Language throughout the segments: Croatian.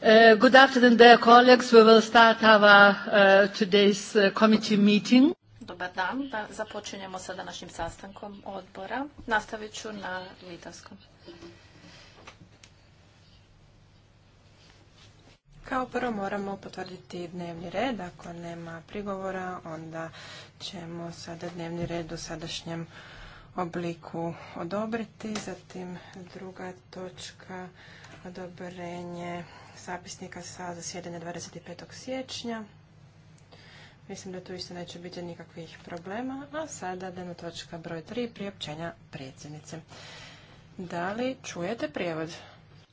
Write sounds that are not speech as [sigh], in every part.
Uh, good afternoon, dear colleagues. We will start our uh, today's uh, meeting. Dobar dan. započinjemo sa današnjim sastankom odbora. Nastavit ću na litavskom. Kao prvo moramo potvrditi dnevni red. Ako nema prigovora, onda ćemo sada dnevni red u sadašnjem obliku odobriti. Zatim druga točka odobrenje zapisnika sa zasjedanja 25. siječnja. Mislim da tu isto neće biti nikakvih problema, a sada dana točka broj 3, priopćenja predsjednice. Da li čujete prijevod?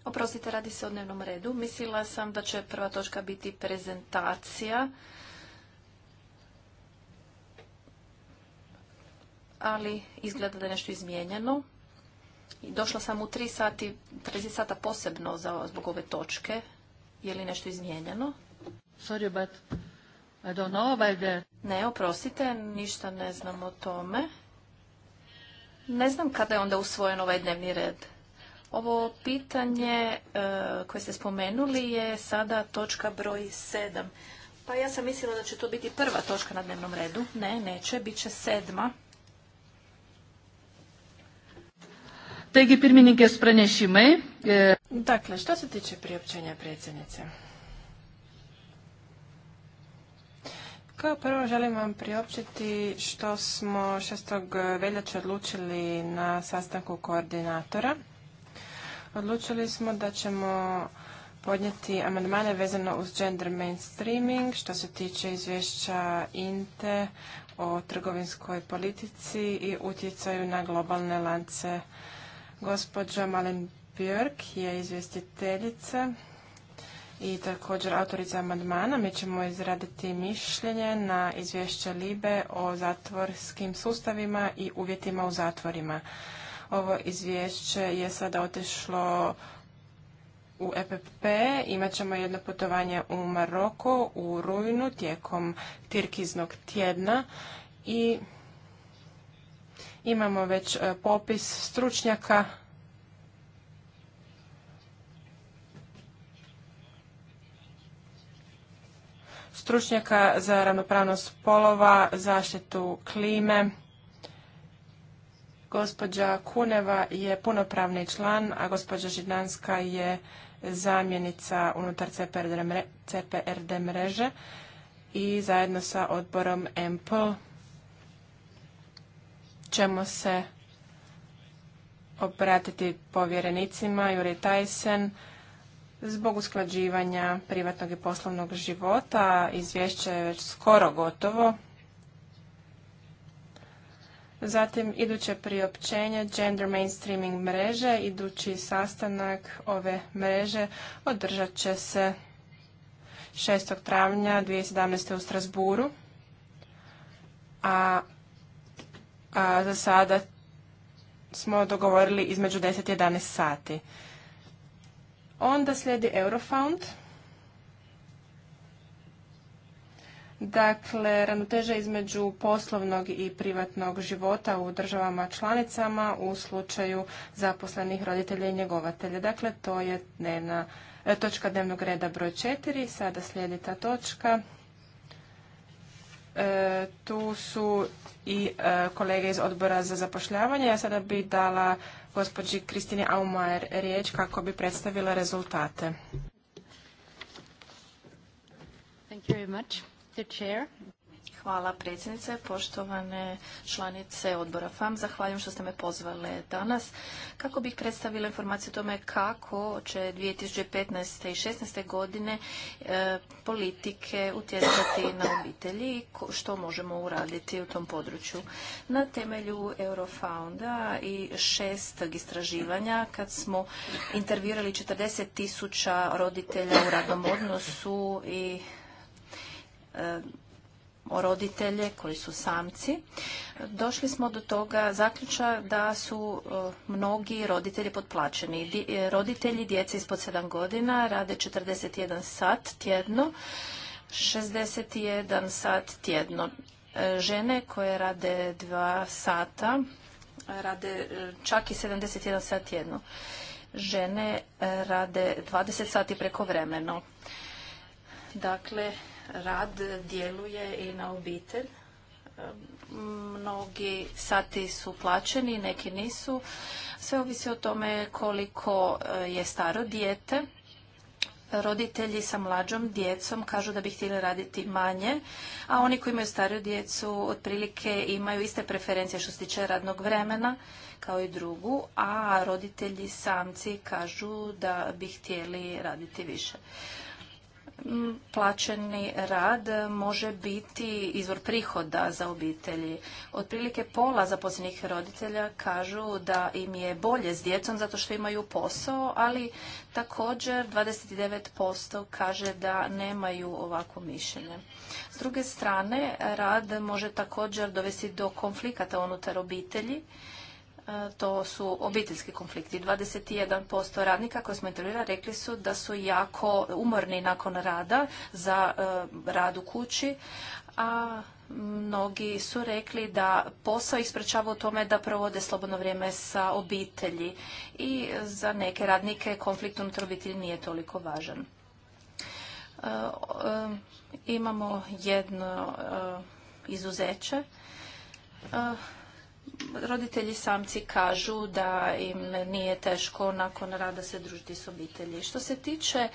Oprostite, radi se o dnevnom redu. Mislila sam da će prva točka biti prezentacija, ali izgleda da je nešto izmijenjeno. Došla sam u tri sati, tri sata posebno za, zbog ove točke. Je li nešto izmijenjeno? Sorry, but I don't know about Ne, oprostite, ništa ne znam o tome. Ne znam kada je onda usvojen ovaj dnevni red. Ovo pitanje e, koje ste spomenuli je sada točka broj 7. Pa ja sam mislila da će to biti prva točka na dnevnom redu. Ne, neće, bit će sedma. Taigi pirmininkės pranešimai. E, dakle, što se tiče priopćenja predsjednice? Kao prvo želim vam priopćiti što smo 6. veljače odlučili na sastanku koordinatora. Odlučili smo da ćemo podnijeti amandmane vezano uz gender mainstreaming što se tiče izvješća INTE o trgovinskoj politici i utjecaju na globalne lance Gospođa Malen Björk je izvjestiteljica i također autorica amandmana. Mi ćemo izraditi mišljenje na izvješće Libe o zatvorskim sustavima i uvjetima u zatvorima. Ovo izvješće je sada otišlo u EPP. Imat ćemo jedno putovanje u Maroko u rujnu tijekom Tirkiznog tjedna i Imamo već e, popis stručnjaka stručnjaka za ravnopravnost polova, zaštitu klime. Gospođa Kuneva je punopravni član, a gospođa Židanska je zamjenica unutar CPRD mreže i zajedno sa odborom EMPL ćemo se obratiti povjerenicima Juri Tajsen zbog usklađivanja privatnog i poslovnog života. Izvješće je već skoro gotovo. Zatim iduće priopćenje Gender Mainstreaming mreže, idući sastanak ove mreže održat će se 6. travnja 2017. u Strasburu, a a za sada smo dogovorili između 10 i 11 sati. Onda slijedi Eurofound. Dakle, ravnoteža između poslovnog i privatnog života u državama članicama u slučaju zaposlenih roditelja i njegovatelja. Dakle, to je e, točka dnevnog reda broj 4. Sada slijedi ta točka. E, tu su i e, kolege iz odbora za zapošljavanje. Ja sada bi dala gospođi Kristini Aumajer riječ kako bi predstavila rezultate. Thank Hvala predsjednice, poštovane članice odbora FAM. Zahvaljujem što ste me pozvale danas. Kako bih predstavila informaciju o tome kako će 2015. i 2016. godine e, politike utjecati na obitelji i što možemo uraditi u tom području. Na temelju Eurofounda i šest istraživanja kad smo intervjuirali 40 tisuća roditelja u radnom odnosu i e, roditelje koji su samci, došli smo do toga zaključa da su e, mnogi roditelji potplaćeni. E, roditelji djece ispod 7 godina rade 41 sat tjedno, 61 e, sat tjedno. Žene koje rade 2 sata rade čak i 71 sat tjedno. Žene rade 20 sati prekovremeno. Dakle, rad djeluje i na obitelj. Mnogi sati su plaćeni, neki nisu. Sve ovisi o tome koliko e, je staro dijete. Roditelji sa mlađom djecom kažu da bi htjeli raditi manje, a oni koji imaju stariju djecu otprilike imaju iste preferencije što se tiče radnog vremena kao i drugu, a roditelji samci kažu da bi htjeli raditi više plaćeni rad može biti izvor prihoda za obitelji. Otprilike pola zaposlenih roditelja kažu da im je bolje s djecom zato što imaju posao, ali također 29% kaže da nemaju ovako mišljenje. S druge strane, rad može također dovesti do konflikata unutar obitelji E, to su obiteljski konflikti. 21% radnika koje smo intervjuirali rekli su da su jako umorni nakon rada za e, rad u kući, a mnogi su rekli da posao ih sprečava u tome da provode slobodno vrijeme sa obitelji i za neke radnike konflikt unutar obitelji nije toliko važan. E, imamo jedno izuzeće roditelji samci kažu da im nije teško nakon rada se družiti s obitelji. Što se tiče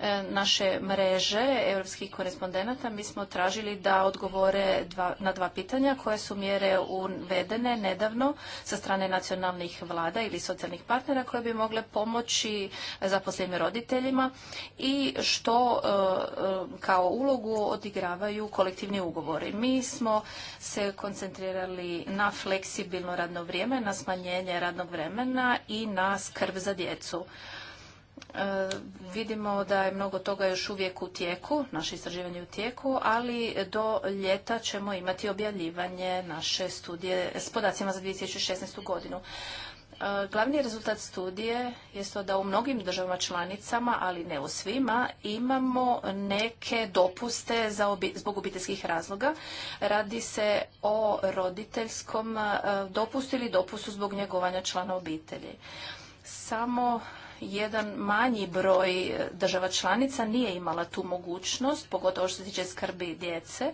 e, naše mreže europskih korespondenata, mi smo tražili da odgovore na dva pitanja koje su mjere uvedene nedavno sa strane nacionalnih vlada ili socijalnih partnera koje bi mogle pomoći zaposlenim roditeljima i što e, e, kao ulogu odigravaju kolektivni ugovori. Mi smo se koncentrirali na fleksibilnosti fleksibilno radno vrijeme, na smanjenje radnog vremena i na skrb za djecu. E, vidimo da je mnogo toga još uvijek u tijeku, naše istraživanje u tijeku, ali do ljeta ćemo imati objavljivanje naše studije s podacima za 2016. godinu. E, glavni rezultat studije je to da u mnogim državama članicama, ali ne u svima, imamo neke dopuste za zbog obiteljskih razloga. Radi se o roditeljskom e, dopustu ili dopustu zbog njegovanja člana obitelji. Samo jedan manji broj e, država članica nije imala tu mogućnost, pogotovo što se tiče skrbi djece,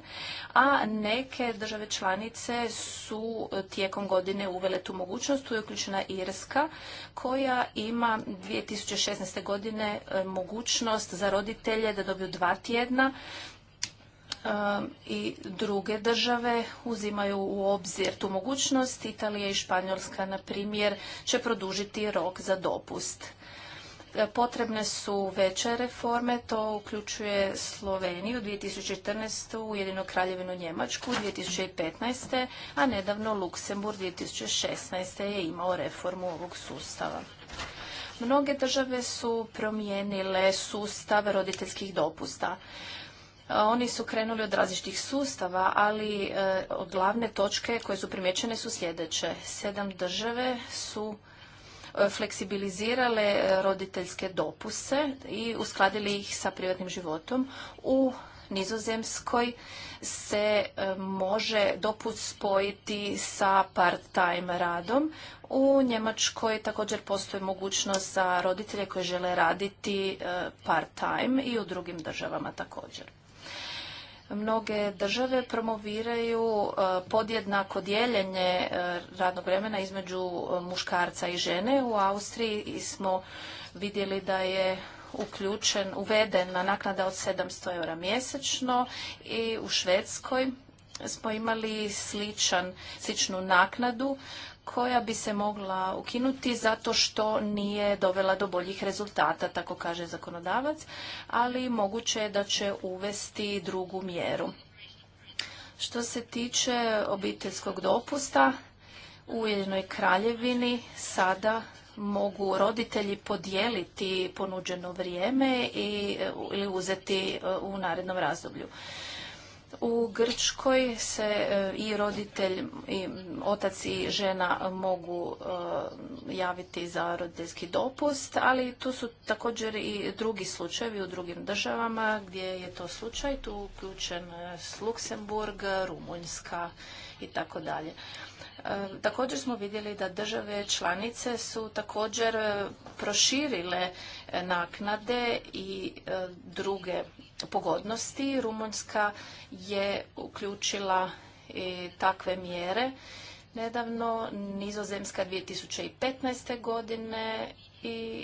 a neke države članice su e, tijekom godine uvele tu mogućnost. Tu je uključena Irska koja ima 2016. godine e, mogućnost za roditelje da dobiju dva tjedna i druge države uzimaju u obzir tu mogućnost. Italija i Španjolska, na primjer, će produžiti rok za dopust. Potrebne su veće reforme, to uključuje Sloveniju 2014. Ujedino kraljevinu Njemačku 2015. a nedavno Luksemburg 2016. je imao reformu ovog sustava. Mnoge države su promijenile sustav roditeljskih dopusta. Oni su krenuli od različitih sustava, ali e, od glavne točke koje su primjećene su sljedeće. Sedam države su E, fleksibilizirale e, roditeljske dopuse i uskladili ih sa privatnim životom. U Nizozemskoj se e, može dopust spojiti sa part-time radom. U Njemačkoj također postoji mogućnost za roditelje koji žele raditi part-time i u drugim državama također mnoge države promoviraju e, podjednako dijeljenje e, radnog vremena između e, muškarca i žene. U Austriji smo vidjeli da je uključen, uvedena naknada od 700 eura mjesečno i u Švedskoj smo imali sličan, sličnu naknadu koja bi se mogla ukinuti zato što nije dovela do boljih rezultata, tako kaže zakonodavac, ali moguće je da će uvesti drugu mjeru. Što se tiče obiteljskog dopusta, u Ujedinoj kraljevini sada mogu roditelji podijeliti ponuđeno vrijeme ili uzeti e, u narednom razdoblju. U Grčkoj se e, i roditelj, i otac i žena mogu e, javiti za roditeljski dopust, ali tu su također i drugi slučajevi u drugim državama gdje je to slučaj. Tu uključen e, Luksemburg, Rumunjska i tako dalje. Također smo vidjeli da države članice su također proširile naknade i druge pogodnosti. Rumunjska je uključila takve mjere nedavno, nizozemska 2015. godine i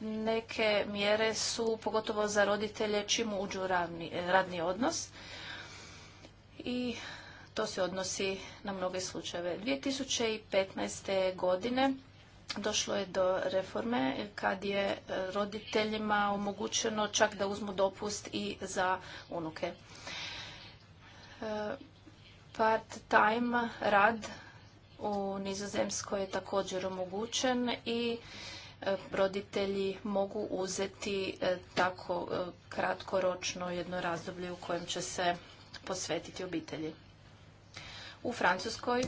neke mjere su pogotovo za roditelje čim uđu radni odnos i to se odnosi na mnoge slučajeve. 2015. godine došlo je do reforme kad je e, roditeljima omogućeno čak da uzmu dopust i za unuke. E, part-time rad u Nizozemskoj je također omogućen i e, roditelji mogu uzeti tako kratkoročno jedno razdoblje u kojem će se posvetiti obitelji. U Francuskoj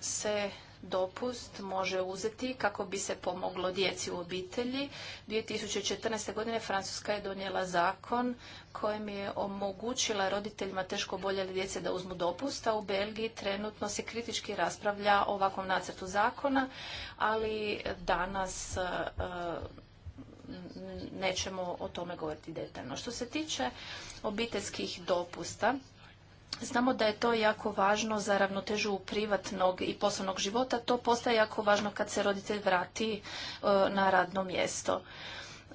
se dopust može uzeti kako bi se pomoglo djeci u obitelji. 2014. godine Francuska je donijela zakon kojim je omogućila roditeljima teško boljeli djece da uzmu dopust, a u Belgiji trenutno se kritički raspravlja o ovakvom nacrtu zakona, ali danas e, nećemo o tome govoriti detaljno. Što se tiče obiteljskih dopusta, Znamo da je to jako važno za ravnotežu privatnog i poslovnog života. To postaje jako važno kad se roditelj vrati e, na radno mjesto.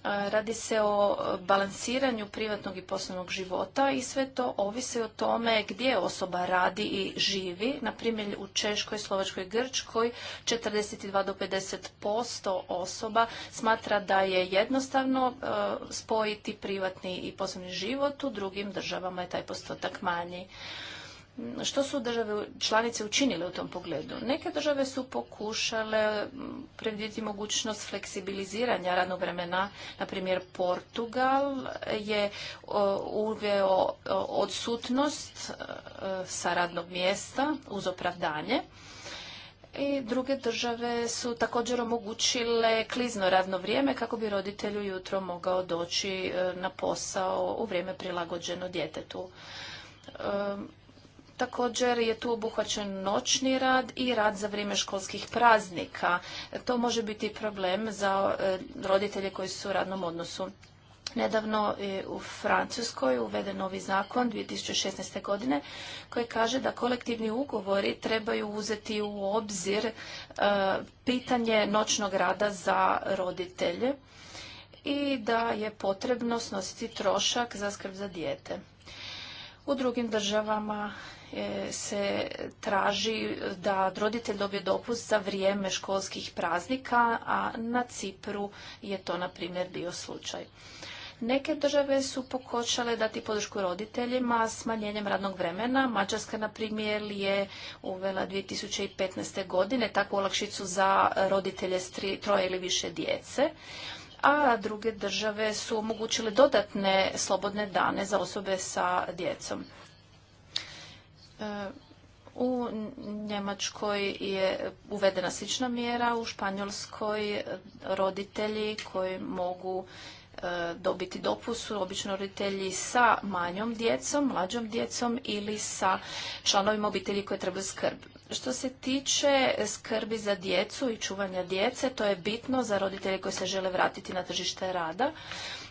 Radi se o e, balansiranju privatnog i poslovnog života i sve to ovisi o tome gdje osoba radi i živi. Na primjer u Češkoj, Slovačkoj i Grčkoj 42 do 50% osoba smatra da je jednostavno e, spojiti privatni i poslovni život. U drugim državama je taj postotak manji. Što su države članice učinile u tom pogledu? Neke države su pokušale predvidjeti mogućnost fleksibiliziranja radnog vremena. Na primjer, Portugal je uveo odsutnost e, sa radnog mjesta uz opravdanje. I druge države su također omogućile klizno radno vrijeme kako bi roditelju jutro mogao doći e, na posao u vrijeme prilagođeno djetetu e, Također je tu obuhvaćen noćni rad i rad za vrijeme školskih praznika. To može biti problem za e, roditelje koji su u radnom odnosu. Nedavno je u Francuskoj uveden novi zakon 2016. godine koji kaže da kolektivni ugovori trebaju uzeti u obzir e, pitanje noćnog rada za roditelje i da je potrebno snositi trošak za skrb za dijete. U drugim državama e, se traži da roditelj dobije dopust za vrijeme školskih praznika, a na Cipru je to, na primjer, bio slučaj. Neke države su pokočale dati podršku roditeljima smanjenjem radnog vremena. Mađarska, na primjer, je uvela 2015. godine takvu olakšicu za roditelje s troje ili više djece a druge države su omogućile dodatne slobodne dane za osobe sa djecom. E, u Njemačkoj je uvedena slična mjera, u Španjolskoj roditelji koji mogu e, dobiti dopust su obično roditelji sa manjom djecom, mlađom djecom ili sa članovima obitelji koje trebaju skrb. Što se tiče skrbi za djecu i čuvanja djece, to je bitno za roditelje koji se žele vratiti na tržište rada.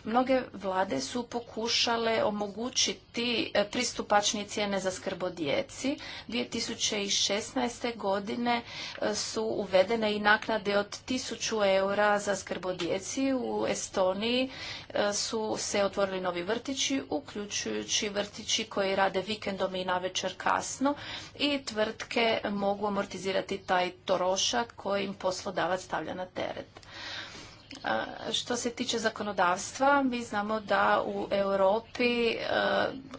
Mnoge vlade su pokušale omogućiti e, pristupačnije cijene za skrb o djeci. 2016. godine e, su uvedene i naknade od 1000 eura za skrb djeci. U Estoniji e, su se otvorili novi vrtići, uključujući vrtići koji rade vikendom i navečer kasno i tvrtke mogu amortizirati taj trošak koji im poslodavac stavlja na teret. Što se tiče zakonodavstva, mi znamo da u Europi e,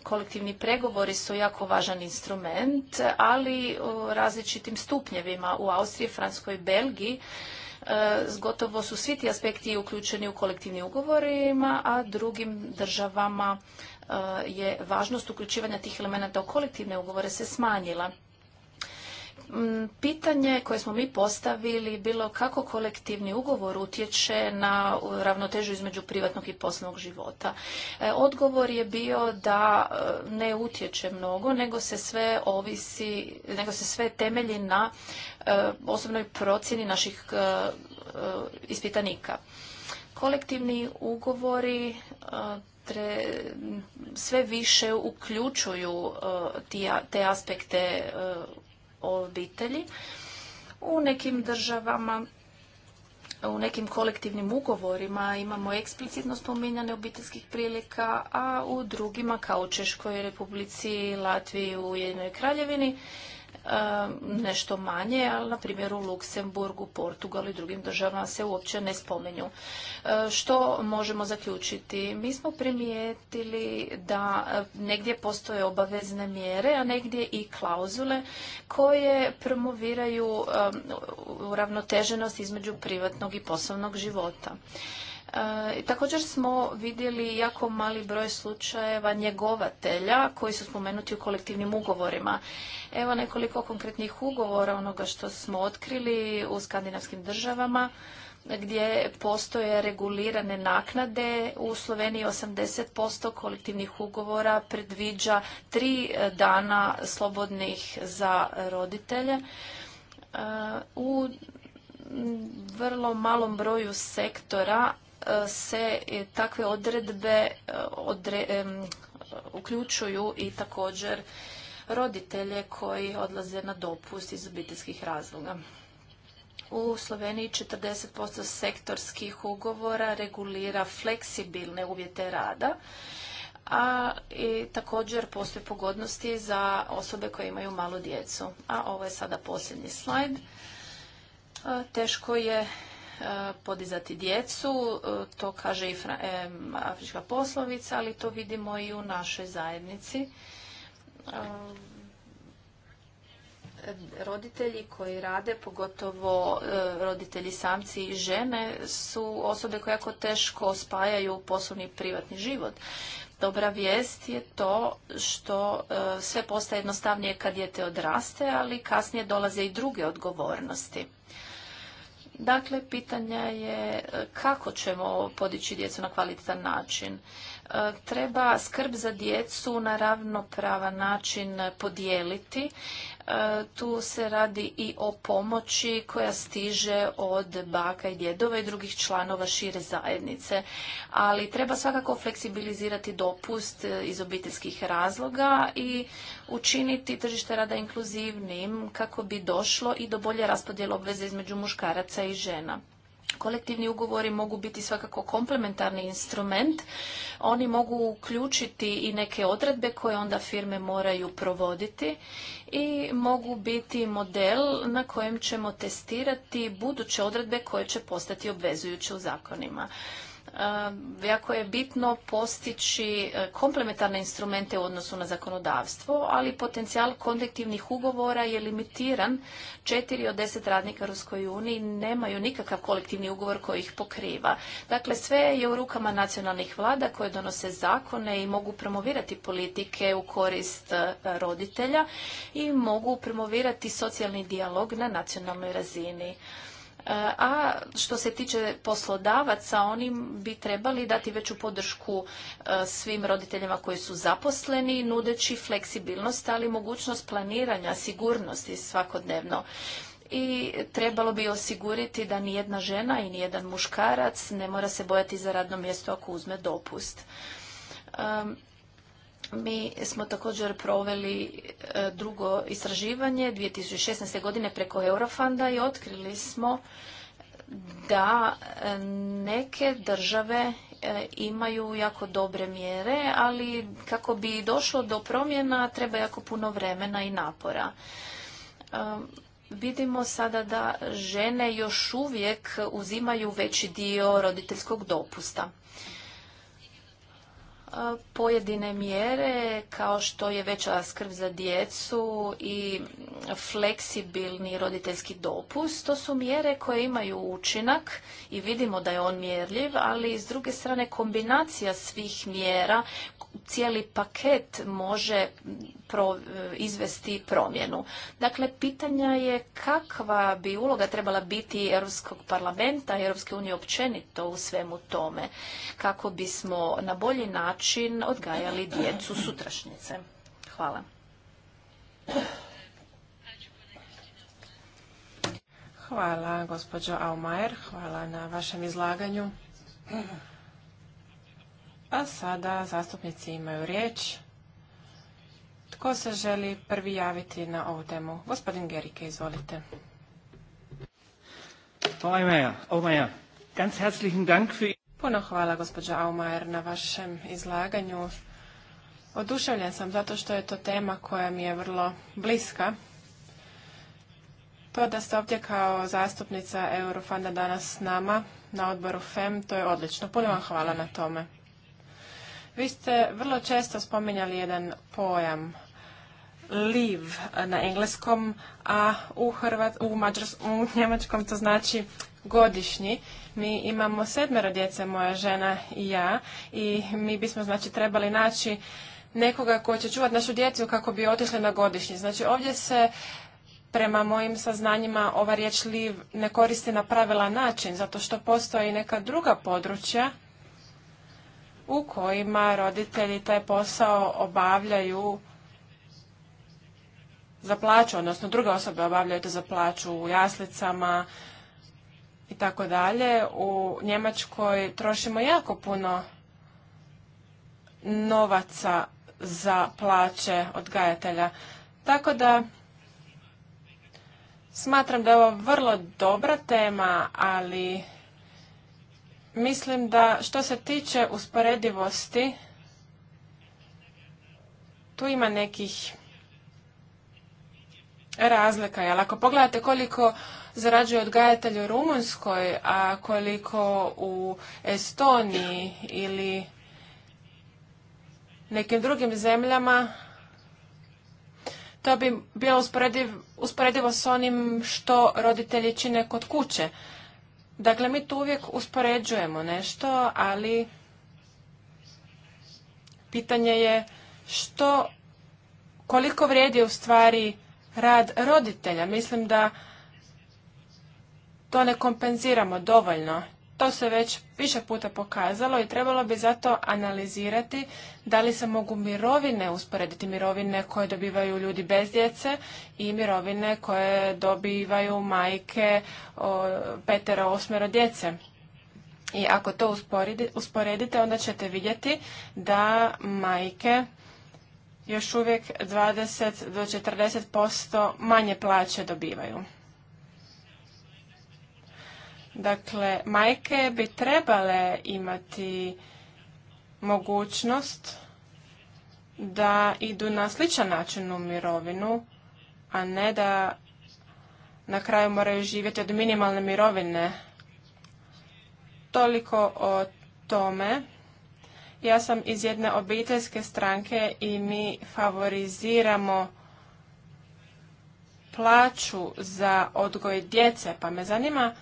kolektivni pregovori su jako važan instrument, ali u različitim stupnjevima u Austriji, Franskoj i Belgiji e, gotovo su svi ti aspekti uključeni u kolektivni ugovorima, a drugim državama e, je važnost uključivanja tih elemenata u kolektivne ugovore se smanjila. Mm, pitanje koje smo mi postavili bilo kako kolektivni ugovor utječe na ravnotežu između privatnog i poslovnog života. E, odgovor je bio da e, ne utječe mnogo, nego se sve ovisi, nego se sve temelji na e, osobnoj procjeni naših ispitanika. Kolektivni ugovori sve više uključuju te aspekte obitelji. U nekim državama u nekim kolektivnim ugovorima imamo eksplicitno spominjane obiteljskih prilika, a u drugima kao u Češkoj republici, Latviji, u Jednoj kraljevini nešto manje, ali na primjer u Luksemburgu, Portugalu i drugim državama se uopće ne spominju. E, što možemo zaključiti? Mi smo primijetili da e, negdje postoje obavezne mjere, a negdje i klauzule koje promoviraju uravnoteženost između privatnog i poslovnog života. E, također smo vidjeli jako mali broj slučajeva njegovatelja koji su spomenuti u kolektivnim ugovorima. Evo nekoliko konkretnih ugovora onoga što smo otkrili u skandinavskim državama gdje postoje regulirane naknade. U Sloveniji 80% kolektivnih ugovora predviđa tri dana slobodnih za roditelje. E, u vrlo malom broju sektora se takve odredbe eh, uključuju i također roditelje koji odlaze na dopust iz obiteljskih razloga. U Sloveniji 40% sektorskih ugovora regulira fleksibilne uvjete rada, a i također postoje pogodnosti za osobe koje imaju malu djecu. A ovo je sada posljednji slajd. Eh, teško je E, podizati djecu, e, to kaže i afrička poslovica, ali to vidimo i u našoj zajednici. E, roditelji koji rade, pogotovo roditelji samci i žene, su osobe koje jako teško spajaju poslovni i privatni život. Dobra vijest je to što sve postaje jednostavnije kad dijete odraste, ali kasnije dolaze i druge odgovornosti. Dakle, pitanje je e, kako ćemo podići djecu na kvalitetan način. E, treba skrb za djecu na ravnopravan način podijeliti. E, tu se radi i o pomoći koja stiže od baka i djedova i drugih članova šire zajednice. Ali treba svakako fleksibilizirati dopust e, iz obiteljskih razloga i učiniti tržište rada inkluzivnim kako bi došlo i do bolje raspodjele obveze između muškaraca i žena. Kolektivni ugovori mogu biti svakako komplementarni instrument. Oni mogu uključiti i neke odredbe koje onda firme moraju provoditi i mogu biti model na kojem ćemo testirati buduće odredbe koje će postati obvezujuće u zakonima. Ehm, jako je bitno postići e, komplementarne instrumente u odnosu na zakonodavstvo, ali potencijal kondektivnih ugovora je limitiran. Četiri od deset radnika u Ruskoj uniji nemaju nikakav kolektivni ugovor koji ih pokriva. Dakle, sve je u rukama nacionalnih vlada koje donose zakone i mogu promovirati politike u korist e, roditelja i mogu promovirati socijalni dijalog na nacionalnoj razini. E, a što se tiče poslodavaca, oni bi trebali dati veću podršku e, svim roditeljima koji su zaposleni, nudeći fleksibilnost, ali mogućnost planiranja, sigurnosti svakodnevno i trebalo bi osigurati da ni jedna žena i nijedan muškarac ne mora se bojati za radno mjesto ako uzme dopust. E, mi smo također proveli e, drugo istraživanje 2016. godine preko Eurofanda i otkrili smo da e, neke države e, imaju jako dobre mjere, ali kako bi došlo do promjena treba jako puno vremena i napora. Vidimo sada da žene još uvijek uzimaju veći dio roditeljskog dopusta pojedine mjere kao što je veća skrb za djecu i fleksibilni roditeljski dopust. To su mjere koje imaju učinak i vidimo da je on mjerljiv, ali s druge strane kombinacija svih mjera cijeli paket može izvesti promjenu. Dakle, pitanja je kakva bi uloga trebala biti Europskog parlamenta i Europske unije općenito u svemu tome, kako bismo na bolji način odgajali djecu sutrašnjice. Hvala. Hvala, gospođo Aumajer. Hvala na vašem izlaganju. A sada zastupnici imaju riječ. Tko se želi prvi javiti na ovu temu? Gospodin Gerike, izvolite. Puno hvala, gospođa Aumajer, na vašem izlaganju. Oduševljen sam zato što je to tema koja mi je vrlo bliska. To da ste ovdje kao zastupnica Eurofanda danas s nama na odboru FEM, to je odlično. Puno vam hvala na tome. Vi ste vrlo često spominjali jedan pojam live na engleskom, a u, u, Mađars, u njemačkom to znači godišnji. Mi imamo sedmero djece, moja žena i ja, i mi bismo znači trebali naći nekoga ko će čuvati našu djecu kako bi otišli na godišnji. Znači ovdje se prema mojim saznanjima ova riječ liv ne koristi na pravilan način, zato što postoje i neka druga područja u kojima roditelji taj posao obavljaju za plaću, odnosno druge osobe obavljaju to za plaću u jaslicama i tako dalje. U Njemačkoj trošimo jako puno novaca za plaće odgajatelja. Tako da smatram da je ovo vrlo dobra tema, ali Mislim da što se tiče usporedivosti, tu ima nekih razlika. Jel? Ako pogledate koliko zarađuje odgajatelj u Rumunjskoj, a koliko u Estoniji ili nekim drugim zemljama, to bi bilo usporedivo s onim što roditelji čine kod kuće. Dakle, mi tu uvijek uspoređujemo nešto, ali pitanje je što, koliko vrijedi u stvari rad roditelja. Mislim da to ne kompenziramo dovoljno to se već više puta pokazalo i trebalo bi zato analizirati da li se mogu mirovine usporediti, mirovine koje dobivaju ljudi bez djece i mirovine koje dobivaju majke petero petera osmero djece. I ako to usporedite, onda ćete vidjeti da majke još uvijek 20 do 40% manje plaće dobivaju. Dakle, majke bi trebale imati mogućnost da idu na sličan način u mirovinu, a ne da na kraju moraju živjeti od minimalne mirovine. Toliko o tome. Ja sam iz jedne obiteljske stranke i mi favoriziramo plaću za odgoj djece, pa me zanima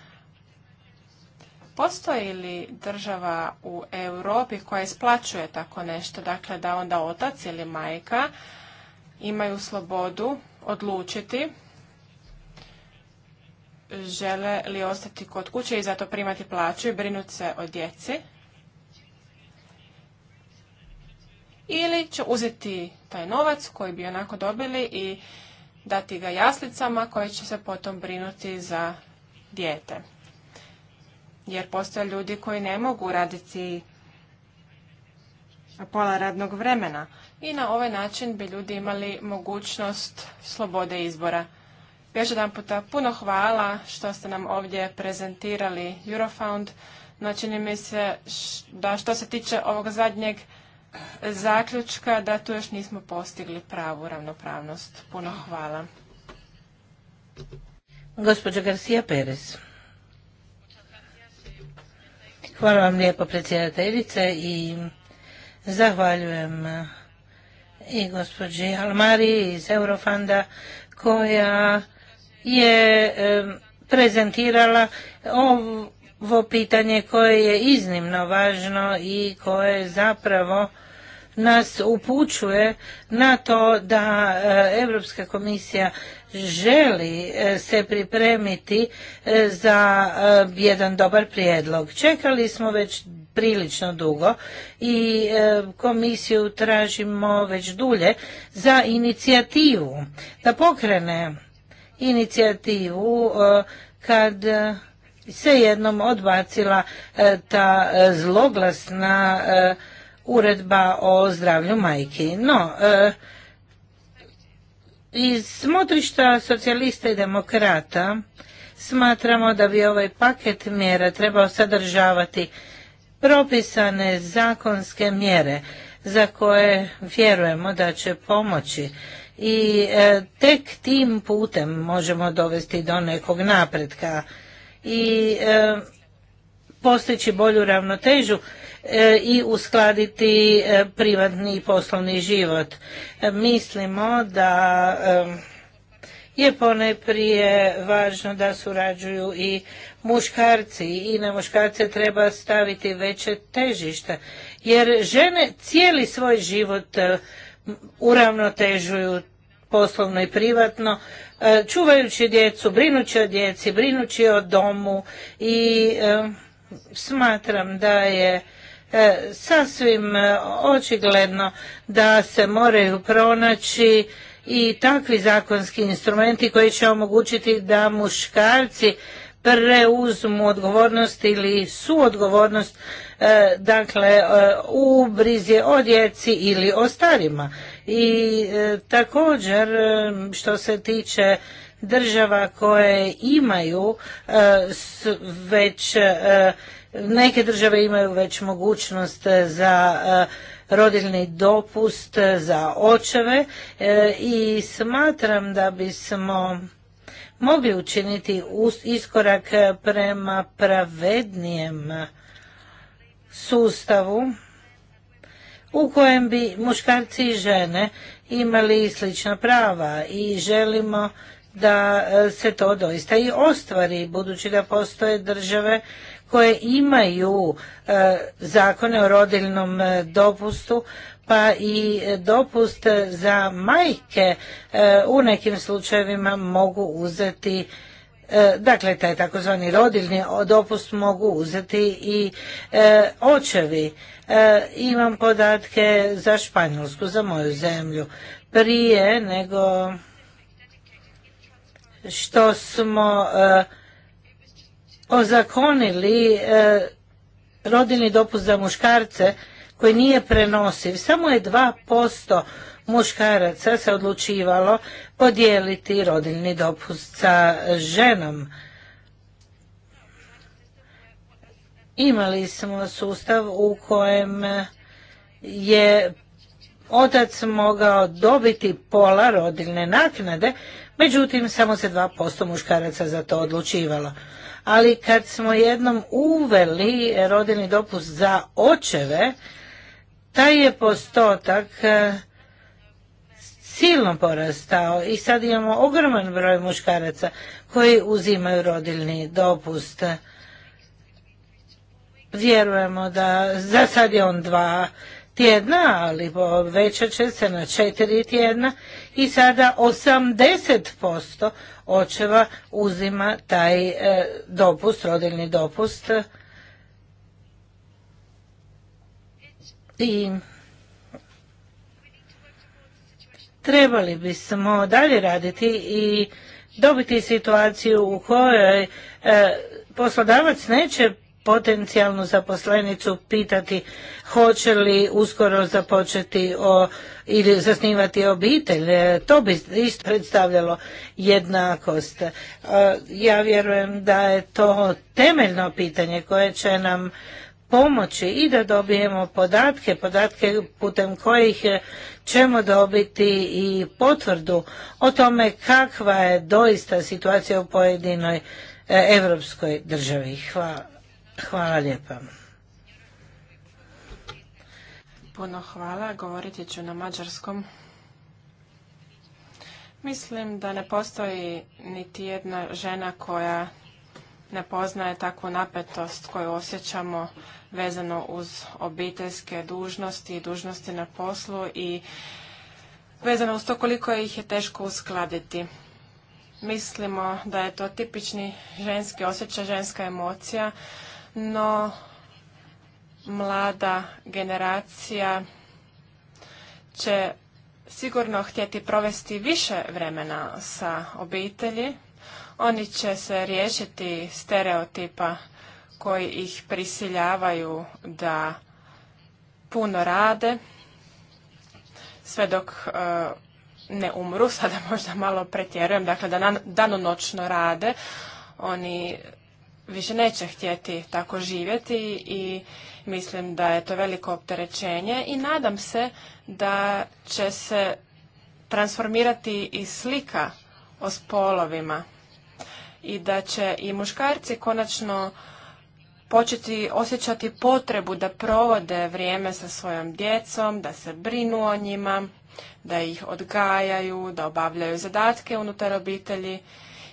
Postoji li država u Europi koja isplaćuje tako nešto, dakle da onda otac ili majka imaju slobodu odlučiti žele li ostati kod kuće i zato primati plaću i brinuti se o djeci? Ili će uzeti taj novac koji bi onako dobili i dati ga jaslicama koje će se potom brinuti za dijete jer postoje ljudi koji ne mogu raditi pola radnog vremena i na ovaj način bi ljudi imali mogućnost slobode izbora. Još jedan puta puno hvala što ste nam ovdje prezentirali Eurofound. No čini mi se da što se tiče ovog zadnjeg zaključka da tu još nismo postigli pravu ravnopravnost. Puno hvala. Gospođa Garcia Perez. Hvala vam lijepo predsjedateljice i zahvaljujem eh, i gospođi Almari iz Eurofanda koja je eh, prezentirala ovo pitanje koje je iznimno važno i koje zapravo nas upućuje na to da eh, Europska komisija želi e, se pripremiti e, za e, jedan dobar prijedlog. Čekali smo već prilično dugo i komisiju tražimo već dulje za inicijativu, da pokrene inicijativu kad se jednom odbacila ta zloglasna uredba o zdravlju majke. No, iz smotrišta socijalista i demokrata smatramo da bi ovaj paket mjera trebao sadržavati propisane zakonske mjere za koje vjerujemo da će pomoći i e, tek tim putem možemo dovesti do nekog napretka i e, postići bolju ravnotežu E, i uskladiti e, privatni i poslovni život. E, mislimo da je pone prije važno da surađuju i muškarci i na muškarce treba staviti veće težište jer žene cijeli svoj život uravnotežuju poslovno i privatno, čuvajući djecu, brinući o djeci, brinući o domu i smatram da je E, sasvim e, očigledno da se moraju pronaći i takvi zakonski instrumenti koji će omogućiti da muškarci preuzmu odgovornost ili suodgovornost e, dakle u brizi o djeci ili o starima. I također što se tiče država koje imaju već Neke države imaju već mogućnost za e, rodilni dopust za očeve e, i smatram da bismo mogli učiniti iskorak prema pravednijem sustavu u kojem bi muškarci i žene imali slična prava i želimo da e, se to doista i ostvari budući da postoje države koje imaju e, zakone o rodiljnom e, dopustu pa i dopust za majke e, u nekim slučajevima mogu uzeti dakle taj takozvani rodiljni dopust mogu uzeti i očevi. imam podatke za Španjolsku, za moju zemlju. Prije nego što smo ozakonili e, rodilni dopust za muškarce koji nije prenosiv. Samo je 2% muškaraca se odlučivalo podijeliti rodilni dopust sa ženom. Imali smo sustav u kojem je otac mogao dobiti pola rodilne naknade, međutim samo se 2% muškaraca za to odlučivalo ali kad smo jednom uveli rodilni dopust za očeve, taj je postotak e, silno porastao i sad imamo ogroman broj muškaraca koji uzimaju rodilni dopust. Vjerujemo da za sad je on dva tjedna, ali povećat će se na četiri tjedna i sada 80% očeva uzima taj e, dopust, rodiljni dopust. I trebali bismo dalje raditi i dobiti situaciju u kojoj e, poslodavac neće potencijalnu zaposlenicu pitati hoće li uskoro započeti o, ili zasnivati obitelj. E, to bi isto predstavljalo jednakost. E, ja vjerujem da je to temeljno pitanje koje će nam pomoći i da dobijemo podatke, podatke putem kojih ćemo dobiti i potvrdu o tome kakva je doista situacija u pojedinoj europskoj državi. Hvala. Hvala lijepa. Puno hvala, govoriti ću na mađarskom. Mislim da ne postoji niti jedna žena koja ne poznaje takvu napetost koju osjećamo vezano uz obiteljske dužnosti i dužnosti na poslu i vezano uz to koliko ih je teško uskladiti. Mislimo da je to tipični ženski osjećaj, ženska emocija no mlada generacija će sigurno htjeti provesti više vremena sa obitelji. Oni će se riješiti stereotipa koji ih prisiljavaju da puno rade, sve dok e, ne umru, [laughs] sada možda malo pretjerujem, dakle da danonoćno rade. Oni više neće htjeti tako živjeti i mislim da je to veliko opterećenje i nadam se da će se transformirati i slika o spolovima i da će i muškarci konačno početi osjećati potrebu da provode vrijeme sa svojom djecom, da se brinu o njima, da ih odgajaju, da obavljaju zadatke unutar obitelji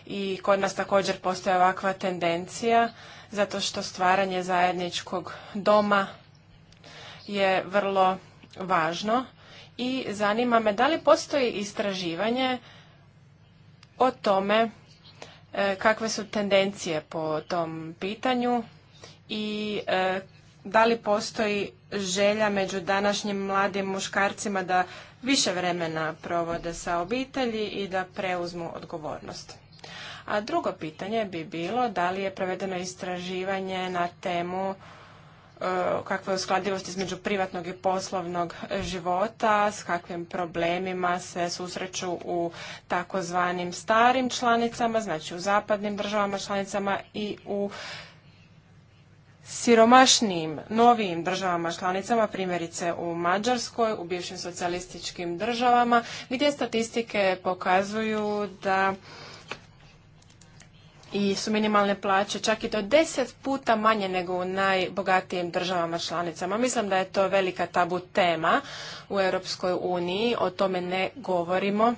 i kod nas također postoje ovakva tendencija zato što stvaranje zajedničkog doma je vrlo važno i zanima me da li postoji istraživanje o tome e, kakve su tendencije po tom pitanju i e, da li postoji želja među današnjim mladim muškarcima da više vremena provode sa obitelji i da preuzmu odgovornost. A drugo pitanje bi bilo da li je provedeno istraživanje na temu e, kakva je uskladivost između privatnog i poslovnog života, s kakvim problemima se susreću u takozvanim starim članicama, znači u zapadnim državama članicama i u siromašnijim, novijim državama članicama, primjerice u Mađarskoj, u bivšim socijalističkim državama, gdje statistike pokazuju da i su minimalne plaće čak i do deset puta manje nego u najbogatijim državama članicama. Mislim da je to velika tabu tema u Europskoj uniji, o tome ne govorimo.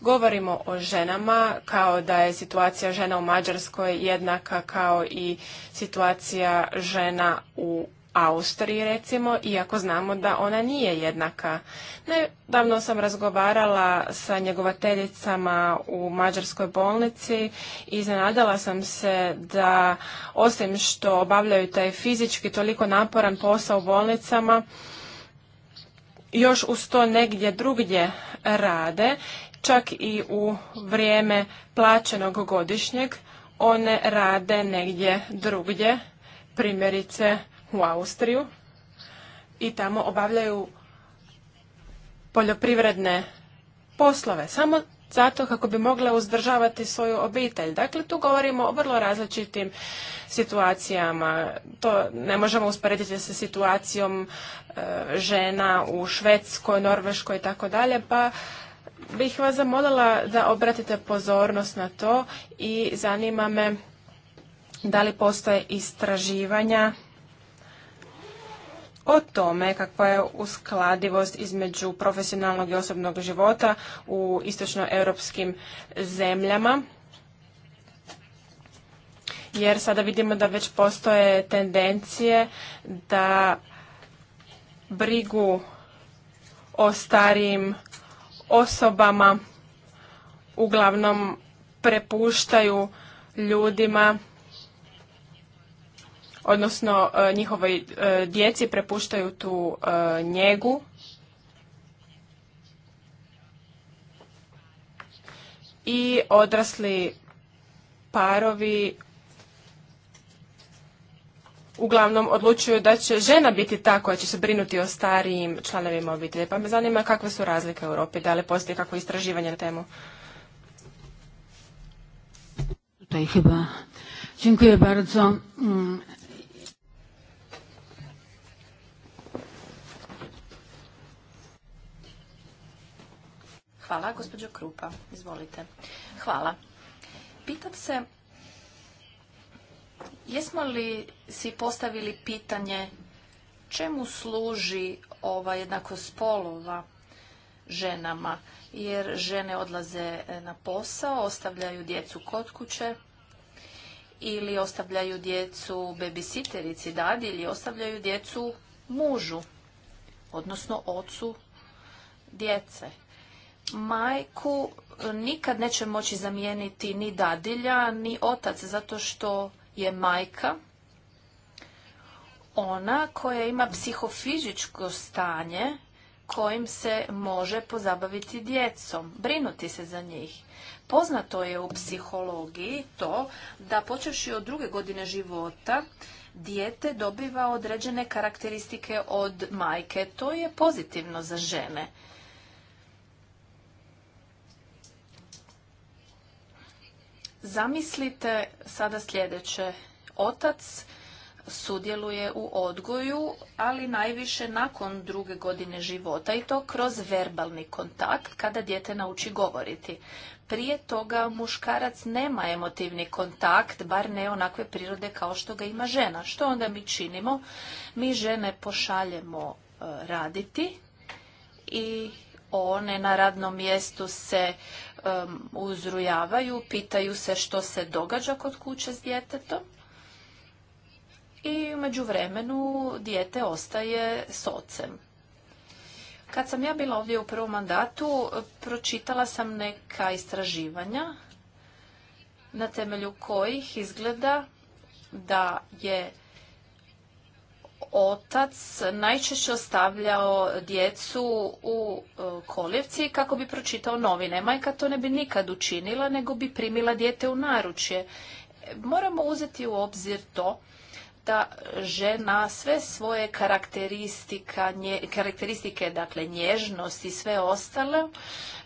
Govorimo o ženama kao da je situacija žena u Mađarskoj jednaka kao i situacija žena u Austriji recimo, iako znamo da ona nije jednaka. Nedavno sam razgovarala sa njegovateljicama u Mađarskoj bolnici i zanadala sam se da osim što obavljaju taj fizički toliko naporan posao u bolnicama, još uz to negdje drugdje rade, čak i u vrijeme plaćenog godišnjeg, one rade negdje drugdje, primjerice u Austriju i tamo obavljaju poljoprivredne poslove samo zato kako bi mogle uzdržavati svoju obitelj. Dakle, tu govorimo o vrlo različitim situacijama. To ne možemo usporediti sa situacijom e, žena u Švedskoj, Norveškoj i tako dalje, pa bih vas zamolila da obratite pozornost na to i zanima me da li postoje istraživanja o tome kakva je uskladivost između profesionalnog i osobnog života u istočnoeuropskim zemljama jer sada vidimo da već postoje tendencije da brigu o starijim osobama uglavnom prepuštaju ljudima odnosno e, njihovoj e, djeci prepuštaju tu e, njegu. I odrasli parovi uglavnom odlučuju da će žena biti ta koja će se brinuti o starijim članovima obitelji. Pa me zanima kakve su razlike u Europi, da li postoji kakvo istraživanje na temu. Dziękuję bardzo. Mm, Hvala, gospođo Krupa. Izvolite. Hvala. Pitam se, jesmo li si postavili pitanje čemu služi ova jednakost spolova ženama? Jer žene odlaze na posao, ostavljaju djecu kod kuće, ili ostavljaju djecu babysiterici dadi ili ostavljaju djecu mužu, odnosno ocu djece majku nikad neće moći zamijeniti ni dadilja, ni otac, zato što je majka ona koja ima psihofizičko stanje kojim se može pozabaviti djecom, brinuti se za njih. Poznato je u psihologiji to da počevši od druge godine života dijete dobiva određene karakteristike od majke. To je pozitivno za žene. Zamislite sada sljedeće. Otac sudjeluje u odgoju, ali najviše nakon druge godine života i to kroz verbalni kontakt kada dijete nauči govoriti. Prije toga muškarac nema emotivni kontakt, bar ne onakve prirode kao što ga ima žena. Što onda mi činimo? Mi žene pošaljemo e, raditi i one na radnom mjestu se uzrujavaju, pitaju se što se događa kod kuće s djetetom i među vremenu dijete ostaje s ocem. Kad sam ja bila ovdje u prvom mandatu, pročitala sam neka istraživanja na temelju kojih izgleda da je otac najčešće ostavljao djecu u e, kolivci kako bi pročitao novine. Majka to ne bi nikad učinila, nego bi primila dijete u naručje. Moramo uzeti u obzir to da žena sve svoje karakteristika, karakteristike, dakle nježnost i sve ostale,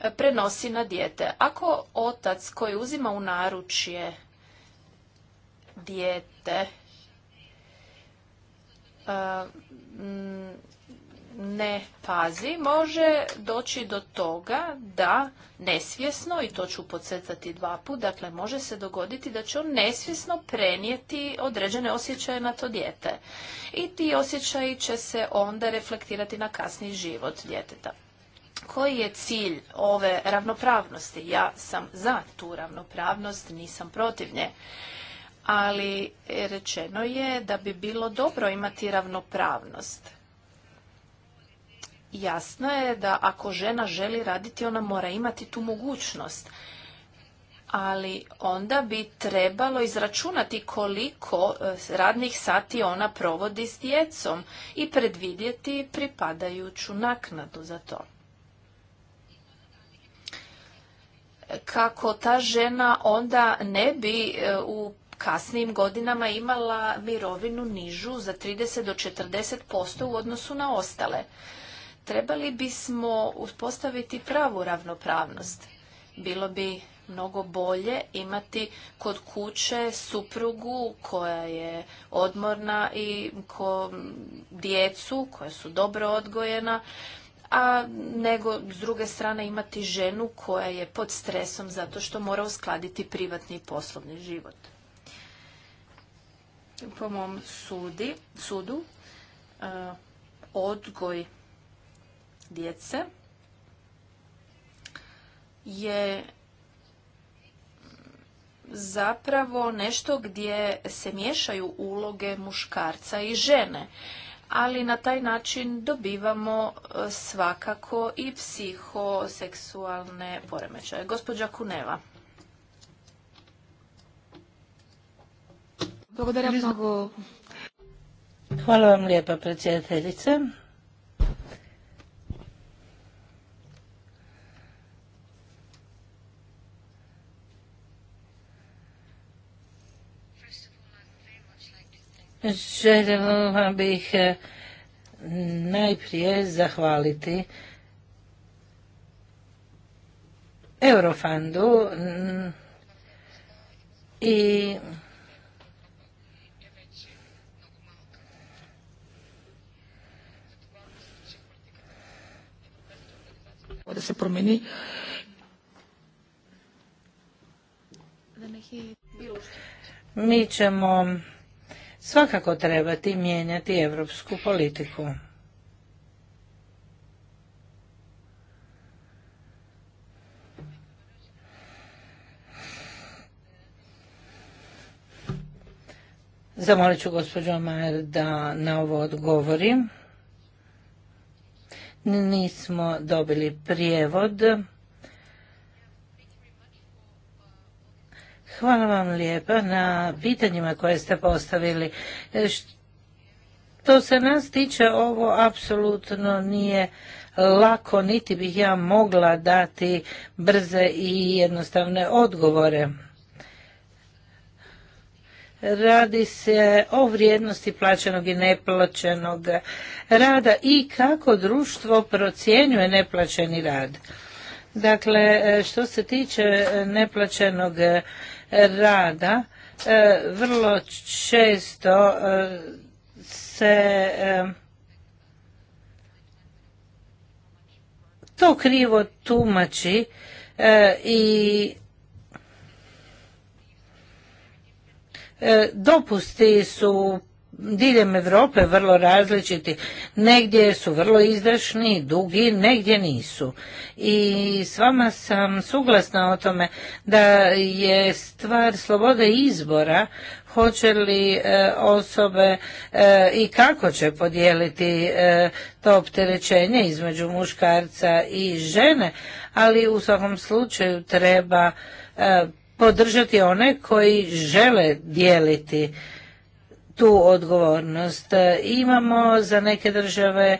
e, prenosi na dijete. Ako otac koji uzima u naručje dijete E, mm, ne pazi, može doći do toga da nesvjesno, i to ću podsjetati dva put, dakle može se dogoditi da će on nesvjesno prenijeti određene osjećaje na to dijete. I ti osjećaji će se onda reflektirati na kasni život djeteta. Koji je cilj ove ravnopravnosti? Ja sam za tu ravnopravnost, nisam protiv nje ali rečeno je da bi bilo dobro imati ravnopravnost. Jasno je da ako žena želi raditi, ona mora imati tu mogućnost. Ali onda bi trebalo izračunati koliko eh, radnih sati ona provodi s djecom i predvidjeti pripadajuću naknadu za to. kako ta žena onda ne bi eh, u kasnijim godinama imala mirovinu nižu za 30 do 40% u odnosu na ostale. Trebali bismo uspostaviti pravu ravnopravnost. Bilo bi mnogo bolje imati kod kuće suprugu koja je odmorna i ko, djecu koja su dobro odgojena, a nego s druge strane imati ženu koja je pod stresom zato što mora uskladiti privatni i poslovni život po mom sudi, sudu e, odgoj djece je zapravo nešto gdje se miješaju uloge muškarca i žene ali na taj način dobivamo e, svakako i psihoseksualne poremećaje. Gospođa Kuneva. Hvala vam lijepa predsjedateljice. Željela bih eh, najprije zahvaliti Eurofandu mm, i Pa Mi ćemo svakako trebati mijenjati evropsku politiku. Zamolit ću gospođo Majer da na ovo odgovorim nismo dobili prijevod. Hvala vam lijepa na pitanjima koje ste postavili. E, Što se nas tiče, ovo apsolutno nije lako, niti bih ja mogla dati brze i jednostavne odgovore. Radi se o vrijednosti plaćenog i neplaćenog rada i kako društvo procjenjuje neplaćeni rad. Dakle, što se tiče neplaćenog rada, vrlo često se to krivo tumači e, i E, dopusti su diljem Europe vrlo različiti. Negdje su vrlo izdašni, dugi, negdje nisu. I s vama sam suglasna o tome da je stvar slobode izbora hoće li e, osobe e, i kako će podijeliti to opterećenje između muškarca i žene, ali u svakom slučaju treba podržati one koji žele dijeliti tu odgovornost. Imamo za neke države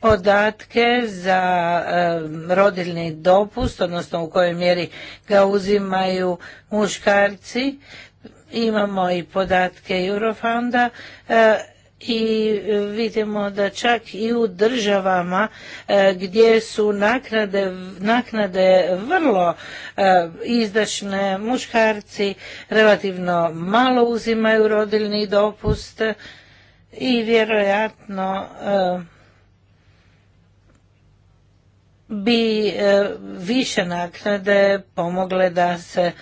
podatke za rodilni dopust, odnosno u kojoj mjeri ga uzimaju muškarci. Imamo i podatke Eurofonda i e, vidimo da čak i u državama e, gdje su naknade, naknade vrlo e, izdašne muškarci relativno malo uzimaju rodilni dopust i vjerojatno bi više naknade pomogle da se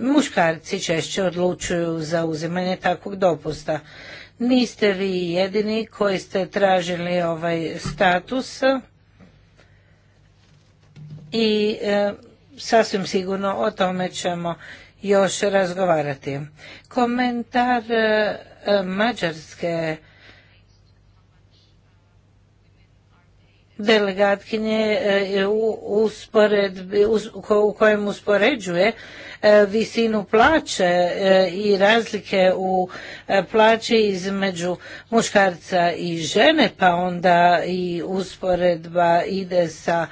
muškarci češće odlučuju za uzimanje takvog dopusta. Niste vi jedini koji ste tražili ovaj status i e, sasvim sigurno o tome ćemo još razgovarati. Komentar e, mađarske delegatkinje e, u kojem uspoređuje E, visinu plaće e, i razlike u e, plaći između muškarca i žene, pa onda i usporedba ide sa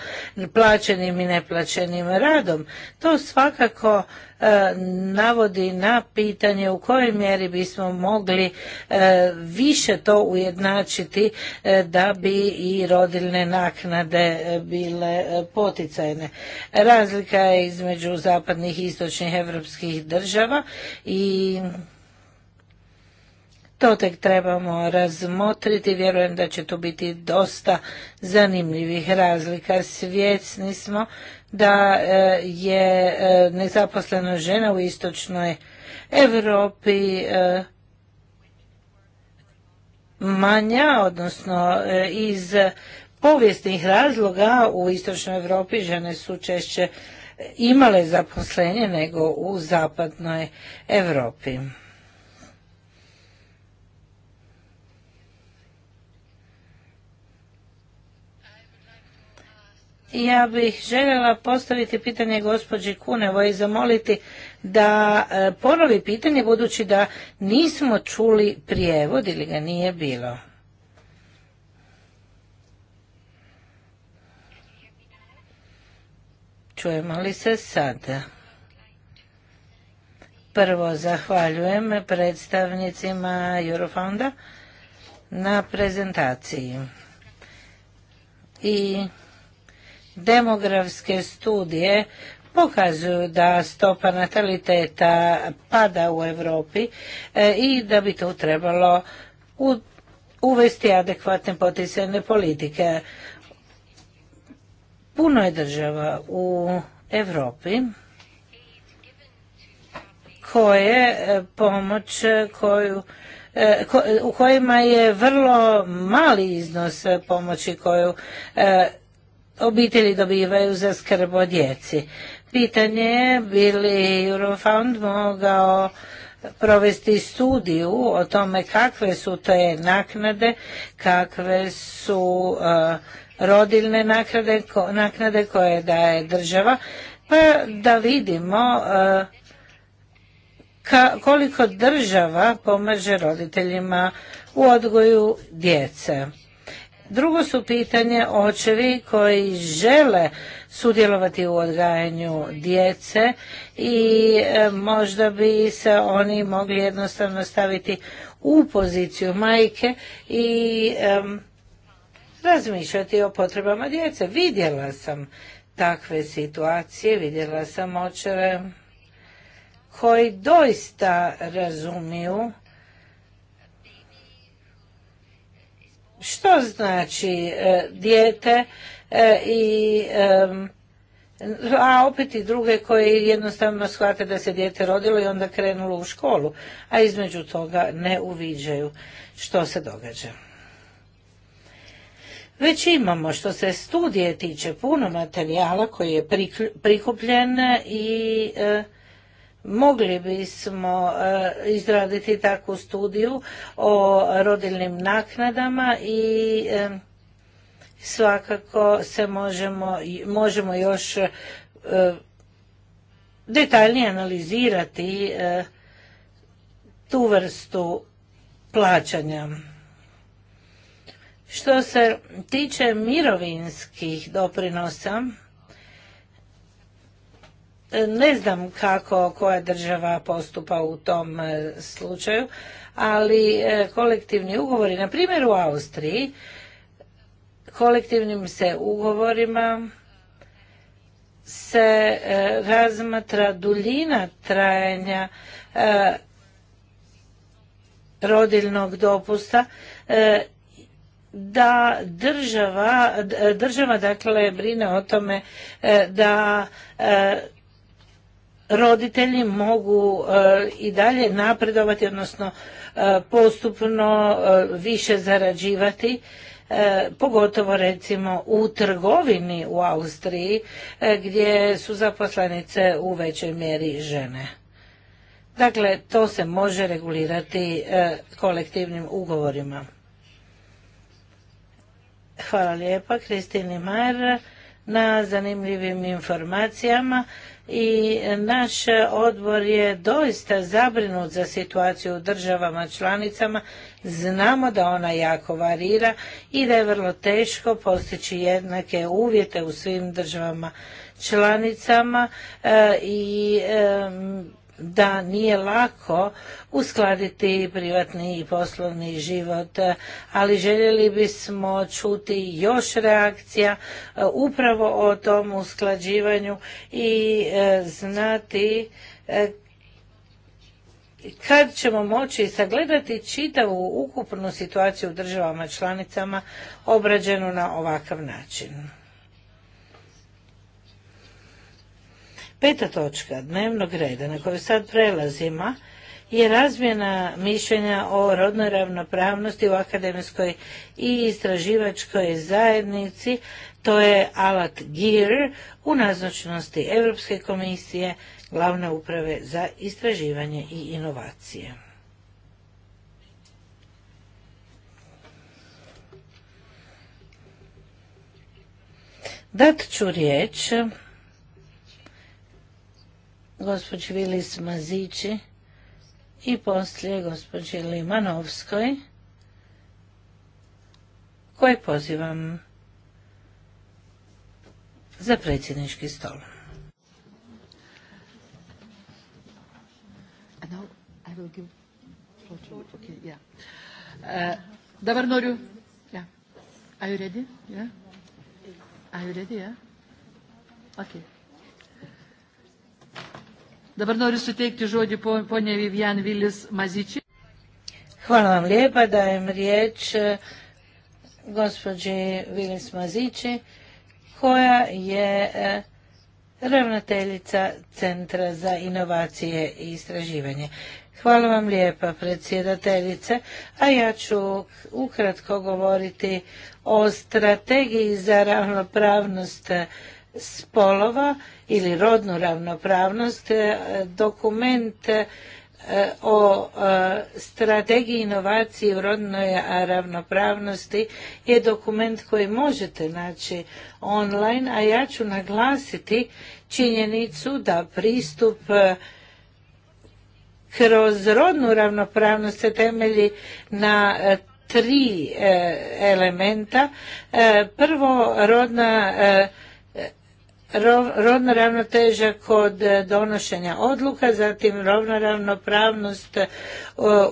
plaćenim i neplaćenim radom. To svakako navodi na pitanje u kojoj mjeri bismo mogli više to ujednačiti da bi i rodilne naknade bile poticajne. Razlika je između zapadnih i istočnih europskih evropskih država i to tek trebamo razmotriti. Vjerujem da će tu biti dosta zanimljivih razlika. Svjesni smo da e, je e, nezaposleno žena u istočnoj Europi e, manja, odnosno iz povijesnih razloga u istočnoj Europi žene su češće imale zaposlenje nego u zapadnoj Europi. Ja bih željela postaviti pitanje gospođi Kunevo i zamoliti da e, ponovi pitanje budući da nismo čuli prijevod ili ga nije bilo. Čujemo li se sada? Prvo zahvaljujem predstavnicima Eurofonda na prezentaciji. I demografske studije pokazuju da stopa nataliteta pada u Europi e, i da bi to trebalo uvesti adekvatne poticajne politike. Puno je država u Europi koje e, pomoć e, koju e, u kojima je vrlo mali iznos pomoći koju obitelji dobivaju za skrb o djeci. Pitanje je bi li Eurofound mogao provesti studiju o tome kakve su te naknade, kakve su rodilne naknade, koje daje država, pa da vidimo eh, koliko država pomaže roditeljima u odgoju djece. Drugo su pitanje očevi koji žele sudjelovati u odgajanju djece i eh, možda bi se oni mogli jednostavno staviti u poziciju majke i razmišljati o potrebama djece. Vidjela sam takve situacije, vidjela sam očeve koji doista razumiju što znači e, dijete e, i e, a opet i druge koje jednostavno shvate da se dijete rodilo i onda krenulo u školu, a između toga ne uviđaju što se događa. Već imamo što se studije tiče puno materijala koji je prikupljen i e, mogli bismo e, izraditi takvu studiju o rodilnim naknadama i e, svakako se možemo, možemo još detaljnije analizirati tu vrstu plaćanja. Što se tiče mirovinskih doprinosa, ne znam kako koja država postupa u tom e, slučaju, ali e, kolektivni ugovori, na primjer u Austriji, kolektivnim se ugovorima se e, razmatra duljina trajanja rodiljnog dopusta da država, država dakle brine o tome e, da e, roditelji mogu e, i dalje napredovati, odnosno postupno više zarađivati, pogotovo recimo u trgovini u Austriji gdje su zaposlenice u većoj mjeri žene. Dakle, to se može regulirati kolektivnim ugovorima. Hvala lijepa Kristini Majer na zanimljivim informacijama i naš odbor je doista zabrinut za situaciju u državama članicama. Znamo da ona jako varira i da je vrlo teško postići jednake uvjete u svim državama članicama e, i da nije lako uskladiti privatni i poslovni život, ali željeli bismo čuti još reakcija e, upravo o tom usklađivanju i e, znati e, kad ćemo moći sagledati čitavu ukupnu situaciju u državama članicama obrađenu na ovakav način. Peta točka dnevnog reda na koju sad prelazimo je razmjena mišljenja o rodnoj ravnopravnosti u akademskoj i istraživačkoj zajednici, to je alat GEAR u naznačnosti Europske komisije, glavne uprave za istraživanje i inovacije. Dat ću riječ gospođi Vilis Mazići i poslije gospođi Limanovskoj koje pozivam za predsjednički stol. Uh, Dobar Norju. Jel' Are you ready? Yeah? Are you ready? Yeah? Okay. Dabar noriu suteikti žodį ponė Vivian Vilis Mazići. Hvala vam lijepa, dajem riječ e, gospođi Vilis Mazići koja je e, ravnateljica Centra za inovacije i istraživanje. Hvala vam lijepa predsjedateljice, a ja ću ukratko govoriti o strategiji za ravnopravnost spolova ili rodnu ravnopravnost e, dokument e, o e, strategiji inovaciji u rodnoj ravnopravnosti je dokument koji možete naći online, a ja ću naglasiti činjenicu da pristup kroz rodnu ravnopravnost se temelji na tri elementa. Prvo, rodna rodna ravnoteža kod e, donošenja odluka, zatim rovna ravnopravnost e,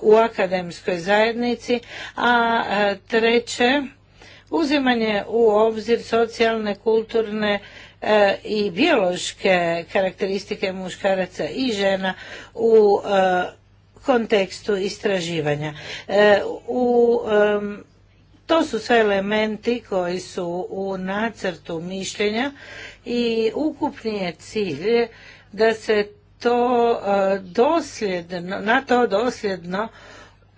u akademskoj zajednici, a e, treće, uzimanje u obzir socijalne, kulturne i biološke karakteristike muškaraca i žena u kontekstu istraživanja. U to su sve elementi koji su u nacrtu mišljenja i ukupni je cilj da se to e, dosljedno, na to dosljedno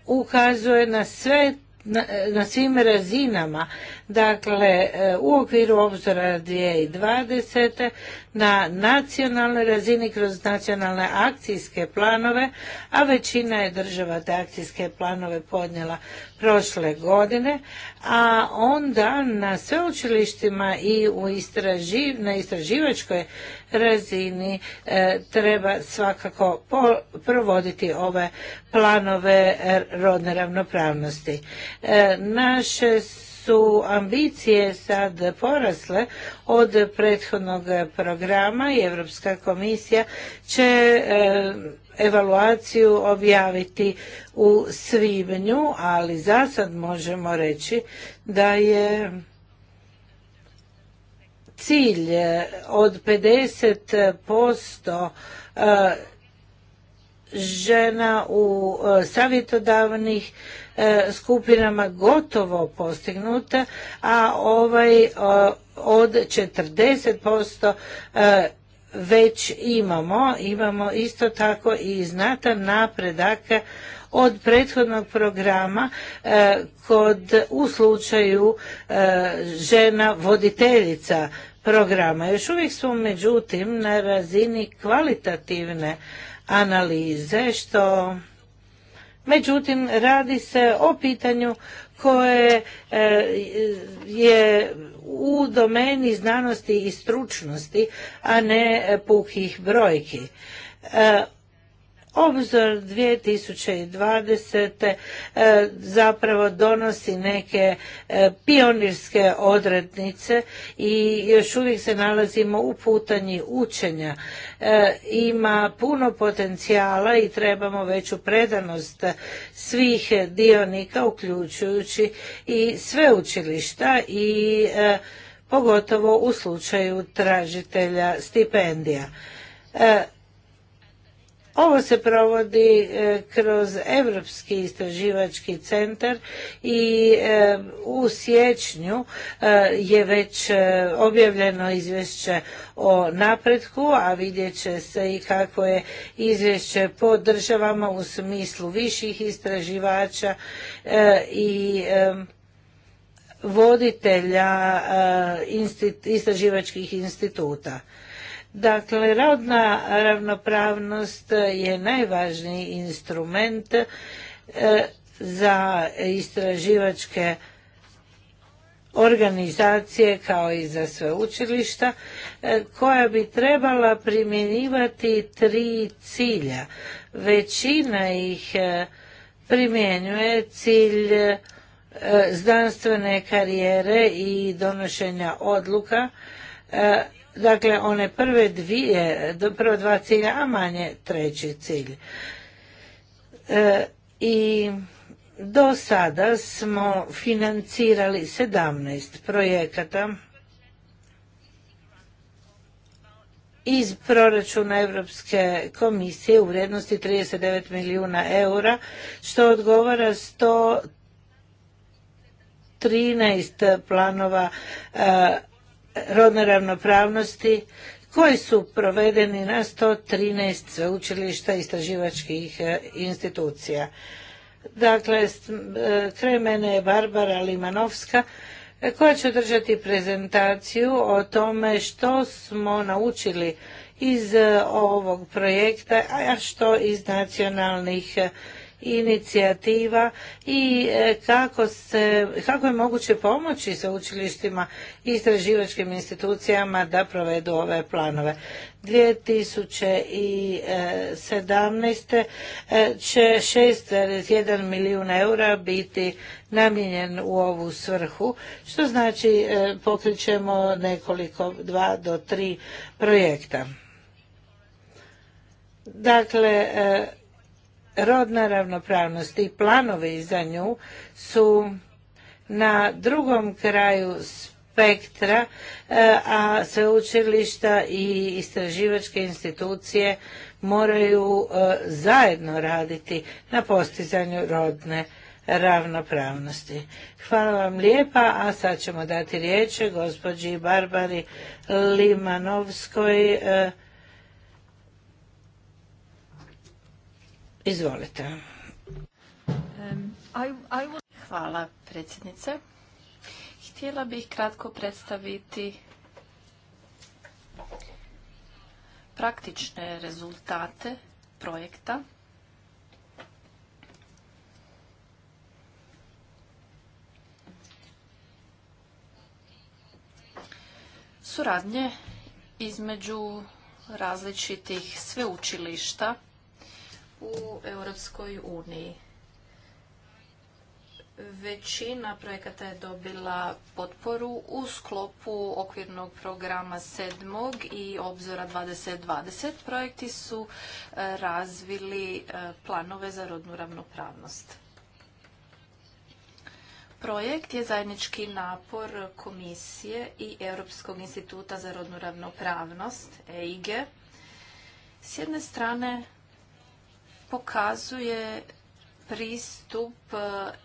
ukazuje na sve na, svim razinama, dakle e, u okviru obzora 2020. na nacionalnoj razini kroz nacionalne akcijske planove, a većina je država te akcijske planove podnijela prošle godine, a onda na sveučilištima i u na istraživačkoj razini e, treba svakako provoditi ove planove rodne ravnopravnosti. E, naše su ambicije sad porasle od prethodnog programa i Europska komisija će e, evaluaciju objaviti u svibnju, ali za sad možemo reći da je cilj e, od 50% e, žena u e, savjetodavnih skupinama gotovo postignuta, a ovaj od 40% već imamo. Imamo isto tako i znatan napredak od prethodnog programa kod u slučaju žena voditeljica programa. Još uvijek smo međutim na razini kvalitativne analize što međutim radi se o pitanju koje e, je u domeni znanosti i stručnosti, a ne pukih brojki. E, Obzor 2020. E, zapravo donosi neke e, pionirske odrednice i još uvijek se nalazimo u putanji učenja. E, ima puno potencijala i trebamo veću predanost svih dionika uključujući i sve učilišta i pogotovo u slučaju tražitelja stipendija. Ovo se provodi e, kroz Europski istraživački centar i e, u siječnju e, je već objavljeno izvješće o napretku, a vidjet će se i kako je izvješće po državama u smislu viših istraživača i voditelja istraživačkih instituta. Dakle, rodna ravnopravnost je najvažniji instrument e, za istraživačke organizacije kao i za sveučilišta e, koja bi trebala primjenjivati tri cilja. Većina ih e, primjenjuje cilj znanstvene karijere i donošenja odluka Dakle, one prve dvije, prva dva cilja, a manje treći cilj. E, I do sada smo financirali sedamnaest projekata iz proračuna Europske komisije u vrijednosti 39 milijuna eura, što odgovara 113 planova e, rodne ravnopravnosti koji su provedeni na 113 sveučilišta istraživačkih e, institucija. Dakle, e, kraj mene je Barbara Limanovska e, koja će držati prezentaciju o tome što smo naučili iz ovog projekta, a što iz nacionalnih inicijativa i e, kako, kako je moguće pomoći sa učilištima i istraživačkim institucijama da provedu ove planove. 2017. E, će 6,1 milijuna eura biti namijenjen u ovu svrhu, što znači e, pokrićemo nekoliko, dva do tri projekta. Dakle, rodna ravnopravnost i planovi za nju su na drugom kraju spektra, e, a sveučilišta i istraživačke institucije moraju e, zajedno raditi na postizanju rodne ravnopravnosti. Hvala vam lijepa, a sad ćemo dati riječ gospođi Barbari Limanovskoj, e, Izvolite. Um, Hvala predsjednice. Htjela bih kratko predstaviti praktične rezultate projekta suradnje između različitih sveučilišta u Europskoj uniji. Većina projekata je dobila potporu u sklopu okvirnog programa 7. i obzora 2020. Projekti su e, razvili e, planove za rodnu ravnopravnost. Projekt je zajednički napor Komisije i Europskog instituta za rodnu ravnopravnost, EIG. S jedne strane pokazuje pristup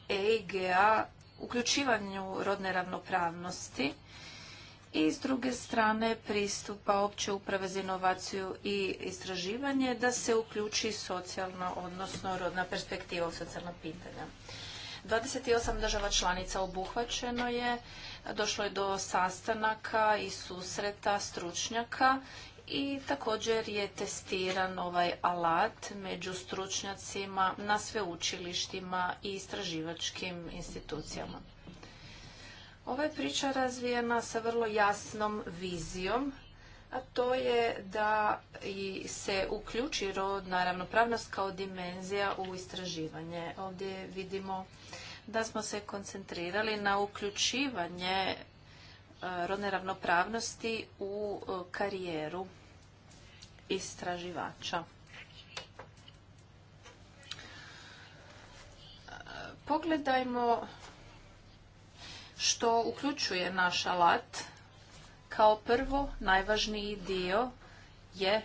EIG-a e uključivanju rodne ravnopravnosti i s druge strane pristupa opće uprave za inovaciju i istraživanje da se uključi socijalna, odnosno rodna perspektiva u socijalna pitanja. 28 država članica obuhvaćeno je, došlo je do sastanaka i susreta stručnjaka i također je testiran ovaj alat među stručnjacima na sveučilištima i istraživačkim institucijama. Ova je priča razvijena sa vrlo jasnom vizijom, a to je da se uključi rodna ravnopravnost kao dimenzija u istraživanje. Ovdje vidimo da smo se koncentrirali na uključivanje E, rodne ravnopravnosti u e, karijeru istraživača. E, pogledajmo što uključuje naš alat. Kao prvo, najvažniji dio je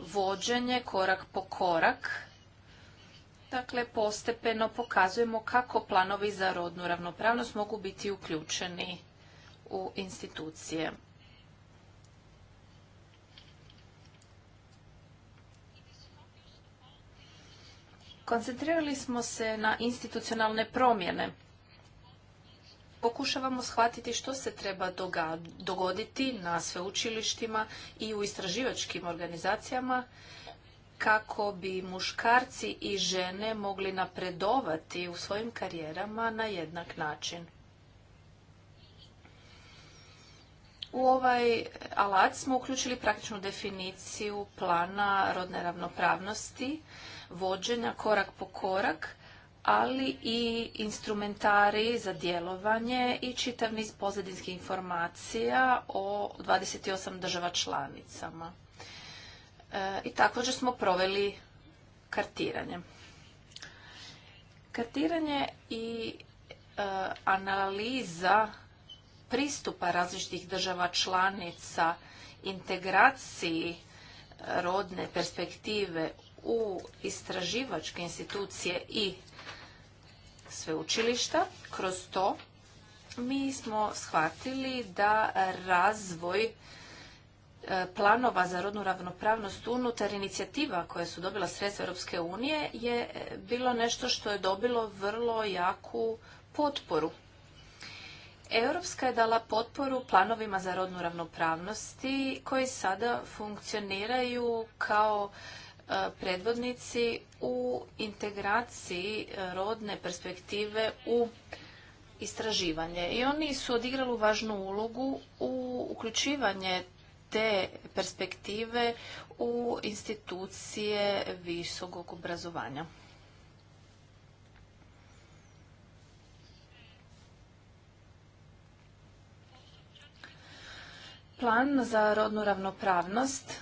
vođenje korak po korak. Dakle, postepeno pokazujemo kako planovi za rodnu ravnopravnost mogu biti uključeni u institucije. Koncentrirali smo se na institucionalne promjene. Pokušavamo shvatiti što se treba dogoditi na sveučilištima i u istraživačkim organizacijama kako bi muškarci i žene mogli napredovati u svojim karijerama na jednak način. U ovaj alat smo uključili praktičnu definiciju plana rodne ravnopravnosti, vođenja korak po korak, ali i instrumentari za djelovanje i čitav niz pozadinskih informacija o 28 država članicama. E, I također smo proveli kartiranje. Kartiranje i e, analiza pristupa različitih država članica integraciji e, rodne perspektive u istraživačke institucije i sveučilišta. Kroz to mi smo shvatili da razvoj e, planova za rodnu ravnopravnost unutar inicijativa koje su dobila sredstva Europske unije je e, bilo nešto što je dobilo vrlo jaku potporu. Europska je dala potporu planovima za rodnu ravnopravnosti koji sada funkcioniraju kao e, predvodnici u integraciji e, rodne perspektive u istraživanje. I oni su odigrali važnu ulogu u uključivanje te perspektive u institucije visokog obrazovanja. Plan za rodnu ravnopravnost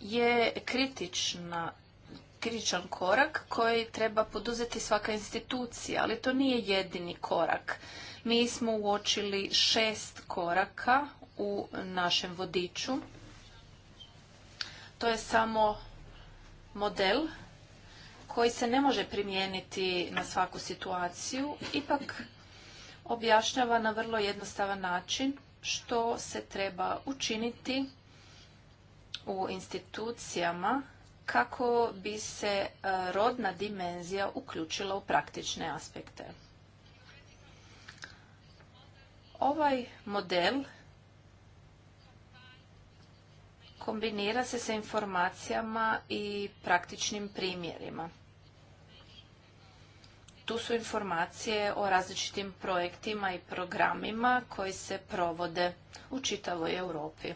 je kritična kritičan korak koji treba poduzeti svaka institucija, ali to nije jedini korak. Mi smo uočili šest koraka u našem vodiču. To je samo model koji se ne može primijeniti na svaku situaciju, ipak objašnjava na vrlo jednostavan način što se treba učiniti u institucijama kako bi se e, rodna dimenzija uključila u praktične aspekte. Ovaj model kombinira se sa informacijama i praktičnim primjerima. Tu su informacije o različitim projektima i programima koji se provode u čitavoj Europi.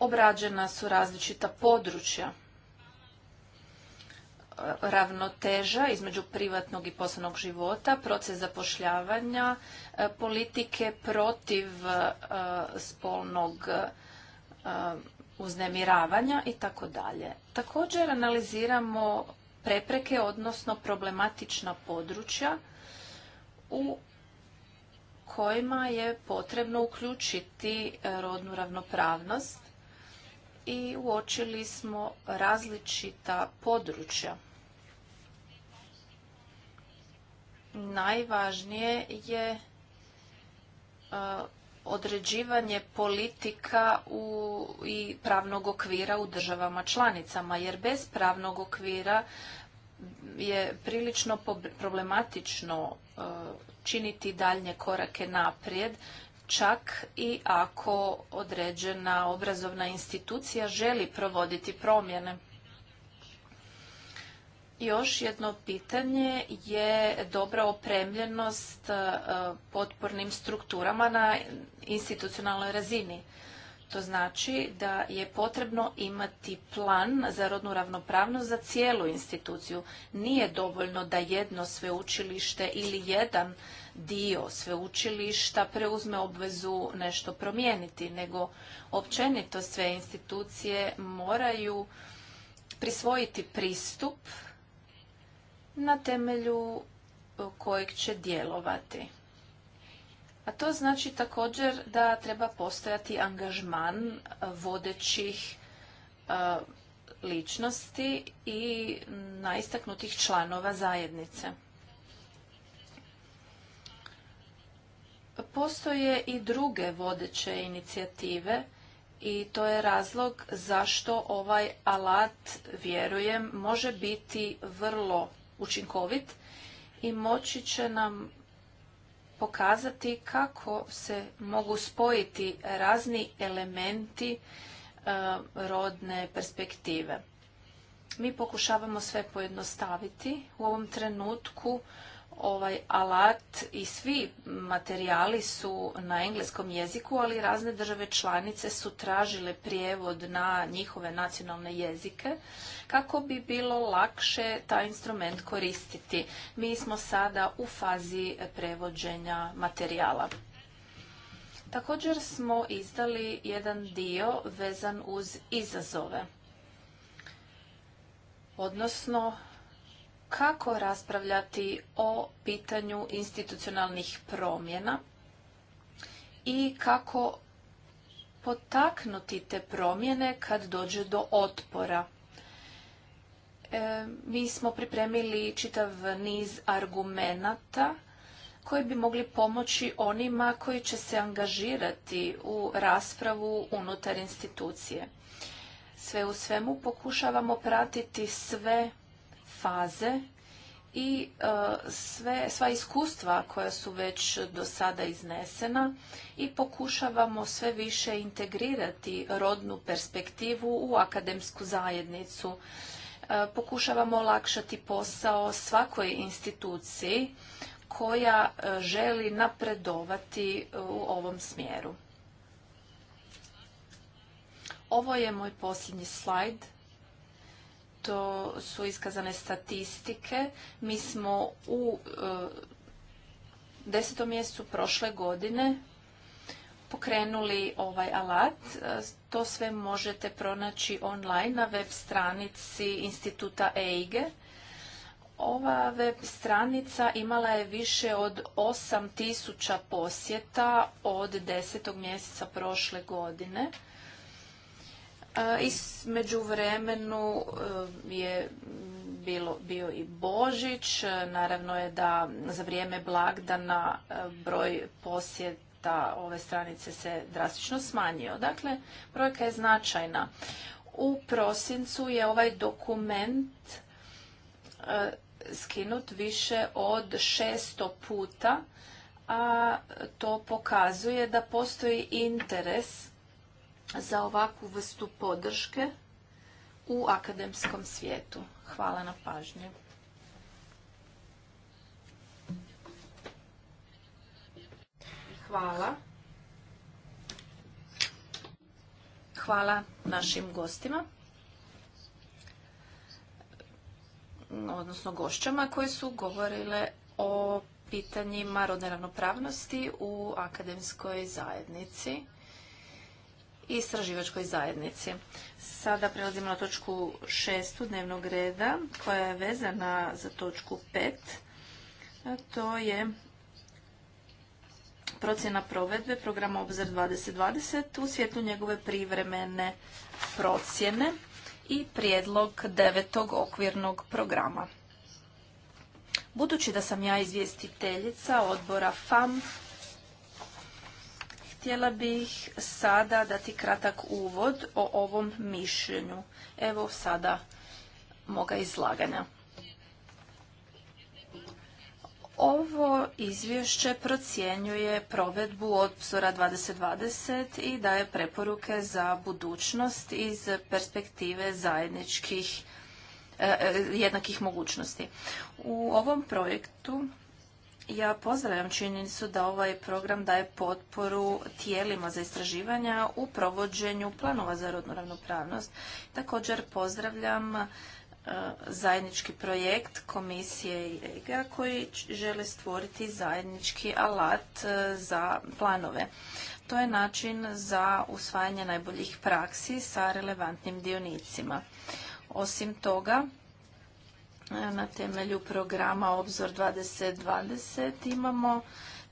Obrađena su različita područja. Ravnoteža između privatnog i poslovnog života, proces zapošljavanja, e, politike protiv e, spolnog e, uznemiravanja i tako dalje. Također analiziramo prepreke, odnosno problematična područja u kojima je potrebno uključiti e, rodnu ravnopravnost i uočili smo različita područja. Najvažnije je e, određivanje politika i pravnog okvira u državama članicama, jer bez pravnog okvira je prilično problematično e, činiti daljnje korake naprijed, čak i ako određena obrazovna institucija želi provoditi promjene. Još jedno pitanje je dobra opremljenost e, potpornim strukturama na institucionalnoj razini. To znači da je potrebno imati plan za rodnu ravnopravnost za cijelu instituciju. Nije dovoljno da jedno sveučilište ili jedan dio sveučilišta preuzme obvezu nešto promijeniti, nego općenito sve institucije moraju prisvojiti pristup na temelju e, kojeg će djelovati. A to znači također da treba postojati angažman e, vodećih e, ličnosti i najistaknutih članova zajednice. Postoje i druge vodeće inicijative i to je razlog zašto ovaj alat, vjerujem, može biti vrlo učinkovit i moći će nam pokazati kako se mogu spojiti razni elementi e, rodne perspektive. Mi pokušavamo sve pojednostaviti. U ovom trenutku ovaj alat i svi materijali su na engleskom jeziku, ali razne države članice su tražile prijevod na njihove nacionalne jezike kako bi bilo lakše taj instrument koristiti. Mi smo sada u fazi prevođenja materijala. Također smo izdali jedan dio vezan uz izazove odnosno kako raspravljati o pitanju institucionalnih promjena i kako potaknuti te promjene kad dođe do otpora. E, mi smo pripremili čitav niz argumenata koji bi mogli pomoći onima koji će se angažirati u raspravu unutar institucije. Sve u svemu pokušavamo pratiti sve faze i e, sve, sva iskustva koja su već do sada iznesena i pokušavamo sve više integrirati rodnu perspektivu u akademsku zajednicu. E, pokušavamo olakšati posao svakoj instituciji koja e, želi napredovati u ovom smjeru. Ovo je moj posljednji slajd to su iskazane statistike. Mi smo u e, desetom mjesecu prošle godine pokrenuli ovaj alat. E, to sve možete pronaći online na web stranici instituta EIGE. Ova web stranica imala je više od 8000 posjeta od desetog mjeseca prošle godine. I među vremenu e, je bio i Božić. E, naravno je da za vrijeme blagdana e, broj posjeta ove stranice se drastično smanjio. Dakle, brojka je značajna. U prosincu je ovaj dokument skinut više od 600 puta, a to pokazuje da postoji interes za ovakvu vrstu podrške u akademskom svijetu. Hvala na pažnji. Hvala. Hvala našim gostima, odnosno gošćama koje su govorile o pitanjima rodne ravnopravnosti u akademskoj zajednici istraživačkoj zajednici. Sada prelazimo na točku šestu dnevnog reda koja je vezana za točku pet. To je procjena provedbe programa Obzor 2020 u svijetu njegove privremene procjene i prijedlog devetog okvirnog programa. Budući da sam ja izvjestiteljica odbora FAM Htjela bih sada dati kratak uvod o ovom mišljenju. Evo sada moga izlaganja. Ovo izvješće procjenjuje provedbu obzora 2020 i daje preporuke za budućnost iz perspektive zajedničkih e, e, jednakih mogućnosti. U ovom projektu ja pozdravljam činjenicu da ovaj program daje potporu tijelima za istraživanja u provođenju planova za rodnu ravnopravnost. Također pozdravljam e, zajednički projekt komisije i EGA koji žele stvoriti zajednički alat e, za planove. To je način za usvajanje najboljih praksi sa relevantnim dionicima. Osim toga, E, na temelju programa Obzor 2020 imamo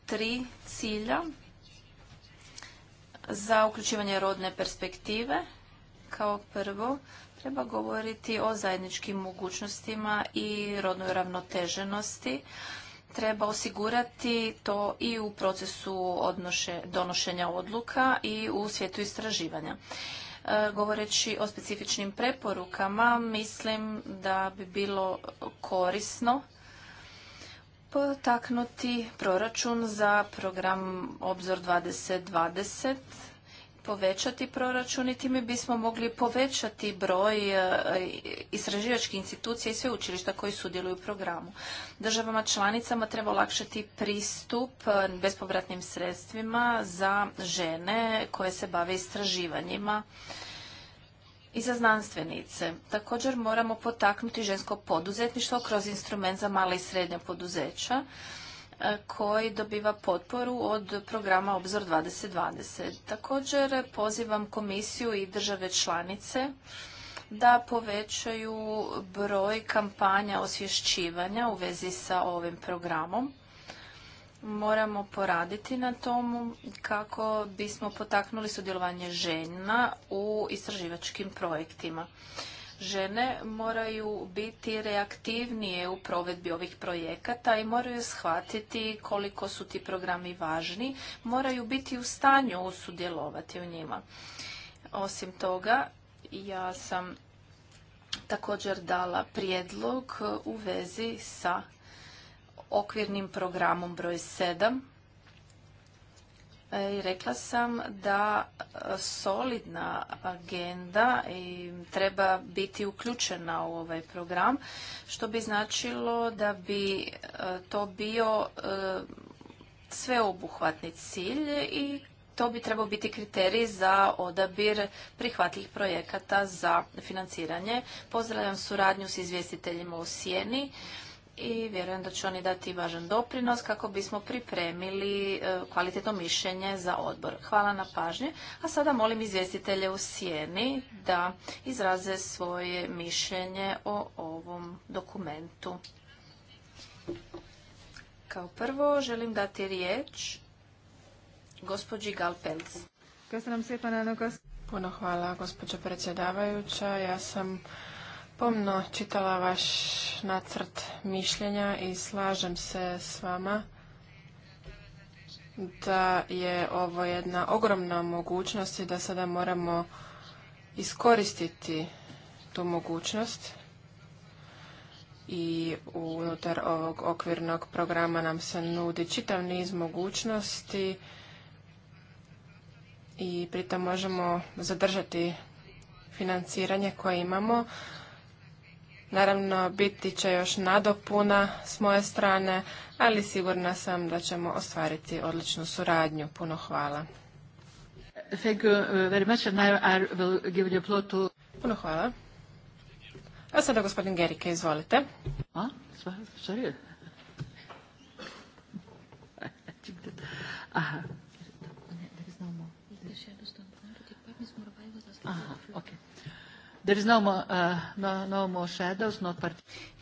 tri cilja za uključivanje rodne perspektive. Kao prvo, treba govoriti o zajedničkim mogućnostima i rodnoj ravnoteženosti. Treba osigurati to i u procesu donošenja odluka i u svijetu istraživanja. E, govoreći o specifičnim preporukama, mislim da bi bilo korisno potaknuti proračun za program Obzor 2020 povećati proračun i time bismo mogli povećati broj e, istraživačkih institucija i sveučilišta koji sudjeluju u programu. Državama članicama treba olakšati pristup e, bespovratnim sredstvima za žene koje se bave istraživanjima i za znanstvenice. Također moramo potaknuti žensko poduzetništvo kroz instrument za mala i srednja poduzeća koji dobiva potporu od programa Obzor 2020. Također pozivam komisiju i države članice da povećaju broj kampanja osvješćivanja u vezi sa ovim programom. Moramo poraditi na tomu kako bismo potaknuli sudjelovanje žena u istraživačkim projektima žene moraju biti reaktivnije u provedbi ovih projekata i moraju shvatiti koliko su ti programi važni, moraju biti u stanju sudjelovati u njima. Osim toga, ja sam također dala prijedlog u vezi sa okvirnim programom broj sedam. E, i rekla sam da e, solidna agenda treba biti uključena u ovaj program, što bi značilo da bi e, to bio sveobuhvatni cilj i to bi trebao biti kriterij za odabir prihvatljih projekata za financiranje. Pozdravljam suradnju s izvjestiteljima u Sjeni i vjerujem da će oni dati važan doprinos kako bismo pripremili e, kvalitetno mišljenje za odbor. Hvala na pažnji. A sada molim izvjestitelje u sjeni da izraze svoje mišljenje o ovom dokumentu. Kao prvo želim dati riječ gospođi Galpelc. Puno hvala gospođo predsjedavajuća. Ja sam pomno čitala vaš nacrt mišljenja i slažem se s vama da je ovo jedna ogromna mogućnost i da sada moramo iskoristiti tu mogućnost i unutar ovog okvirnog programa nam se nudi čitav niz mogućnosti i pritom možemo zadržati financiranje koje imamo Naravno, biti će još nadopuna s moje strane, ali sigurna sam da ćemo ostvariti odličnu suradnju. Puno hvala. Puno hvala. A sada gospodin Gerike, izvolite. A, sorry. [laughs] Aha. There is uh, no more,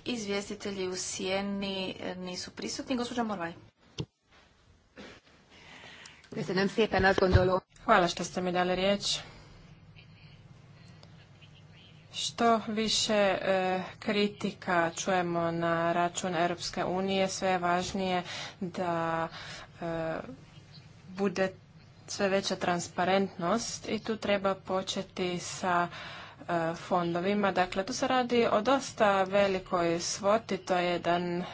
Izvjestitelji u sjeni eh, nisu prisutni. Gospođa Morvaj. Hvala što ste mi dali riječ. Što više eh, kritika čujemo na račun Europske unije, sve je važnije da eh, bude sve veća transparentnost i tu treba početi sa E, fondovima. Dakle, tu se radi o dosta velikoj svoti, to je jedan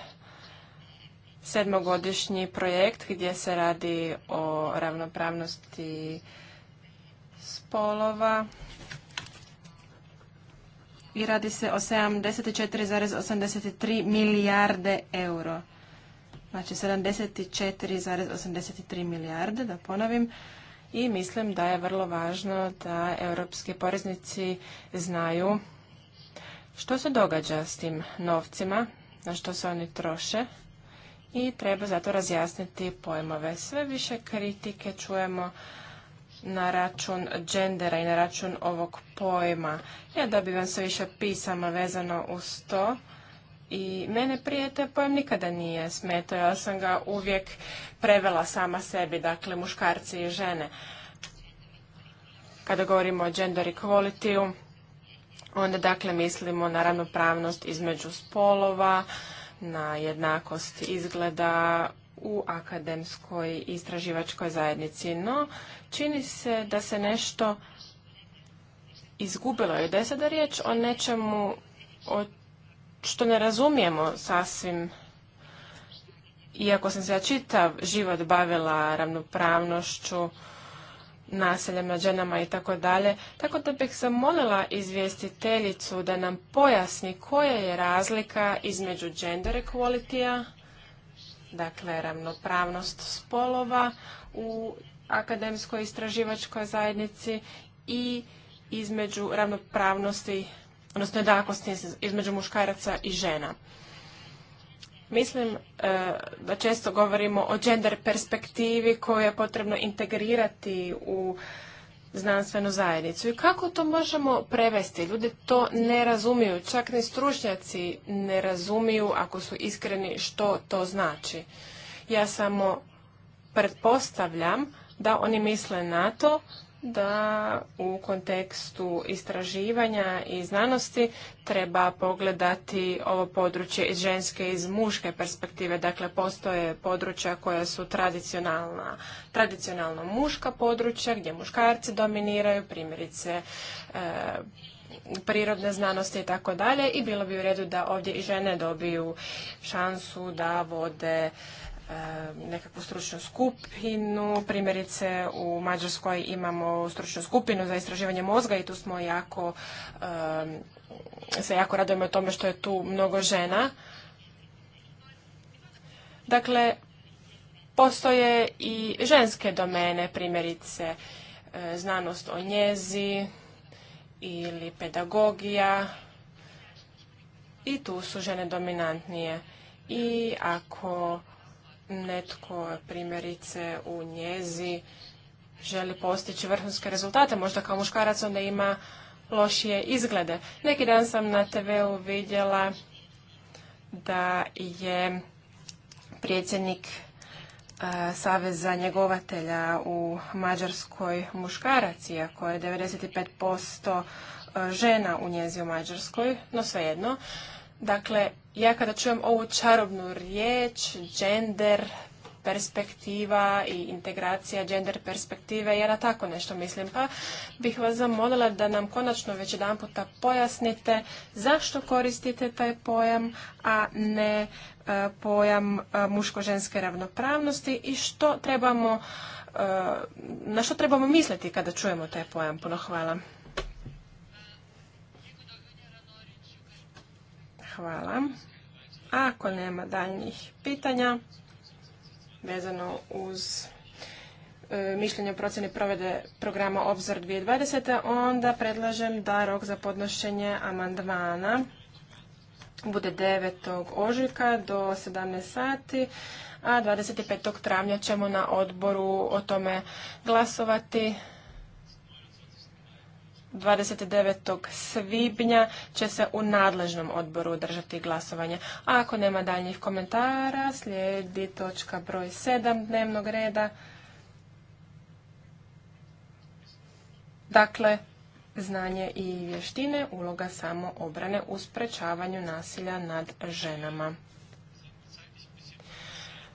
sedmogodišnji projekt gdje se radi o ravnopravnosti spolova i radi se o 74,83 milijarde euro. Znači 74,83 milijarde, da ponovim i mislim da je vrlo važno da europski poreznici znaju što se događa s tim novcima, na što se oni troše i treba zato razjasniti pojmove. Sve više kritike čujemo na račun džendera i na račun ovog pojma. Ja dobivam sve više pisama vezano uz to i mene prije taj pojam nikada nije smetao, ja sam ga uvijek prevela sama sebi, dakle muškarci i žene. Kada govorimo o gender equality, onda dakle mislimo na ravnopravnost između spolova, na jednakost izgleda u akademskoj istraživačkoj zajednici. No, čini se da se nešto izgubilo i da je sada riječ o nečemu o što ne razumijemo sasvim iako sam se ja čitav život bavila ravnopravnošću, naseljem nad ženama i tako dalje, tako da bih molila izvjestiteljicu da nam pojasni koja je razlika između gender equality dakle ravnopravnost spolova u akademskoj istraživačkoj zajednici i između ravnopravnosti odnosno jednakosti između muškaraca i žena. Mislim e, da često govorimo o gender perspektivi koju je potrebno integrirati u znanstvenu zajednicu. I kako to možemo prevesti? Ljudi to ne razumiju, čak ni stručnjaci ne razumiju ako su iskreni što to znači. Ja samo pretpostavljam da oni misle na to da u kontekstu istraživanja i znanosti treba pogledati ovo područje iz ženske i iz muške perspektive. Dakle, postoje područja koja su tradicionalna, tradicionalno muška područja gdje muškarci dominiraju, primjerice e, prirodne znanosti i tako dalje i bilo bi u redu da ovdje i žene dobiju šansu da vode E, nekakvu stručnu skupinu. Primjerice u Mađarskoj imamo stručnu skupinu za istraživanje mozga i tu smo jako, e, se jako radujemo o tome što je tu mnogo žena. Dakle, postoje i ženske domene, primjerice e, znanost o njezi ili pedagogija i tu su žene dominantnije. I ako netko primjerice u njezi želi postići vrhunske rezultate, možda kao muškarac onda ima lošije izglede. Neki dan sam na TV-u vidjela da je predsjednik Saveza njegovatelja u Mađarskoj muškarac, iako je 95% žena u njezi u Mađarskoj, no svejedno. Dakle, ja kada čujem ovu čarobnu riječ, gender, perspektiva i integracija gender perspektive, ja na tako nešto mislim. Pa bih vas zamolila da nam konačno već jedan puta pojasnite zašto koristite taj pojam, a ne e, pojam e, muško-ženske ravnopravnosti i što trebamo, e, na što trebamo misliti kada čujemo taj pojam. Puno hvala. Hvala. Ako nema daljnjih pitanja vezano uz e, mišljenje o procjeni provede programa Obzor 2020. onda predlažem da rok za podnošenje amandmana bude 9. ožujka do 17 sati, a 25. travnja ćemo na odboru o tome glasovati. 29. svibnja će se u nadležnom odboru održati glasovanje. A ako nema daljnjih komentara, slijedi točka broj 7 dnevnog reda. Dakle, znanje i vještine, uloga samo obrane u sprečavanju nasilja nad ženama.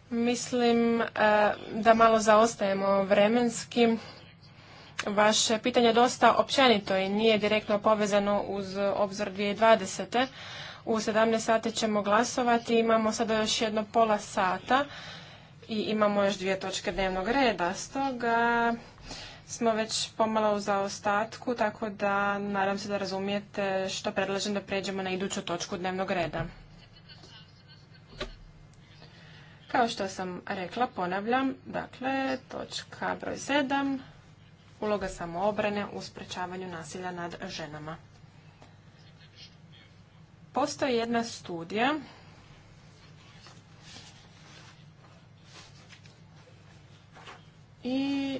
Mislim eh, da malo zaostajemo vremenski Vaše pitanje dosta općenito i nije direktno povezano uz obzor 2020. U 17 sati ćemo glasovati, imamo sada još jedno pola sata i imamo još dvije točke dnevnog reda. Stoga smo već pomalo u zaostatku, tako da nadam se da razumijete što predlažem da pređemo na iduću točku dnevnog reda. Kao što sam rekla, ponavljam, dakle, točka broj 7 uloga samoobrane u sprečavanju nasilja nad ženama. Postoji jedna studija i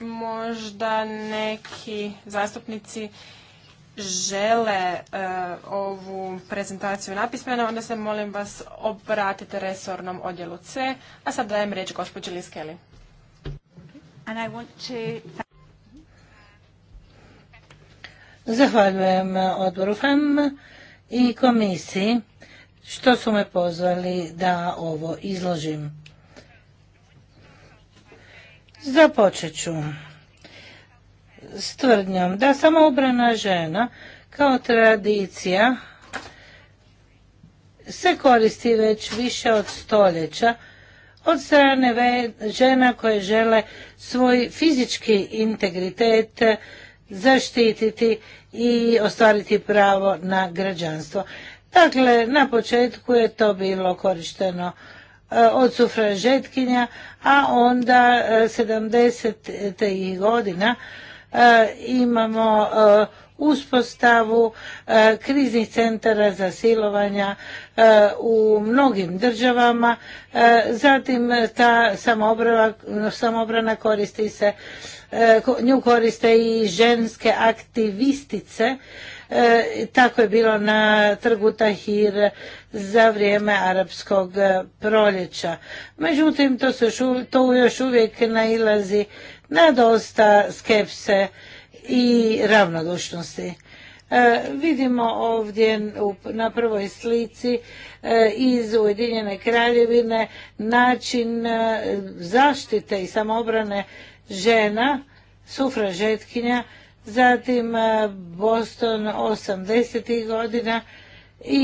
možda neki zastupnici žele e, ovu prezentaciju napismeno, onda se molim vas obratite resornom odjelu C. A sad dajem riječ gospođi Liskeli. To... Zahvaljujem odboru FEM i komisiji što su me pozvali da ovo izložim. Započet ću s tvrdnjom da samoubrana žena kao tradicija se koristi već više od stoljeća od strane žena koje žele svoj fizički integritet zaštititi i ostvariti pravo na građanstvo. Dakle, na početku je to bilo korišteno e, od sufražetkinja, a onda 70. E, godina e, imamo uspostavu kriznih centara za silovanja u mnogim državama. Zatim ta samobrana koristi se nju koriste i ženske aktivistice. E, tako je bilo na trgu Tahir za vrijeme arapskog e, proljeća. Međutim, to, se to još uvijek nailazi na dosta skepse i ravnodušnosti. E, vidimo ovdje na prvoj slici iz Ujedinjene kraljevine način zaštite i samobrane žena, sufražetkinja, zatim e, Boston 80. godina i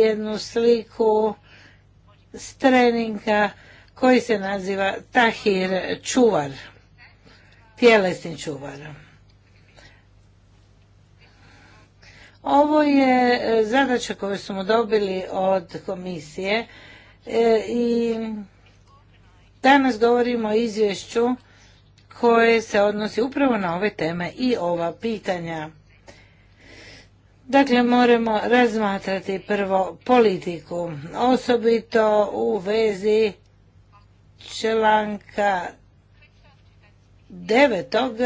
jednu sliku s koji se naziva Tahir Čuvar, tjelesni čuvar. Ovo je e, zadaća koju smo dobili od komisije e, i danas govorimo o izvješću koje se odnosi upravo na ove teme i ova pitanja. Dakle, moramo razmatrati prvo politiku, osobito u vezi članka devetog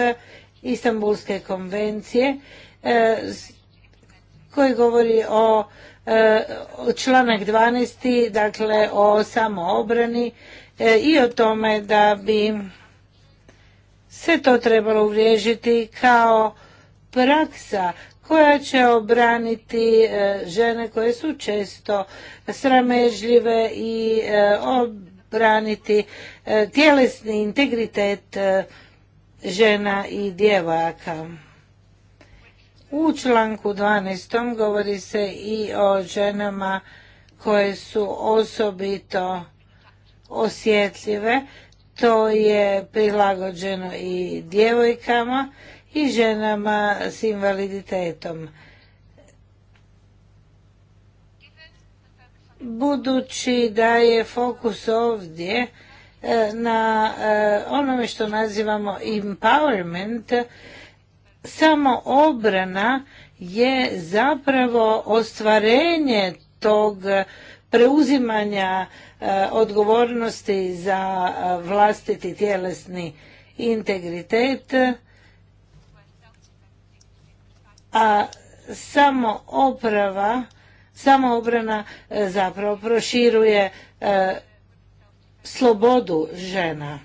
Istanbulske konvencije e, koji govori o e, članak 12. dakle o samoobrani e, i o tome da bi se to trebalo uvriježiti kao praksa koja će obraniti e, žene koje su često sramežljive i e, obraniti e, tjelesni integritet žena i djevojaka. U članku 12. govori se i o ženama koje su osobito osjetljive to je prilagođeno i djevojkama i ženama s invaliditetom. Budući da je fokus ovdje e, na e, onome što nazivamo empowerment, samo obrana je zapravo ostvarenje tog preuzimanja e, odgovornosti za e, vlastiti tjelesni integritet, a samo oprava, samo obrana e, zapravo proširuje slobodu žena.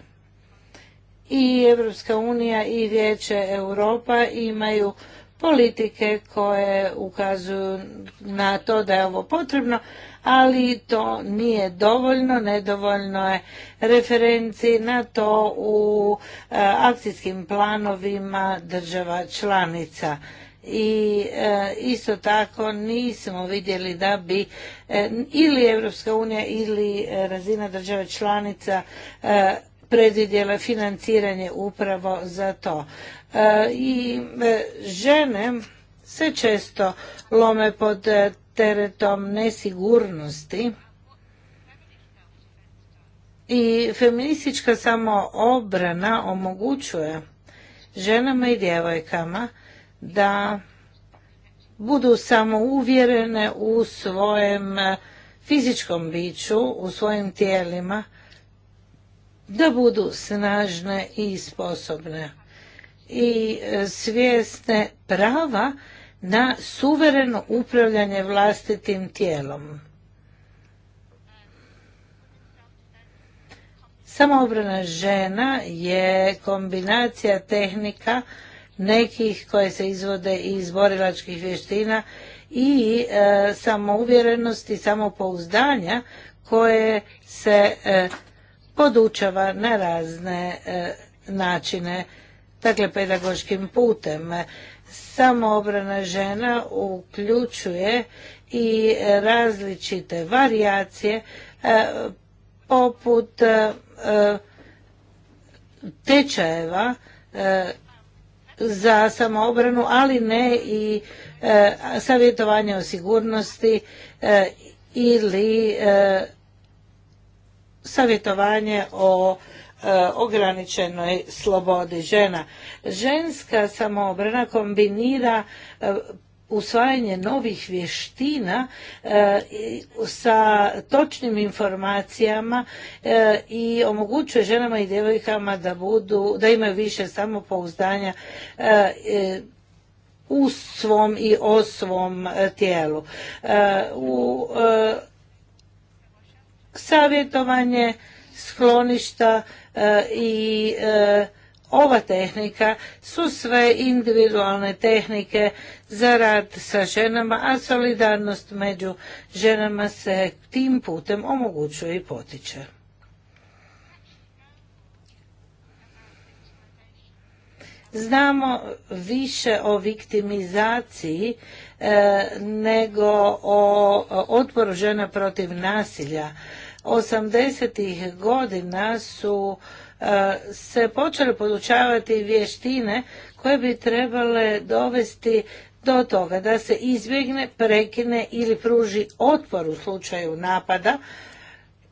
I Evropska unija i Vijeće Europa imaju politike koje ukazuju na to da je ovo potrebno, ali to nije dovoljno, nedovoljno je referenci na to u e, akcijskim planovima država članica. I e, isto tako nismo vidjeli da bi e, ili Europska unija ili razina država članica predvidjela financiranje upravo za to. E, I e, žene se često lome pod e, teretom nesigurnosti i feministička samoobrana omogućuje ženama i djevojkama da budu samouvjerene u svojem fizičkom biću, u svojim tijelima, da budu snažne i sposobne i e, svjesne prava na suvereno upravljanje vlastitim tijelom. Samoobrana žena je kombinacija tehnika nekih koje se izvode iz borilačkih vještina i e, samouvjerenosti, samopouzdanja koje se e, podučava na razne e, načine, dakle pedagoškim putem. Samoobrana žena uključuje i različite varijacije e, poput e, tečajeva za samoobranu, ali ne i savjetovanje o sigurnosti ili savjetovanje o e, ograničenoj slobodi žena. Ženska samoobrana kombinira e, usvajanje novih vještina e, sa točnim informacijama i omogućuje ženama i djevojkama da budu, da imaju više samopouzdanja u svom i o svom tijelu. U savjetovanje, skloništa e, i e, ova tehnika su sve individualne tehnike za rad sa ženama, a solidarnost među ženama se tim putem omogućuje i potiče. Znamo više o viktimizaciji e, nego o otporu žena protiv nasilja 80. godina su e, se počele podučavati vještine koje bi trebale dovesti do toga da se izbjegne, prekine ili pruži otpor u slučaju napada,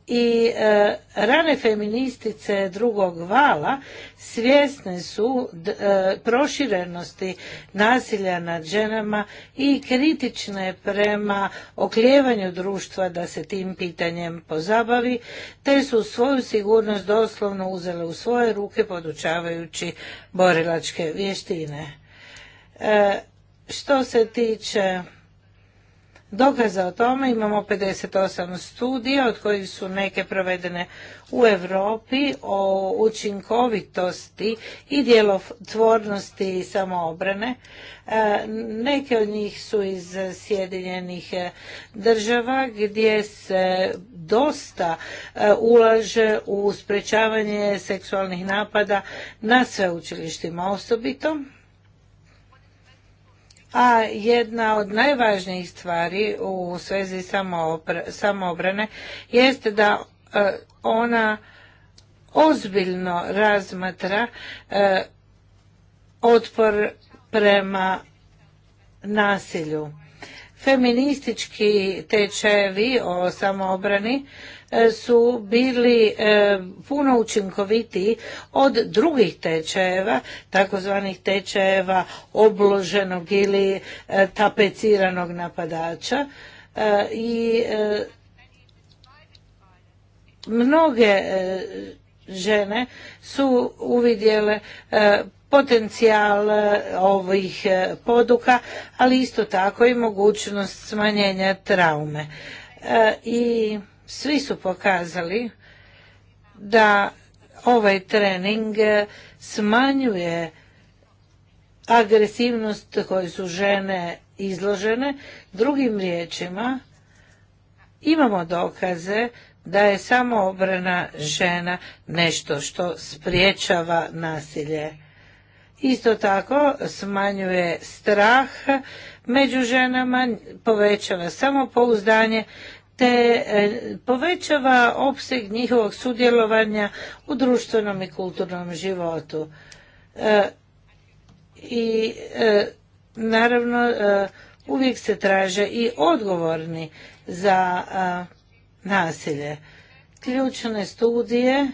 i e, rane feministice drugog vala svjesne su e, proširenosti nasilja nad ženama i kritične prema okljevanju društva da se tim pitanjem pozabavi te su svoju sigurnost doslovno uzele u svoje ruke podučavajući borilačke vještine e, što se tiče dokaza o tome. Imamo 58 studija od kojih su neke provedene u Europi o učinkovitosti i djelotvornosti samoobrane. E, neke od njih su iz Sjedinjenih e, država gdje se dosta e, ulaže u sprečavanje seksualnih napada na sveučilištima osobito a jedna od najvažnijih stvari u svezi samoobrane jeste da e, ona ozbiljno razmatra e, otpor prema nasilju. Feministički tečajevi o samoobrani E, su bili e, puno učinkovitiji od drugih tečajeva, takozvanih tečajeva obloženog ili e, tapeciranog napadača i mnoge žene su uvidjele potencijal ovih poduka, ali isto tako i mogućnost smanjenja traume. I svi su pokazali da ovaj trening eh, smanjuje agresivnost koju su žene izložene. Drugim riječima, imamo dokaze da je samoobrana žena nešto što spriječava nasilje. Isto tako smanjuje strah među ženama, povećava samopouzdanje, te e, povećava opseg njihovog sudjelovanja u društvenom i kulturnom životu. E, I e, naravno uvijek se traže i odgovorni za nasilje. Ključne studije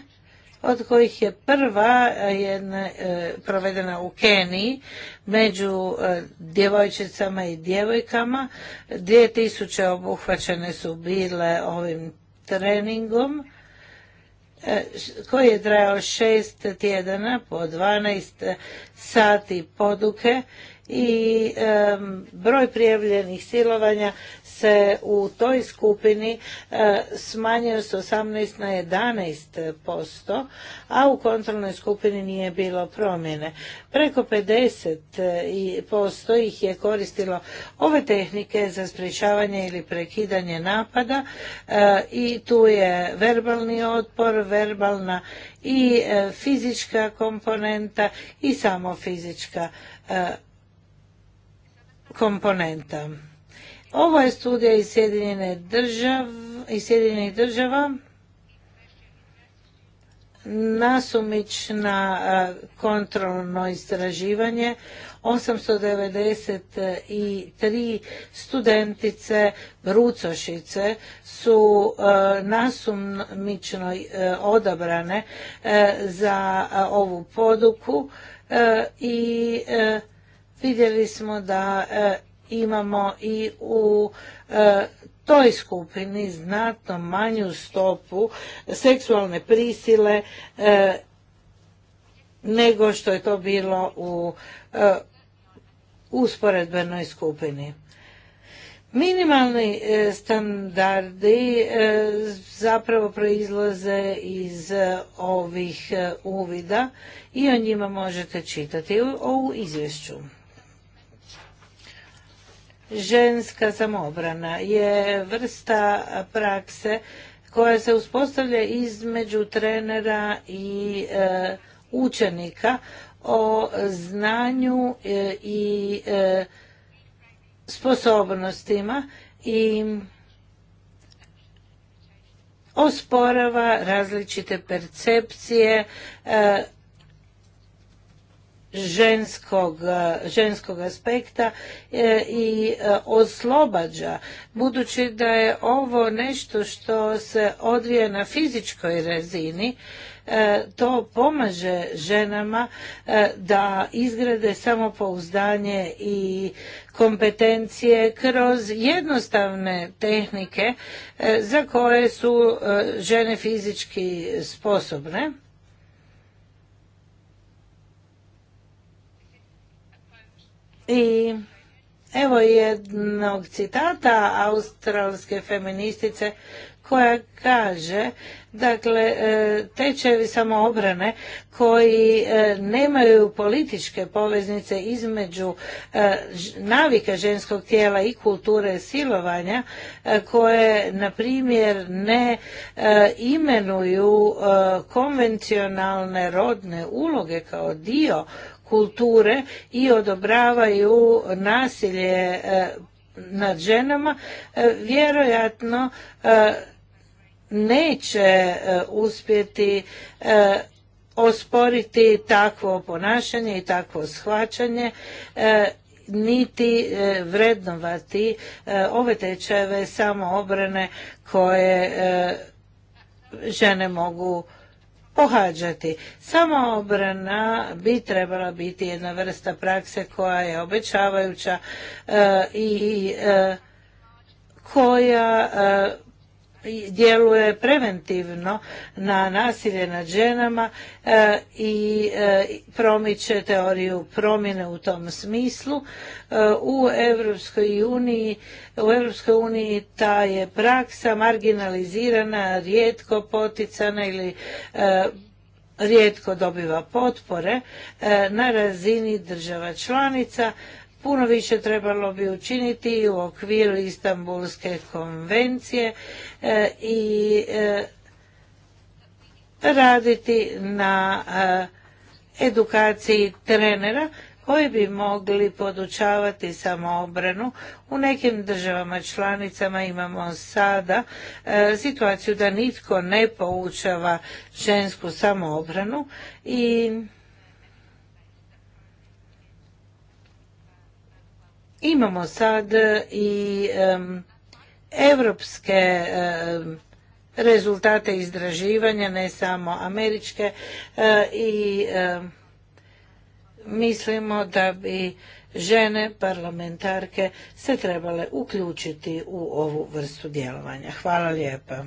od kojih je prva eh, jedna eh, provedena u Keniji među eh, djevojčicama i djevojkama. 2000 obuhvaćene su bile ovim treningom koji je trajao šest tjedana po 12 sati poduke i broj prijavljenih silovanja se u toj skupini e, smanjio s 18 na 11 posto, a u kontrolnoj skupini nije bilo promjene. Preko 50 posto ih je koristilo ove tehnike za sprječavanje ili prekidanje napada e, i tu je verbalni otpor, verbalna i e, fizička komponenta i samo fizička komponenta. Ovo je studija iz Sjedinjene države, iz Sjedinjenih država nasumična kontrolno istraživanje 893 studentice brucošice su nasumično odabrane za ovu poduku i vidjeli smo da imamo i u e, toj skupini znatno manju stopu seksualne prisile e, nego što je to bilo u e, usporedbenoj skupini. Minimalni standardi zapravo proizlaze iz ovih uvida i o njima možete čitati u, u izvješću ženska samobrana je vrsta prakse koja se uspostavlja između trenera i e, učenika o znanju e, i e, sposobnostima i osporava različite percepcije ženskog, e, ženskog aspekta e, i e, oslobađa budući da je ovo nešto što se odvija na fizičkoj razini to pomaže ženama da izgrade samopouzdanje i kompetencije kroz jednostavne tehnike za koje su žene fizički sposobne I evo jednog citata australske feministice koja kaže dakle e, tečevi samoobrane koji e, nemaju političke poveznice između e, navika ženskog tijela i kulture silovanja koje na primjer ne imenuju konvencionalne rodne uloge kao dio kulture i odobravaju nasilje e, nad ženama, e, vjerojatno e, neće uspjeti osporiti takvo ponašanje i takvo shvaćanje niti vrednovati ove tečajeve samoobrane koje žene mogu pohađati. obrana bi trebala biti jedna vrsta prakse koja je obećavajuća e, i e, koja e, djeluje preventivno na nasilje nad ženama e, i e, promiče teoriju promjene u tom smislu. E, u Europskoj uniji, u Europskoj uniji ta je praksa marginalizirana, rijetko poticana ili rijetko dobiva potpore na razini država članica Puno više trebalo bi učiniti u okviru Istanbulske konvencije e, i e, raditi na e, edukaciji trenera koji bi mogli podučavati samoobranu. U nekim državama članicama imamo sada situaciju da nitko ne poučava žensku samoobranu i Imamo sad e, i evropske e, rezultate izdraživanja, ne samo američke e, i mislimo da bi žene parlamentarke se trebale uključiti u ovu vrstu djelovanja. Hvala lijepa.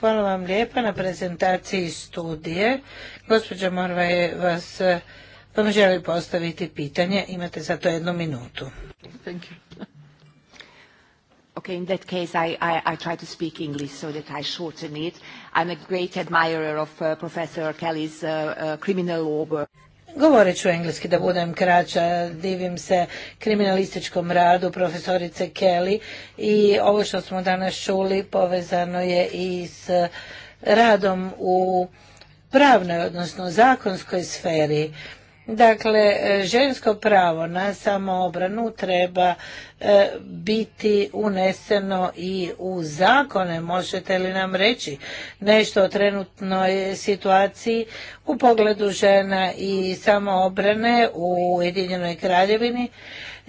Hvala vam lijepa na prezentaciji studije. Gospođa Morva je vas vam želim postaviti pitanje. Imate za to jednu minutu. Thank you. Okay, in that case, I, I, I try to speak English so that I shorten it. I'm a great admirer of uh, Professor Kelly's uh, uh, criminal law work. Govorit ću engleski da budem kraća, divim se kriminalističkom radu profesorice Kelly i ovo što smo danas čuli povezano je i s radom u pravnoj, odnosno zakonskoj sferi Dakle, žensko pravo na samoobranu treba e, biti uneseno i u zakone. Možete li nam reći nešto o trenutnoj situaciji u pogledu žena i samoobrane u Ujedinjenoj kraljevini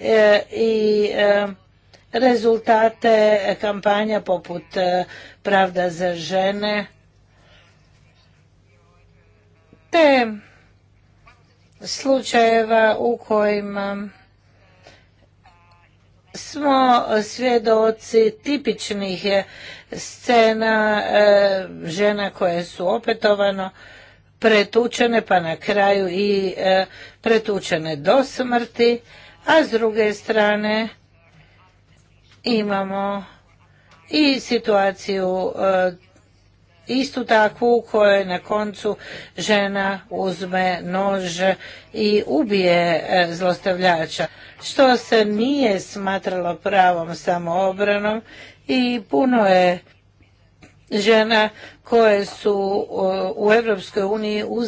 e, i e, rezultate kampanja poput Pravda za žene te slučajeva u kojima smo svjedoci tipičnih scena e, žena koje su opetovano pretučene pa na kraju i e, pretučene do smrti, a s druge strane imamo i situaciju e, istu takvu u kojoj na koncu žena uzme nož i ubije e, zlostavljača, što se nije smatralo pravom samoobranom i puno je žena koje su u Europskoj uniji u,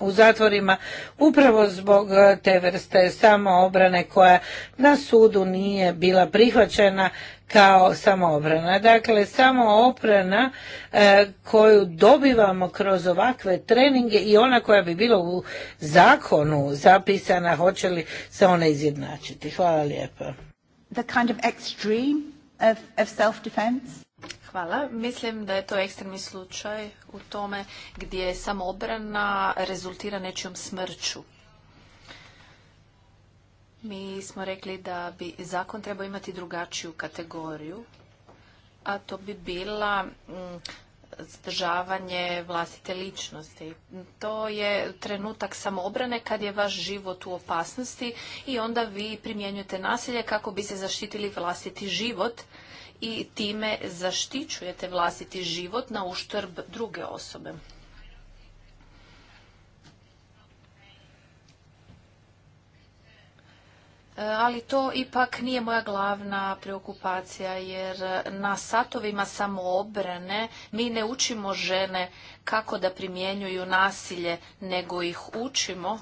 u zatvorima upravo zbog te vrste samoobrane koja na sudu nije bila prihvaćena kao samoobrana. Dakle, samoobrana e, koju dobivamo kroz ovakve treninge i ona koja bi bila u zakonu zapisana, hoće li se ona izjednačiti. Hvala lijepa. Hvala. Mislim da je to ekstremni slučaj u tome gdje samobrana rezultira nečijom smrću. Mi smo rekli da bi zakon trebao imati drugačiju kategoriju, a to bi bila mm, zdržavanje vlastite ličnosti. To je trenutak samobrane kad je vaš život u opasnosti i onda vi primjenjujete nasilje kako bi se zaštitili vlastiti život i time zaštićujete vlastiti život na uštrb druge osobe. E, ali to ipak nije moja glavna preokupacija jer na satovima samoobrane mi ne učimo žene kako da primjenjuju nasilje, nego ih učimo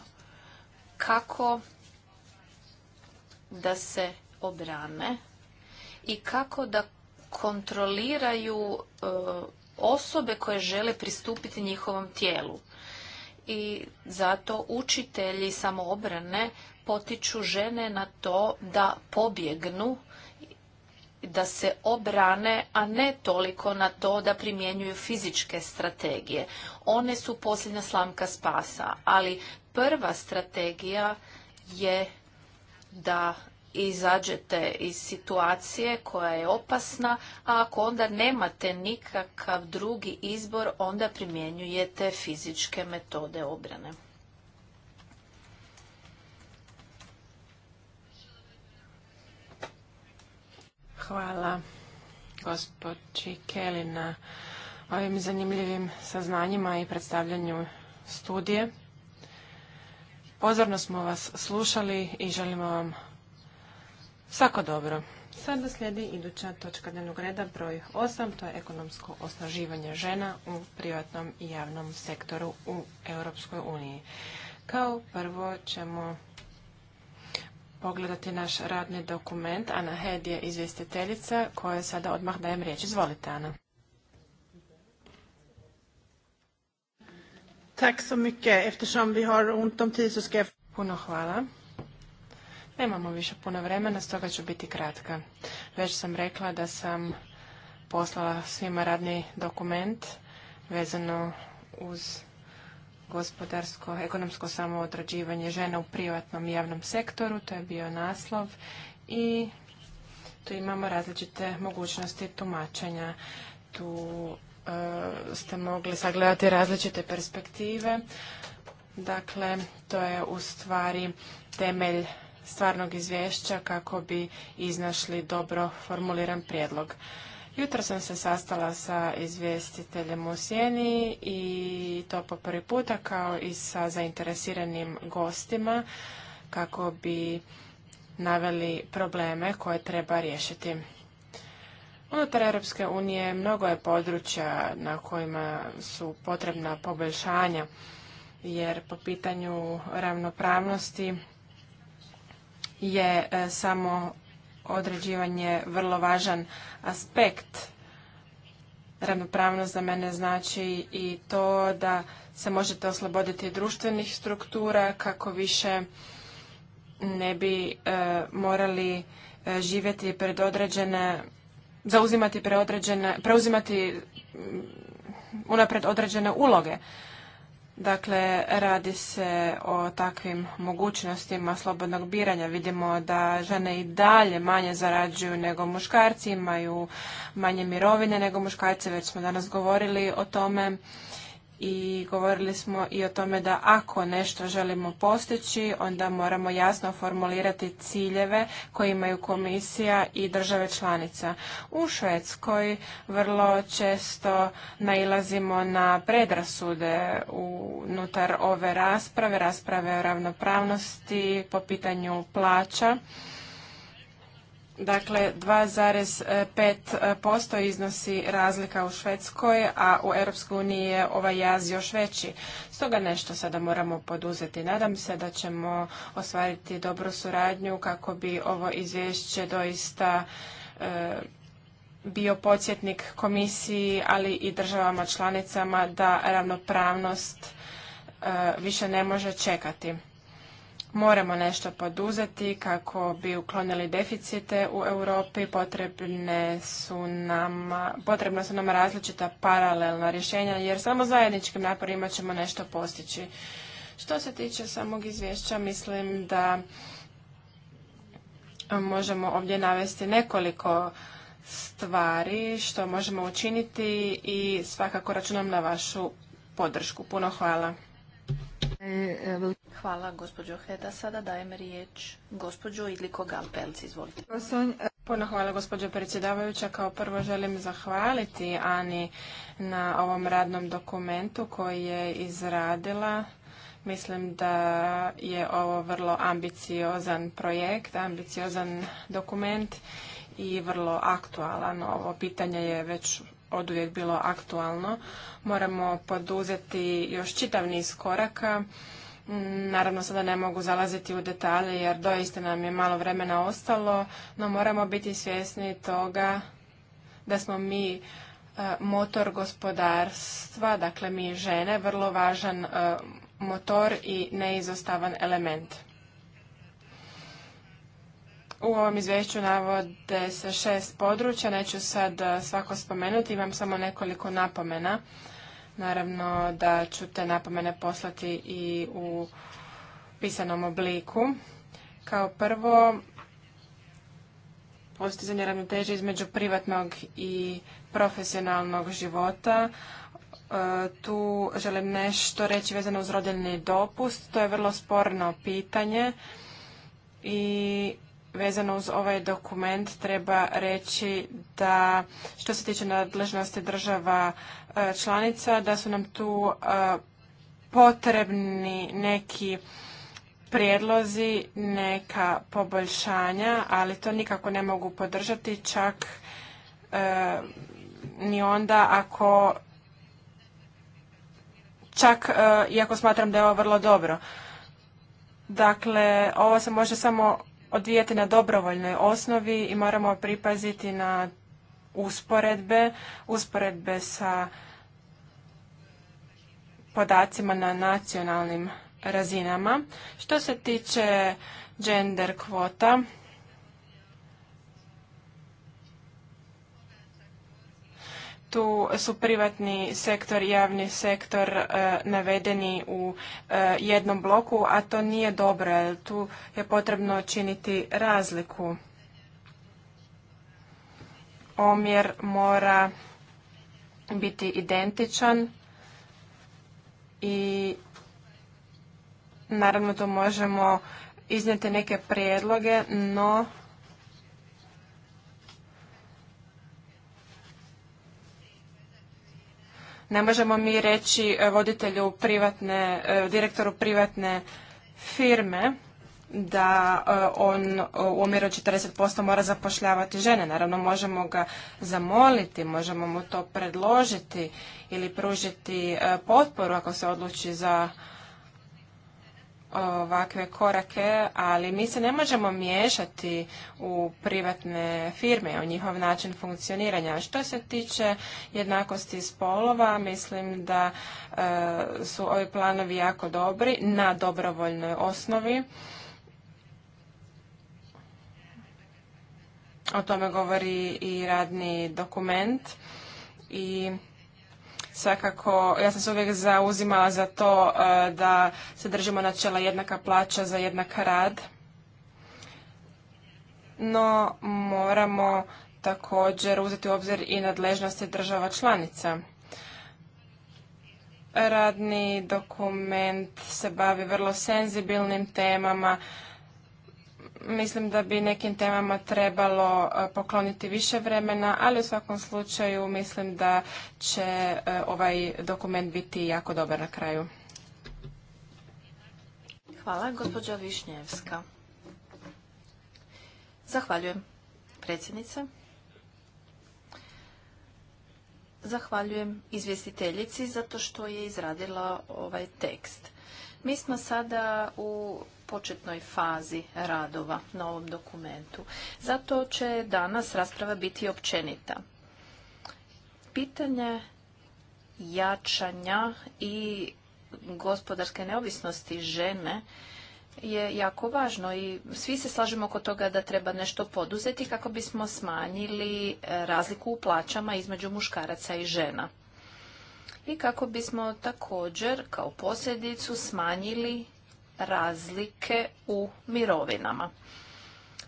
kako da se obrane i kako da kontroliraju e, osobe koje žele pristupiti njihovom tijelu. I zato učitelji samoobrane potiču žene na to da pobjegnu, da se obrane, a ne toliko na to da primjenjuju fizičke strategije. One su posljednja slamka spasa, ali prva strategija je da izađete iz situacije koja je opasna, a ako onda nemate nikakav drugi izbor, onda primjenjujete fizičke metode obrane. Hvala gospođi Kelly na ovim zanimljivim saznanjima i predstavljanju studije. Pozorno smo vas slušali i želimo vam Svako dobro. Sada slijedi iduća točka dnevnog reda broj 8, to je ekonomsko osnaživanje žena u privatnom i javnom sektoru u Europskoj uniji. Kao prvo ćemo pogledati naš radni dokument. Ana Hed je izvjestiteljica koja sada odmah dajem riječ. Izvolite, Ana. Tack så Eftersom vi har om tid Puno hvala. Nemamo više puno vremena, stoga ću biti kratka. Već sam rekla da sam poslala svima radni dokument vezano uz gospodarsko, ekonomsko samoodrađivanje žena u privatnom i javnom sektoru, to je bio naslov i tu imamo različite mogućnosti tumačenja. Tu e, ste mogli sagledati različite perspektive. Dakle, to je u stvari temelj stvarnog izvješća kako bi iznašli dobro formuliran prijedlog. Jutro sam se sastala sa izvjestiteljem u Sjeni i to po prvi puta kao i sa zainteresiranim gostima kako bi naveli probleme koje treba riješiti. Unutar Europske unije mnogo je područja na kojima su potrebna poboljšanja, jer po pitanju ravnopravnosti je e, samo određivanje vrlo važan aspekt. Ravnopravnost za mene znači i to da se možete osloboditi društvenih struktura kako više ne bi e, morali e, živjeti pred određene, zauzimati preuzimati unapred određene uloge. Dakle, radi se o takvim mogućnostima slobodnog biranja. Vidimo da žene i dalje manje zarađuju nego muškarci, imaju manje mirovine nego muškarci, već smo danas govorili o tome i govorili smo i o tome da ako nešto želimo postići, onda moramo jasno formulirati ciljeve koje imaju komisija i države članica. U Švedskoj vrlo često nailazimo na predrasude unutar ove rasprave, rasprave o ravnopravnosti po pitanju plaća Dakle, 2,5% iznosi razlika u Švedskoj, a u Europskoj uniji je ovaj jaz još veći. Stoga nešto sada moramo poduzeti. Nadam se da ćemo ostvariti dobru suradnju kako bi ovo izvješće doista e, bio podsjetnik komisiji, ali i državama članicama da ravnopravnost e, više ne može čekati. Moramo nešto poduzeti kako bi uklonili deficite u Europi. Potrebne su nam, potrebna su nam različita paralelna rješenja jer samo zajedničkim naporima ćemo nešto postići. Što se tiče samog izvješća, mislim da možemo ovdje navesti nekoliko stvari što možemo učiniti i svakako računam na vašu podršku. Puno hvala. Hvala gospođo Heda. Sada dajem riječ gospođo Idliko Galpelc. Izvolite. Puno hvala gospođo predsjedavajuća. Kao prvo želim zahvaliti Ani na ovom radnom dokumentu koji je izradila. Mislim da je ovo vrlo ambiciozan projekt, ambiciozan dokument i vrlo aktualan. Ovo pitanje je već Oduvijek bilo aktualno. Moramo poduzeti još čitav niz koraka. Naravno sada ne mogu zalaziti u detalje jer doista nam je malo vremena ostalo, no moramo biti svjesni toga da smo mi e, motor gospodarstva, dakle mi žene, vrlo važan e, motor i neizostavan element. U ovom izvješću navode se šest područja, neću sad eh, svako spomenuti, imam samo nekoliko napomena. Naravno da ću te napomene poslati i u pisanom obliku. Kao prvo, postizanje ravnoteže između privatnog i profesionalnog života. Eh, tu želim nešto reći vezano uz rodiljni dopust. To je vrlo sporno pitanje i vezano uz ovaj dokument treba reći da što se tiče nadležnosti država e, članica, da su nam tu e, potrebni neki prijedlozi, neka poboljšanja, ali to nikako ne mogu podržati čak e, ni onda ako čak iako smatram da je ovo vrlo dobro. Dakle, ovo se može samo odvijati na dobrovoljnoj osnovi i moramo pripaziti na usporedbe, usporedbe sa podacima na nacionalnim razinama. Što se tiče gender kvota, tu su privatni sektor i javni sektor e, navedeni u e, jednom bloku, a to nije dobro. Jer tu je potrebno činiti razliku. Omjer mora biti identičan i naravno to možemo iznijeti neke prijedloge, no Ne možemo mi reći e, voditelju privatne, e, direktoru privatne firme da e, on u omjeru 40% mora zapošljavati žene. Naravno možemo ga zamoliti, možemo mu to predložiti ili pružiti potporu ako se odluči za ovakve korake, ali mi se ne možemo miješati u privatne firme, u njihov način funkcioniranja. Što se tiče jednakosti spolova, mislim da e, su ovi planovi jako dobri na dobrovoljnoj osnovi. O tome govori i radni dokument i Svakako, ja sam se uvijek zauzimala za to e, da se držimo načela jednaka plaća za jednak rad. No, moramo također uzeti u obzir i nadležnosti država članica. Radni dokument se bavi vrlo senzibilnim temama, Mislim da bi nekim temama trebalo e, pokloniti više vremena, ali u svakom slučaju mislim da će e, ovaj dokument biti jako dobar na kraju. Hvala, gospođa Višnjevska. Zahvaljujem, predsjednice. Zahvaljujem izvjestiteljici zato što je izradila ovaj tekst. Mi smo sada u početnoj fazi radova na ovom dokumentu. Zato će danas rasprava biti općenita. Pitanje jačanja i gospodarske neovisnosti žene je jako važno i svi se slažemo oko toga da treba nešto poduzeti kako bismo smanjili razliku u plaćama između muškaraca i žena i kako bismo također kao posljedicu smanjili razlike u mirovinama.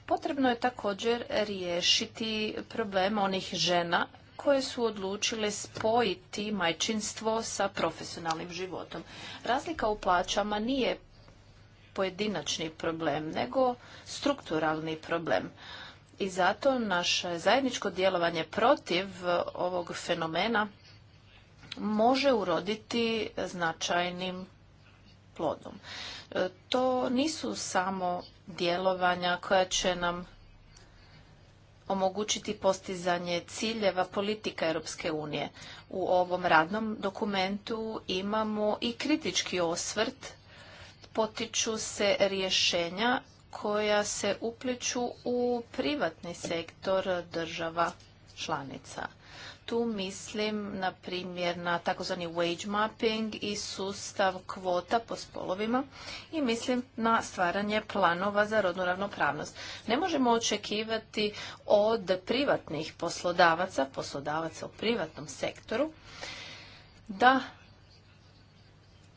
Potrebno je također riješiti problem onih žena koje su odlučile spojiti majčinstvo sa profesionalnim životom. Razlika u plaćama nije pojedinačni problem, nego strukturalni problem. I zato naše zajedničko djelovanje protiv ovog fenomena može uroditi značajnim plodom. E, to nisu samo djelovanja koja će nam omogućiti postizanje ciljeva politika Europske unije. U ovom radnom dokumentu imamo i kritički osvrt, potiču se rješenja koja se upliču u privatni sektor država članica. Tu mislim, na primjer, na takozvani wage mapping i sustav kvota po spolovima i mislim na stvaranje planova za rodnu ravnopravnost. Ne možemo očekivati od privatnih poslodavaca, poslodavaca u privatnom sektoru, da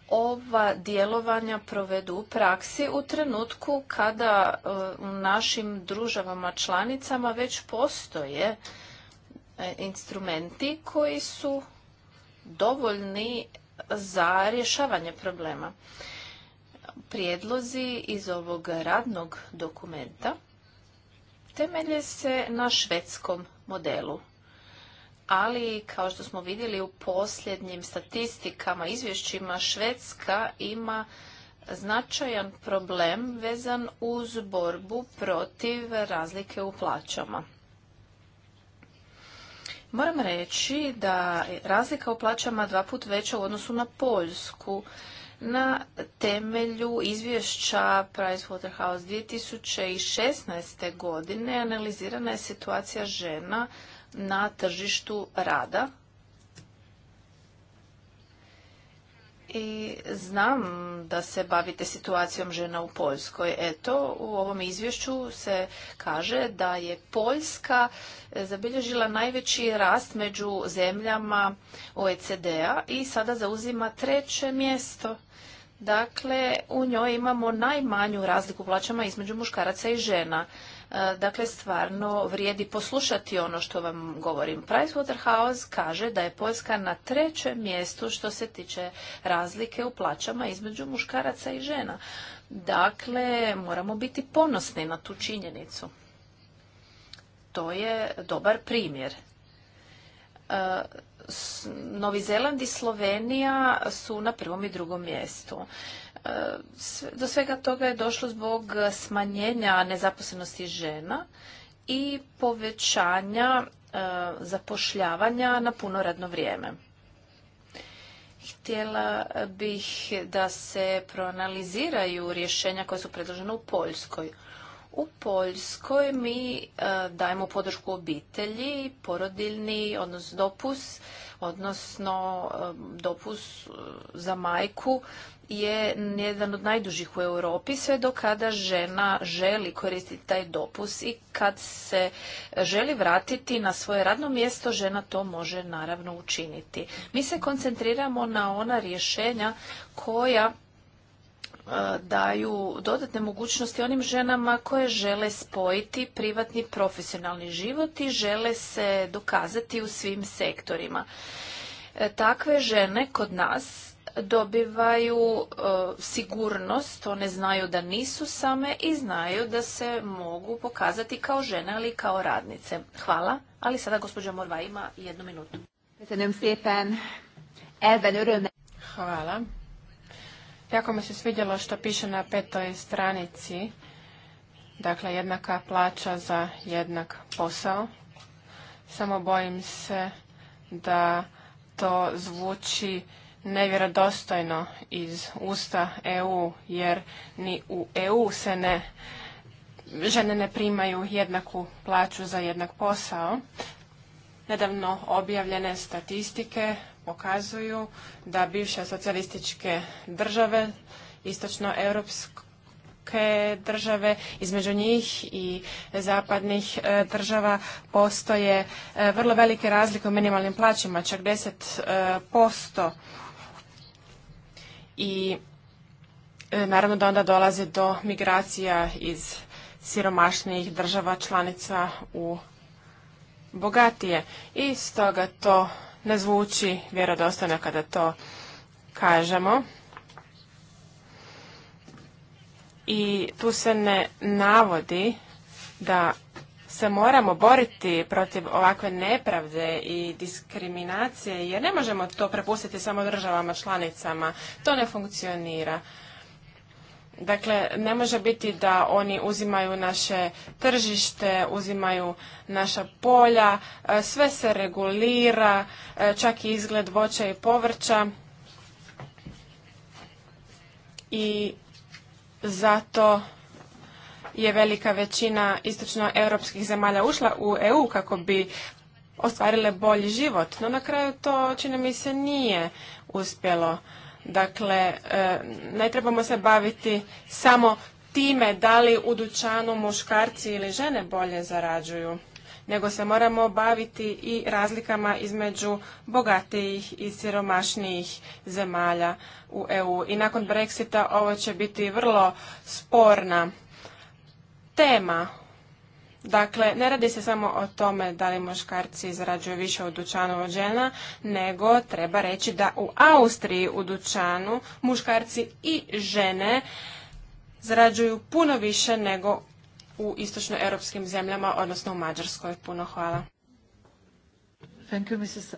ova djelovanja provedu u praksi u trenutku kada e, u našim družavama članicama već postoje E, instrumenti koji su dovoljni za rješavanje problema. Prijedlozi iz ovog radnog dokumenta temelje se na švedskom modelu. Ali, kao što smo vidjeli u posljednjim statistikama, izvješćima, Švedska ima značajan problem vezan uz borbu protiv razlike u plaćama. Moram reći da je razlika u plaćama dva put veća u odnosu na Poljsku na temelju izvješća Pricewaterhouse 2016. godine analizirana je situacija žena na tržištu rada i znam da se bavite situacijom žena u Poljskoj. Eto, u ovom izvješću se kaže da je Poljska zabilježila najveći rast među zemljama OECD-a i sada zauzima treće mjesto. Dakle, u njoj imamo najmanju razliku plaćama između muškaraca i žena. E, dakle, stvarno vrijedi poslušati ono što vam govorim. Pricewaterhouse kaže da je Poljska na trećem mjestu što se tiče razlike u plaćama između muškaraca i žena. Dakle, moramo biti ponosni na tu činjenicu. To je dobar primjer. E, Novi Zeland i Slovenija su na prvom i drugom mjestu. E, do svega toga je došlo zbog smanjenja nezaposlenosti žena i povećanja e, zapošljavanja na puno radno vrijeme. Htjela bih da se proanaliziraju rješenja koja su predložena u Poljskoj. U Poljskoj mi e, dajemo podršku obitelji, porodilni odnosno dopus, odnosno e, dopus e, za majku je jedan od najdužih u Europi sve do kada žena želi koristiti taj dopus i kad se želi vratiti na svoje radno mjesto žena to može naravno učiniti. Mi se koncentriramo na ona rješenja koja E, daju dodatne mogućnosti onim ženama koje žele spojiti privatni profesionalni život i žele se dokazati u svim sektorima. E, takve žene kod nas dobivaju e, sigurnost, one znaju da nisu same i znaju da se mogu pokazati kao žene ali i kao radnice. Hvala, ali sada gospođa Morva ima jednu minutu. Hvala. Jako mi se svidjelo što piše na petoj stranici, dakle jednaka plaća za jednak posao. Samo bojim se da to zvuči nevjerodostojno iz usta EU, jer ni u EU se ne žene ne primaju jednaku plaću za jednak posao. Nedavno objavljene statistike pokazuju da bivše socijalističke države, istočnoeuropske države, između njih i zapadnih e, država postoje e, vrlo velike razlike u minimalnim plaćama, čak 10%. E, I naravno da onda dolazi do migracija iz siromašnijih država članica u bogatije. I stoga to ne zvuči vjerodostojno kada to kažemo. I tu se ne navodi da se moramo boriti protiv ovakve nepravde i diskriminacije jer ne možemo to prepustiti samo državama članicama. To ne funkcionira. Dakle, ne može biti da oni uzimaju naše tržište, uzimaju naša polja, e, sve se regulira, e, čak i izgled voća i povrća. I zato je velika većina istočnoeuropskih zemalja ušla u EU kako bi ostvarile bolji život. No na kraju to, čini mi se, nije uspjelo. Dakle, e, ne trebamo se baviti samo time da li u dućanu muškarci ili žene bolje zarađuju, nego se moramo baviti i razlikama između bogatijih i siromašnijih zemalja u EU. I nakon Brexita ovo će biti vrlo sporna tema Dakle, ne radi se samo o tome da li muškarci zarađuju više u dućanu od žena, nego treba reći da u Austriji u dućanu muškarci i žene zarađuju puno više nego u istočnoeuropskim zemljama, odnosno u Mađarskoj. Puno hvala. Thank you, Mrs.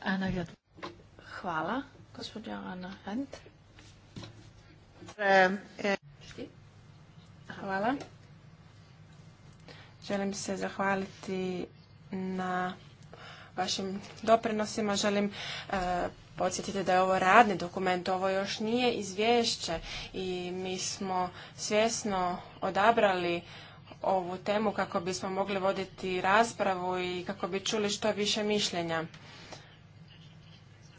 Hvala, um, Hent. Uh, hvala. Želim se zahvaliti na vašim doprinosima. Želim e, podsjetiti da je ovo radni dokument, ovo još nije izvješće i mi smo svjesno odabrali ovu temu kako bismo mogli voditi raspravu i kako bi čuli što više mišljenja.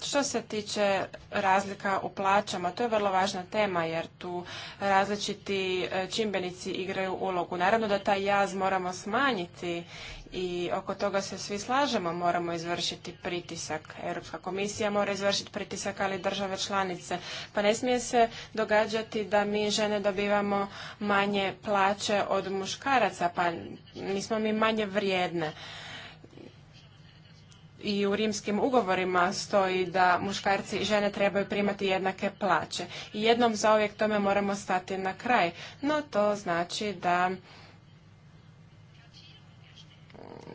Što se tiče razlika u plaćama, to je vrlo važna tema jer tu različiti e, čimbenici igraju ulogu. Naravno da taj jaz moramo smanjiti i oko toga se svi slažemo, moramo izvršiti pritisak. Europska komisija mora izvršiti pritisak, ali države članice. Pa ne smije se događati da mi žene dobivamo manje plaće od muškaraca, pa nismo mi manje vrijedne i u rimskim ugovorima stoji da muškarci i žene trebaju primati jednake plaće. I jednom uvijek tome moramo stati na kraj. No to znači da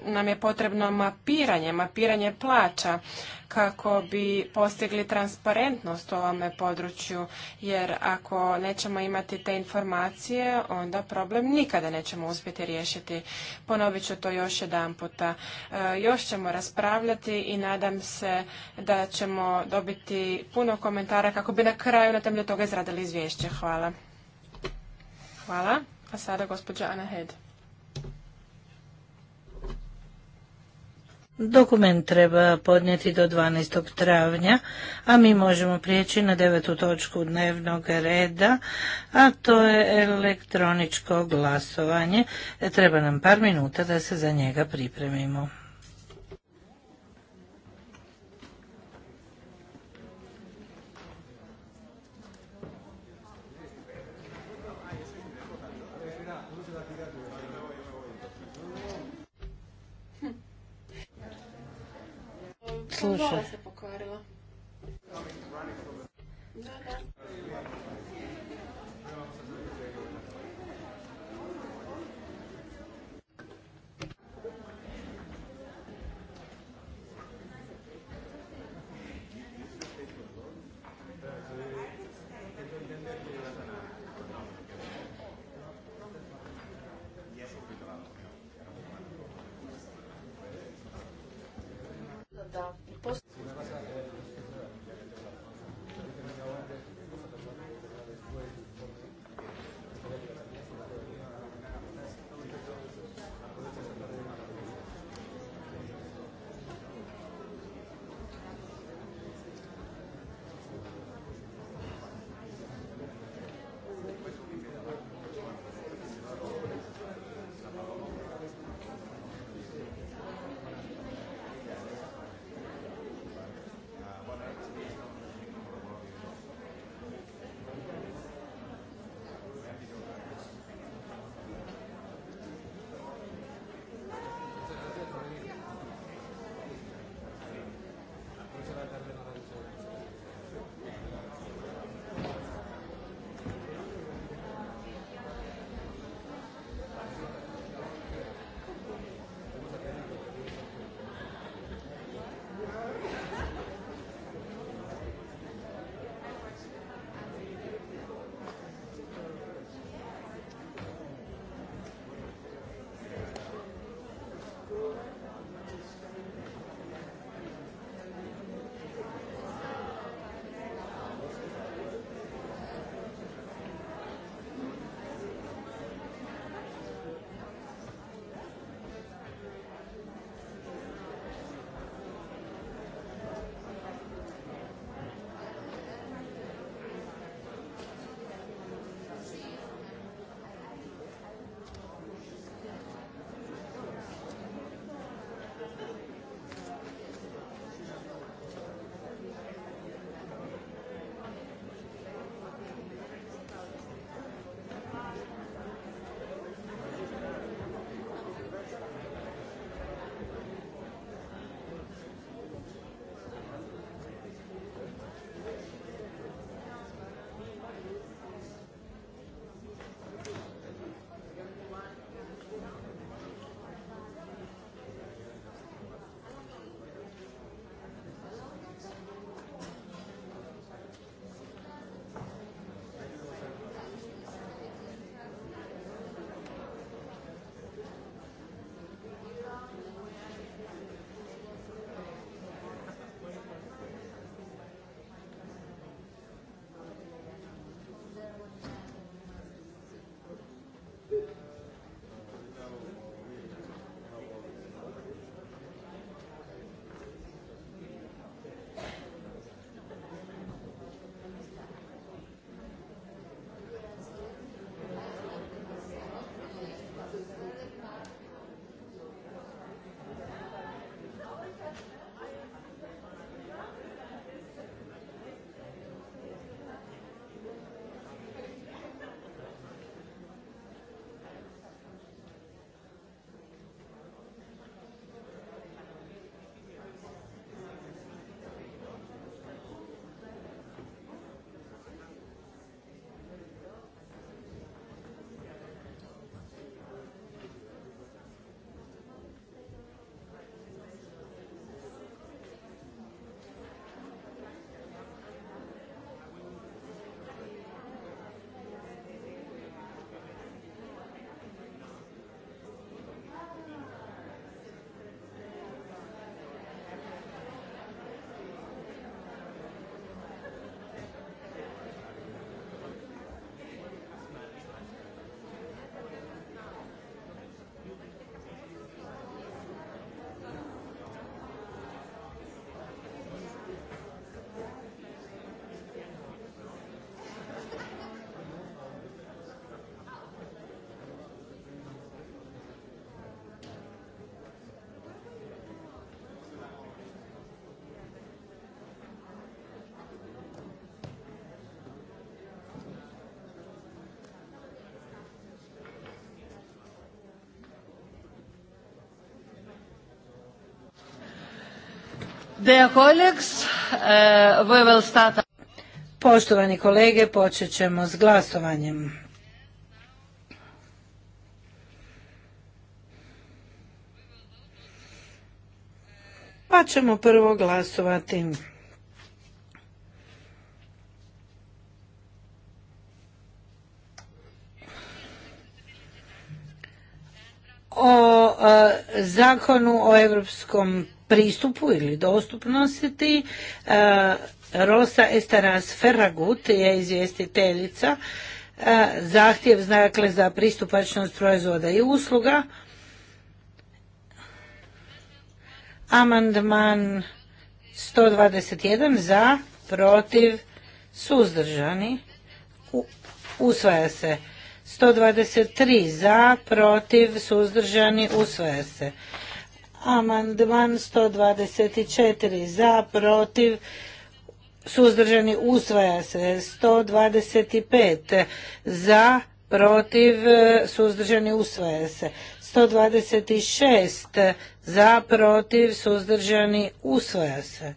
nam je potrebno mapiranje, mapiranje plaća kako bi postigli transparentnost u ovome području, jer ako nećemo imati te informacije, onda problem nikada nećemo uspjeti riješiti. Ponovit ću to još jedan puta. E, još ćemo raspravljati i nadam se da ćemo dobiti puno komentara kako bi na kraju na temelju toga izradili izvješće. Hvala. Hvala. A sada gospođa Ana Hed. Dokument treba podnijeti do 12. travnja, a mi možemo prijeći na devetu točku dnevnog reda, a to je elektroničko glasovanje. E, treba nam par minuta da se za njega pripremimo. Slušaj Dear colleagues, uh, we will Poštovani kolege, počet ćemo s glasovanjem. Pa ćemo prvo glasovati. o uh, zakonu o europskom pristupu ili dostupnosti. E, Rosa Estaras Ferragut je izvjestiteljica e, zahtjev znakle za pristupačnost proizvoda i usluga. Amandman 121 za, protiv, suzdržani. Usvaja se. 123 za, protiv, suzdržani, usvaja se. Amandman 124 za, protiv, suzdržani usvaja se. 125 za, protiv, suzdržani usvaja se. 126 za, protiv, suzdržani usvaja se.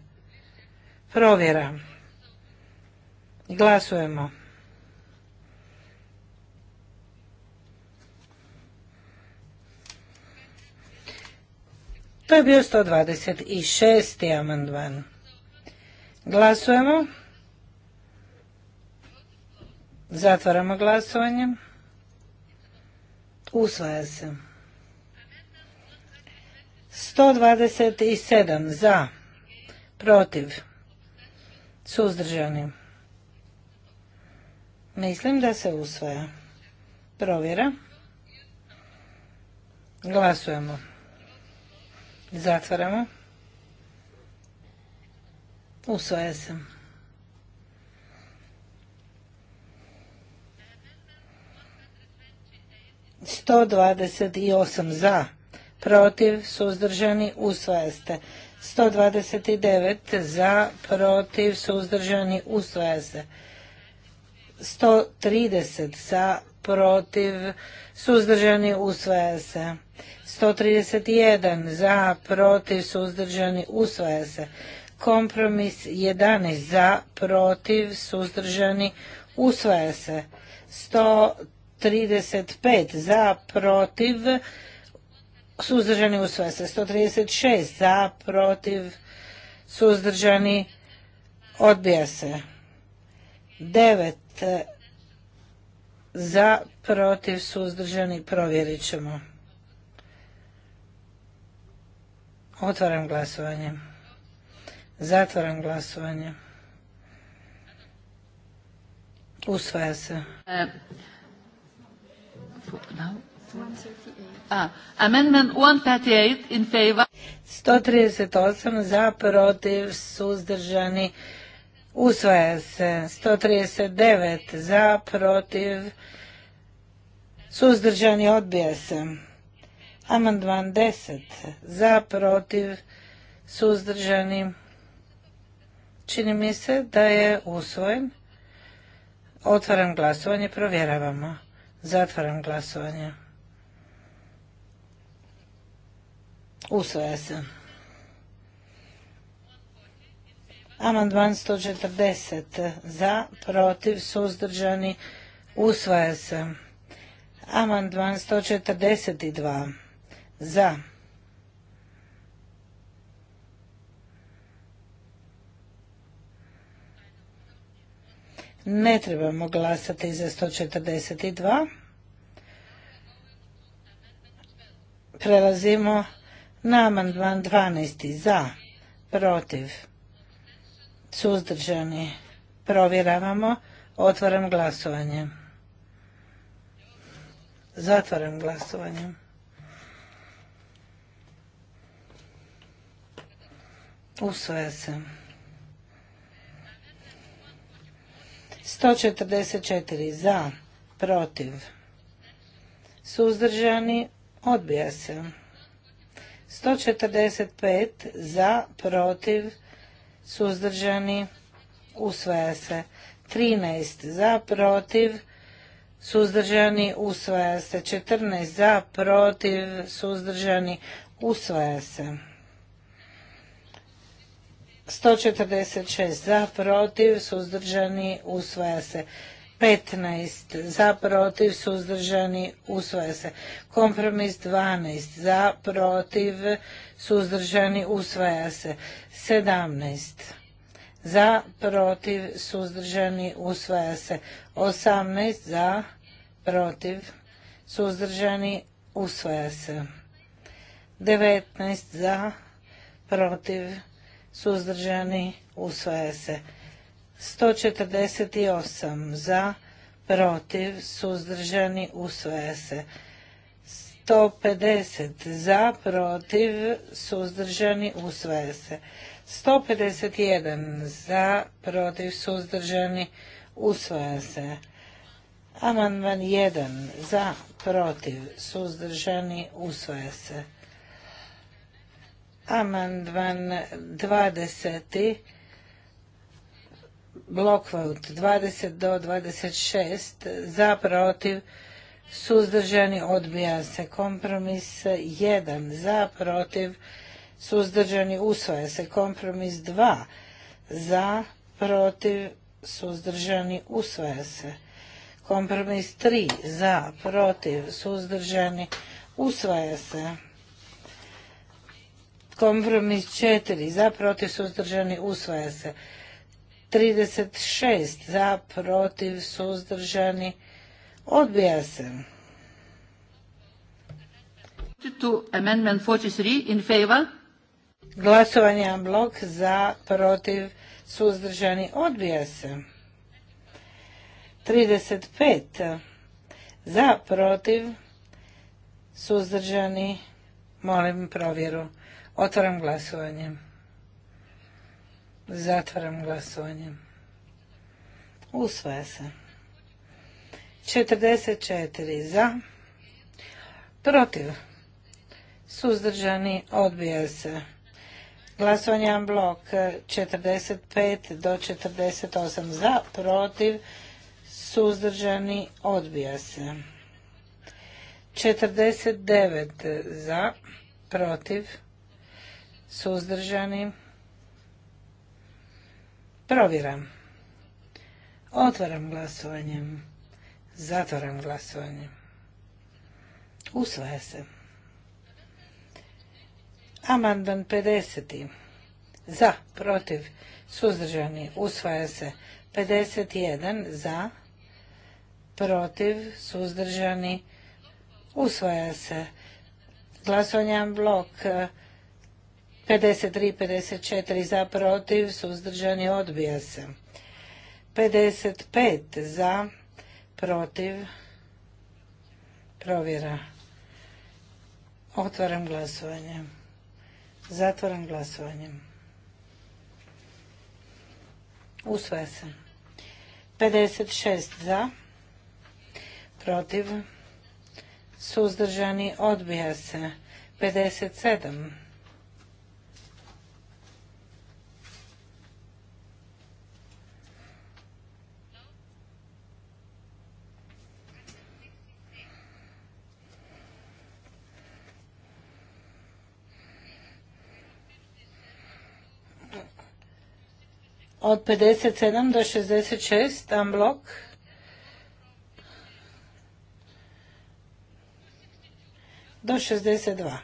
Provjera. Glasujemo. To je bio 126. amandman. Glasujemo. Zatvaramo glasovanje. Usvaja se. 127 za, protiv, suzdržani. Mislim da se usvaja. Provjera. Glasujemo. Zatvaramo. Usvaja se. Sto dvadeset osam za, protiv, suzdržani, usvaja se. 129 za, protiv, suzdržani, usvaja se. 130 za, protiv, suzdržani, usvaja se. 131 za, protiv, suzdržani, usvaja se. Kompromis 11 za, protiv, suzdržani, usvaja se. 135 za, protiv, suzdržani, usvaja se. 136 za, protiv, suzdržani, odbija se. 9 za, protiv, suzdržani, provjerit ćemo. Otvaram glasovanje. Zatvaram glasovanje. Usvaja se. Uh, amendment 138 in favor. 138 za, protiv, suzdržani. Usvaja se. 139 za, protiv, suzdržani. Odbija se. Amandman 10. Za, protiv, suzdržani. Čini mi se da je usvojen. Otvaram glasovanje, provjeravamo. Zatvaram glasovanje. usvoja se. Amandman 140. Za, protiv, suzdržani. usvoja se. Amandman 142 za ne trebamo glasati za 142 prelazimo na amandman 12 za protiv suzdržani provjeravamo otvaram glasovanje zatvaram glasovanje Usvaja se. 144 za, protiv, suzdržani, odbija se. 145 za, protiv, suzdržani, usvaja se. 13 za, protiv, suzdržani, usvaja se. 14 za, protiv, suzdržani, usvaja se. 146 za, protiv, suzdržani, usvaja se. 15 za, protiv, suzdržani, usvaja se. Kompromis 12 za, protiv, suzdržani, usvaja se. 17 za, protiv, suzdržani, usvaja se. 18 za, protiv, suzdržani, usvaja se. 19 za, protiv, suzdržani, usvaja se. 148 za, protiv, suzdržani, usvaja se. 150 za, protiv, suzdržani, usvaja se. 151 za, protiv, suzdržani, usvaja se. Amandman 1 za, protiv, suzdržani, usvaja se. Amandman 20. Blokvout 20 do 26. Za protiv suzdržani odbija se kompromis 1. Za protiv suzdržani usvaja se kompromis 2. Za protiv suzdržani usvaja se kompromis 3. Za protiv suzdržani usvaja se Kompromis 4 za protiv suzdržani usvaja se. 36 za protiv suzdržani odbija se. Glasovanje blok za protiv suzdržani odbija se. 35 za protiv suzdržani molim provjeru. Otvaram glasovanje. Zatvaram glasovanje. Usvaja se. 44 za. Protiv. Suzdržani odbija se. Glasovanje blok 45 do 48 za. Protiv. Suzdržani odbija se. 49 za. Protiv suzdržani. Provjeram. Otvaram glasovanje. Zatvaram glasovanje. Usvaja se. Amandan 50. Za, protiv, suzdržani. Usvaja se. 51. Za, protiv, suzdržani. Usvaja se. Glasovanje blok 53 54 za protiv, suzdržani odbija se. 55 za protiv, provjera. Otvaram glasovanje. Zatvaram glasovanje. Usvaja se. 56 za, protiv, suzdržani odbija se. 57 od 57 do 66 tam blok do 62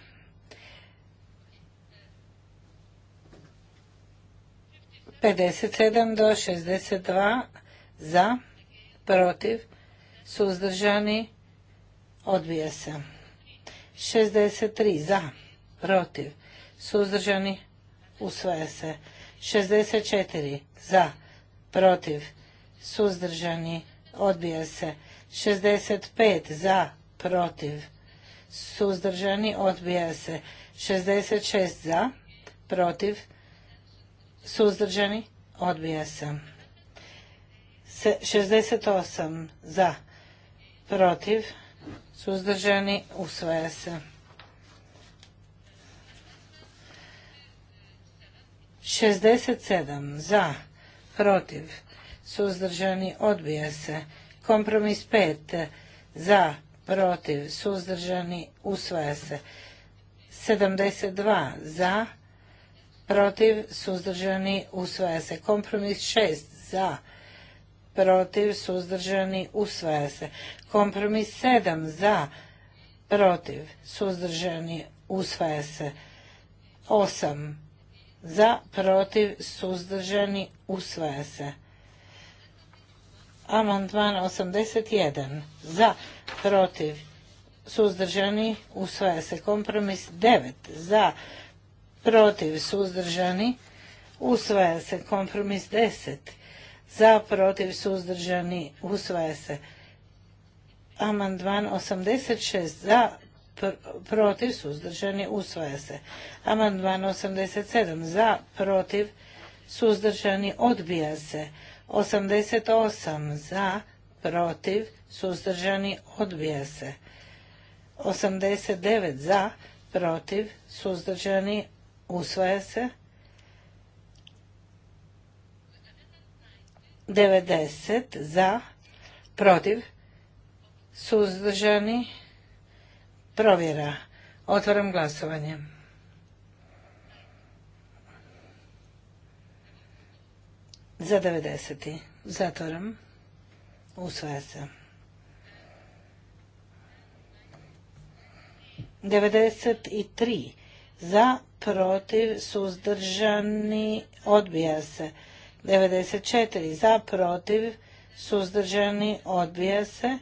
57 do 62 za protiv suzdržani odbija se 63 za protiv suzdržani usvaja se 64 za, protiv, suzdržani, odbija se. 65 za, protiv, suzdržani, odbija se. 66 za, protiv, suzdržani, odbija se. 68 za, protiv, suzdržani, usvaja se. 67 za, protiv, suzdržani, odbija se. Kompromis 5 za, protiv, suzdržani, usvaja se. 72 za, protiv, suzdržani, usvaja se. Kompromis 6 za, protiv, suzdržani, usvaja se. Kompromis 7 za, protiv, suzdržani, usvaja se. 8 za, protiv, suzdržani, usvaja se. Amandman 81 za, protiv, suzdržani, usvaja se. Kompromis 9 za, protiv, suzdržani, usvaja se. Kompromis 10 za, protiv, suzdržani, usvaja se. Amandman 86 za, protiv, suzdržani, usvoja se. Amandman 87 za, protiv, suzdržani, odbija se. 88 za, protiv, suzdržani, odbija se. 89 za, protiv, suzdržani, usvaja se. 90 za, protiv, suzdržani, Provjera. Otvaram glasovanje. Za 90. Zatvaram. Usvaja se. 93. Za, protiv, suzdržani, odbija se. 94. Za, protiv, suzdržani, odbija se.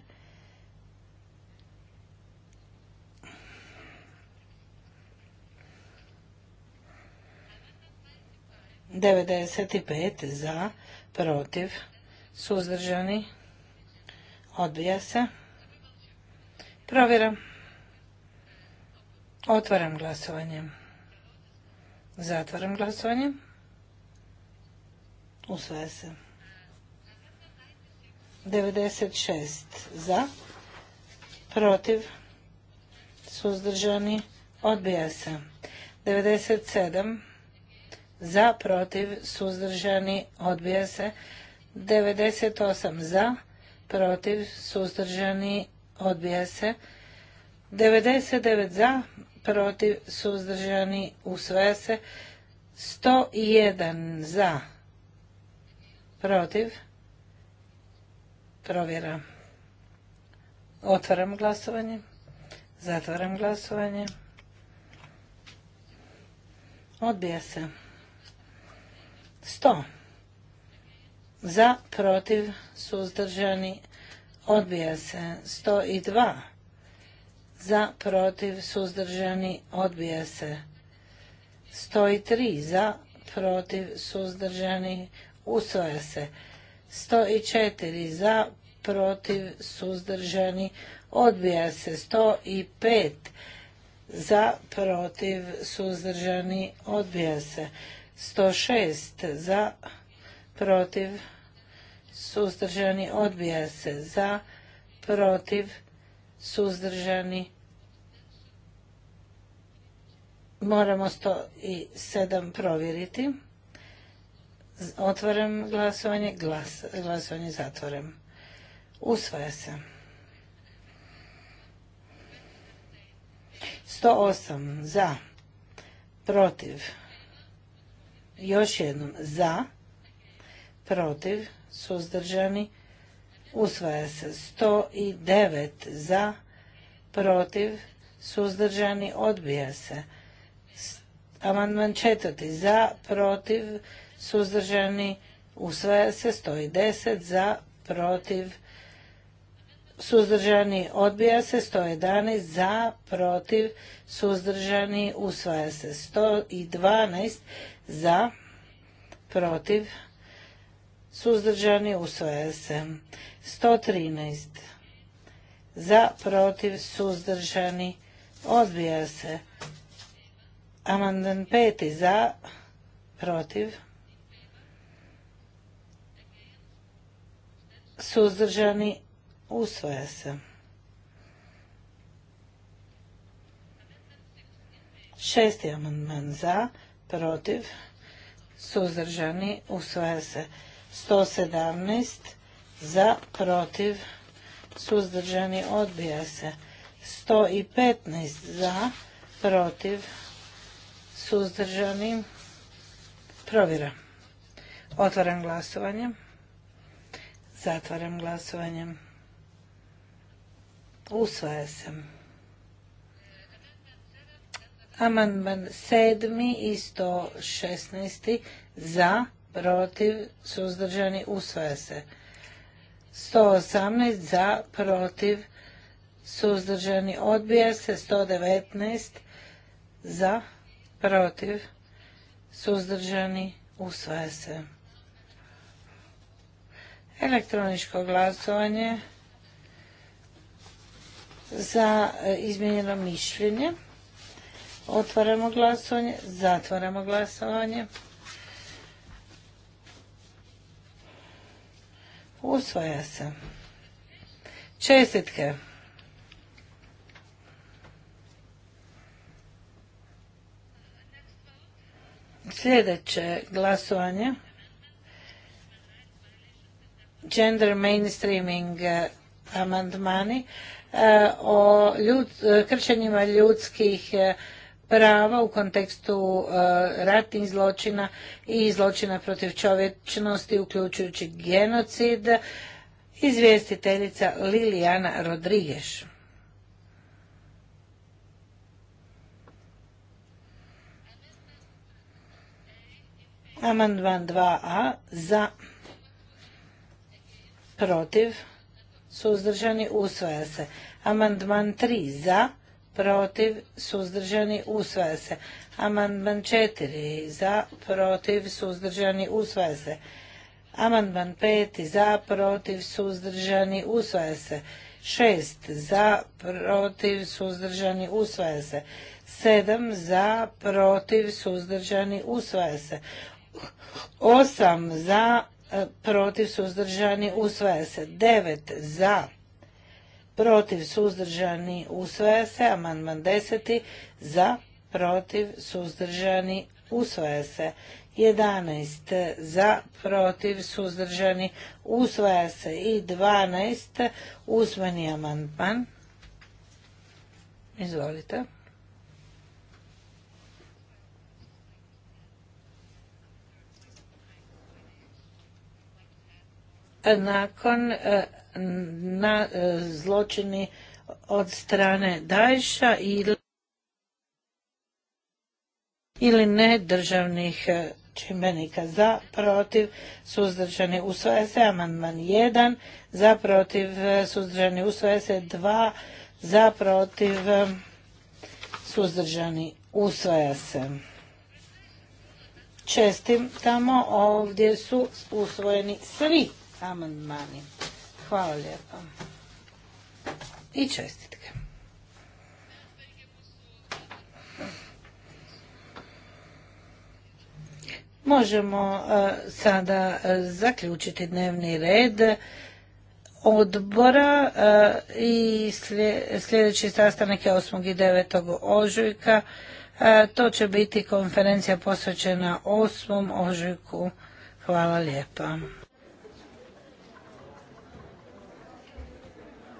95 za, protiv, suzdržani, odbija se. Provjeram. Otvaram glasovanje. Zatvaram glasovanje. Usvaja se. 96 za, protiv, suzdržani, odbija se. 97 za, protiv, suzdržani, odbija se. 98 za, protiv, suzdržani, odbija se. 99 za, protiv, suzdržani, usvaja se. 101 za, protiv, provjera. Otvaram glasovanje, zatvaram glasovanje, odbija se. 100. Za, protiv, suzdržani, odbija se. 102. Za, protiv, suzdržani, odbija se. 103. Za, protiv, suzdržani, usvoja se. 104. Za, protiv, suzdržani, odbija se. 105. Za, protiv, suzdržani, odbija se. 106 za, protiv, suzdržani, odbija se za, protiv, suzdržani, moramo 107 provjeriti. Otvaram glasovanje, glasovanje zatvorem. Usvaja se. 108 za, protiv, još jednom za, protiv, suzdržani, usvaja se 109 za, protiv, suzdržani, odbija se. Amandman četvrti za, protiv, suzdržani, usvaja se 110 za, protiv, suzdržani, odbija se 111 za, protiv, suzdržani, usvaja se 112 za, protiv, suzdržani, usvaja se. 113 za, protiv, suzdržani, odbija se. Amandan peti za, protiv, suzdržani, usvaja se. 6. amandman za, protiv, suzdržani, usvaja se. 117 za, protiv, suzdržani, odbija se. 115 za, protiv, suzdržani, provjera. Otvaram glasovanje. Zatvaram glasovanje. Usvaja se. Amandman sedmi i sto šestnesti za, protiv, suzdržani, usvaja se. 118 za, protiv, suzdržani, odbija se. 119 za, protiv, suzdržani, usvaja se. Elektroničko glasovanje za e, izmijenjeno mišljenje. Otvaramo glasovanje, zatvaramo glasovanje. Usvaja se. Čestitke. Sljedeće glasovanje. Gender mainstreaming eh, amandmani eh, o eh, kršenjima ljudskih prava u kontekstu uh, ratnih zločina i zločina protiv čovječnosti, uključujući genocid, izvjestiteljica Lilijana Rodrigeš. Amandman 2a za protiv suzdržani usvaja se. Amandman 3 za protiv, suzdržani, usvaja se. Amandman 4 za, protiv, suzdržani, usvaja se. Amandman 5 za, protiv, suzdržani, usvaja se. 6 za, protiv, suzdržani, usvaja se. 7 za, protiv, suzdržani, usvaja se. 8 za, eh, protiv, suzdržani, usvaja se. 9 za, protiv, suzdržani, usvaja se. Amandman deseti za, protiv, suzdržani, usvaja se. 11 za, protiv, suzdržani, usvaja se i dvanaest usmeni amandman. Izvolite. Nakon e, na e, zločini od strane Dajša ili ne državnih e, čimbenika za, protiv, suzdržani usvaja se, amandman 1, za, protiv, e, suzdržani usvaja se, 2, za, protiv, suzdržani usvaja se. Čestim tamo, ovdje su usvojeni svi amandmani. Hvala lijepa. I čestitke. Možemo e, sada e, zaključiti dnevni red odbora e, i sljedeći sastanak je 8. i 9. ožujka. To će biti konferencija posvećena 8. ožujku. Hvala lijepa.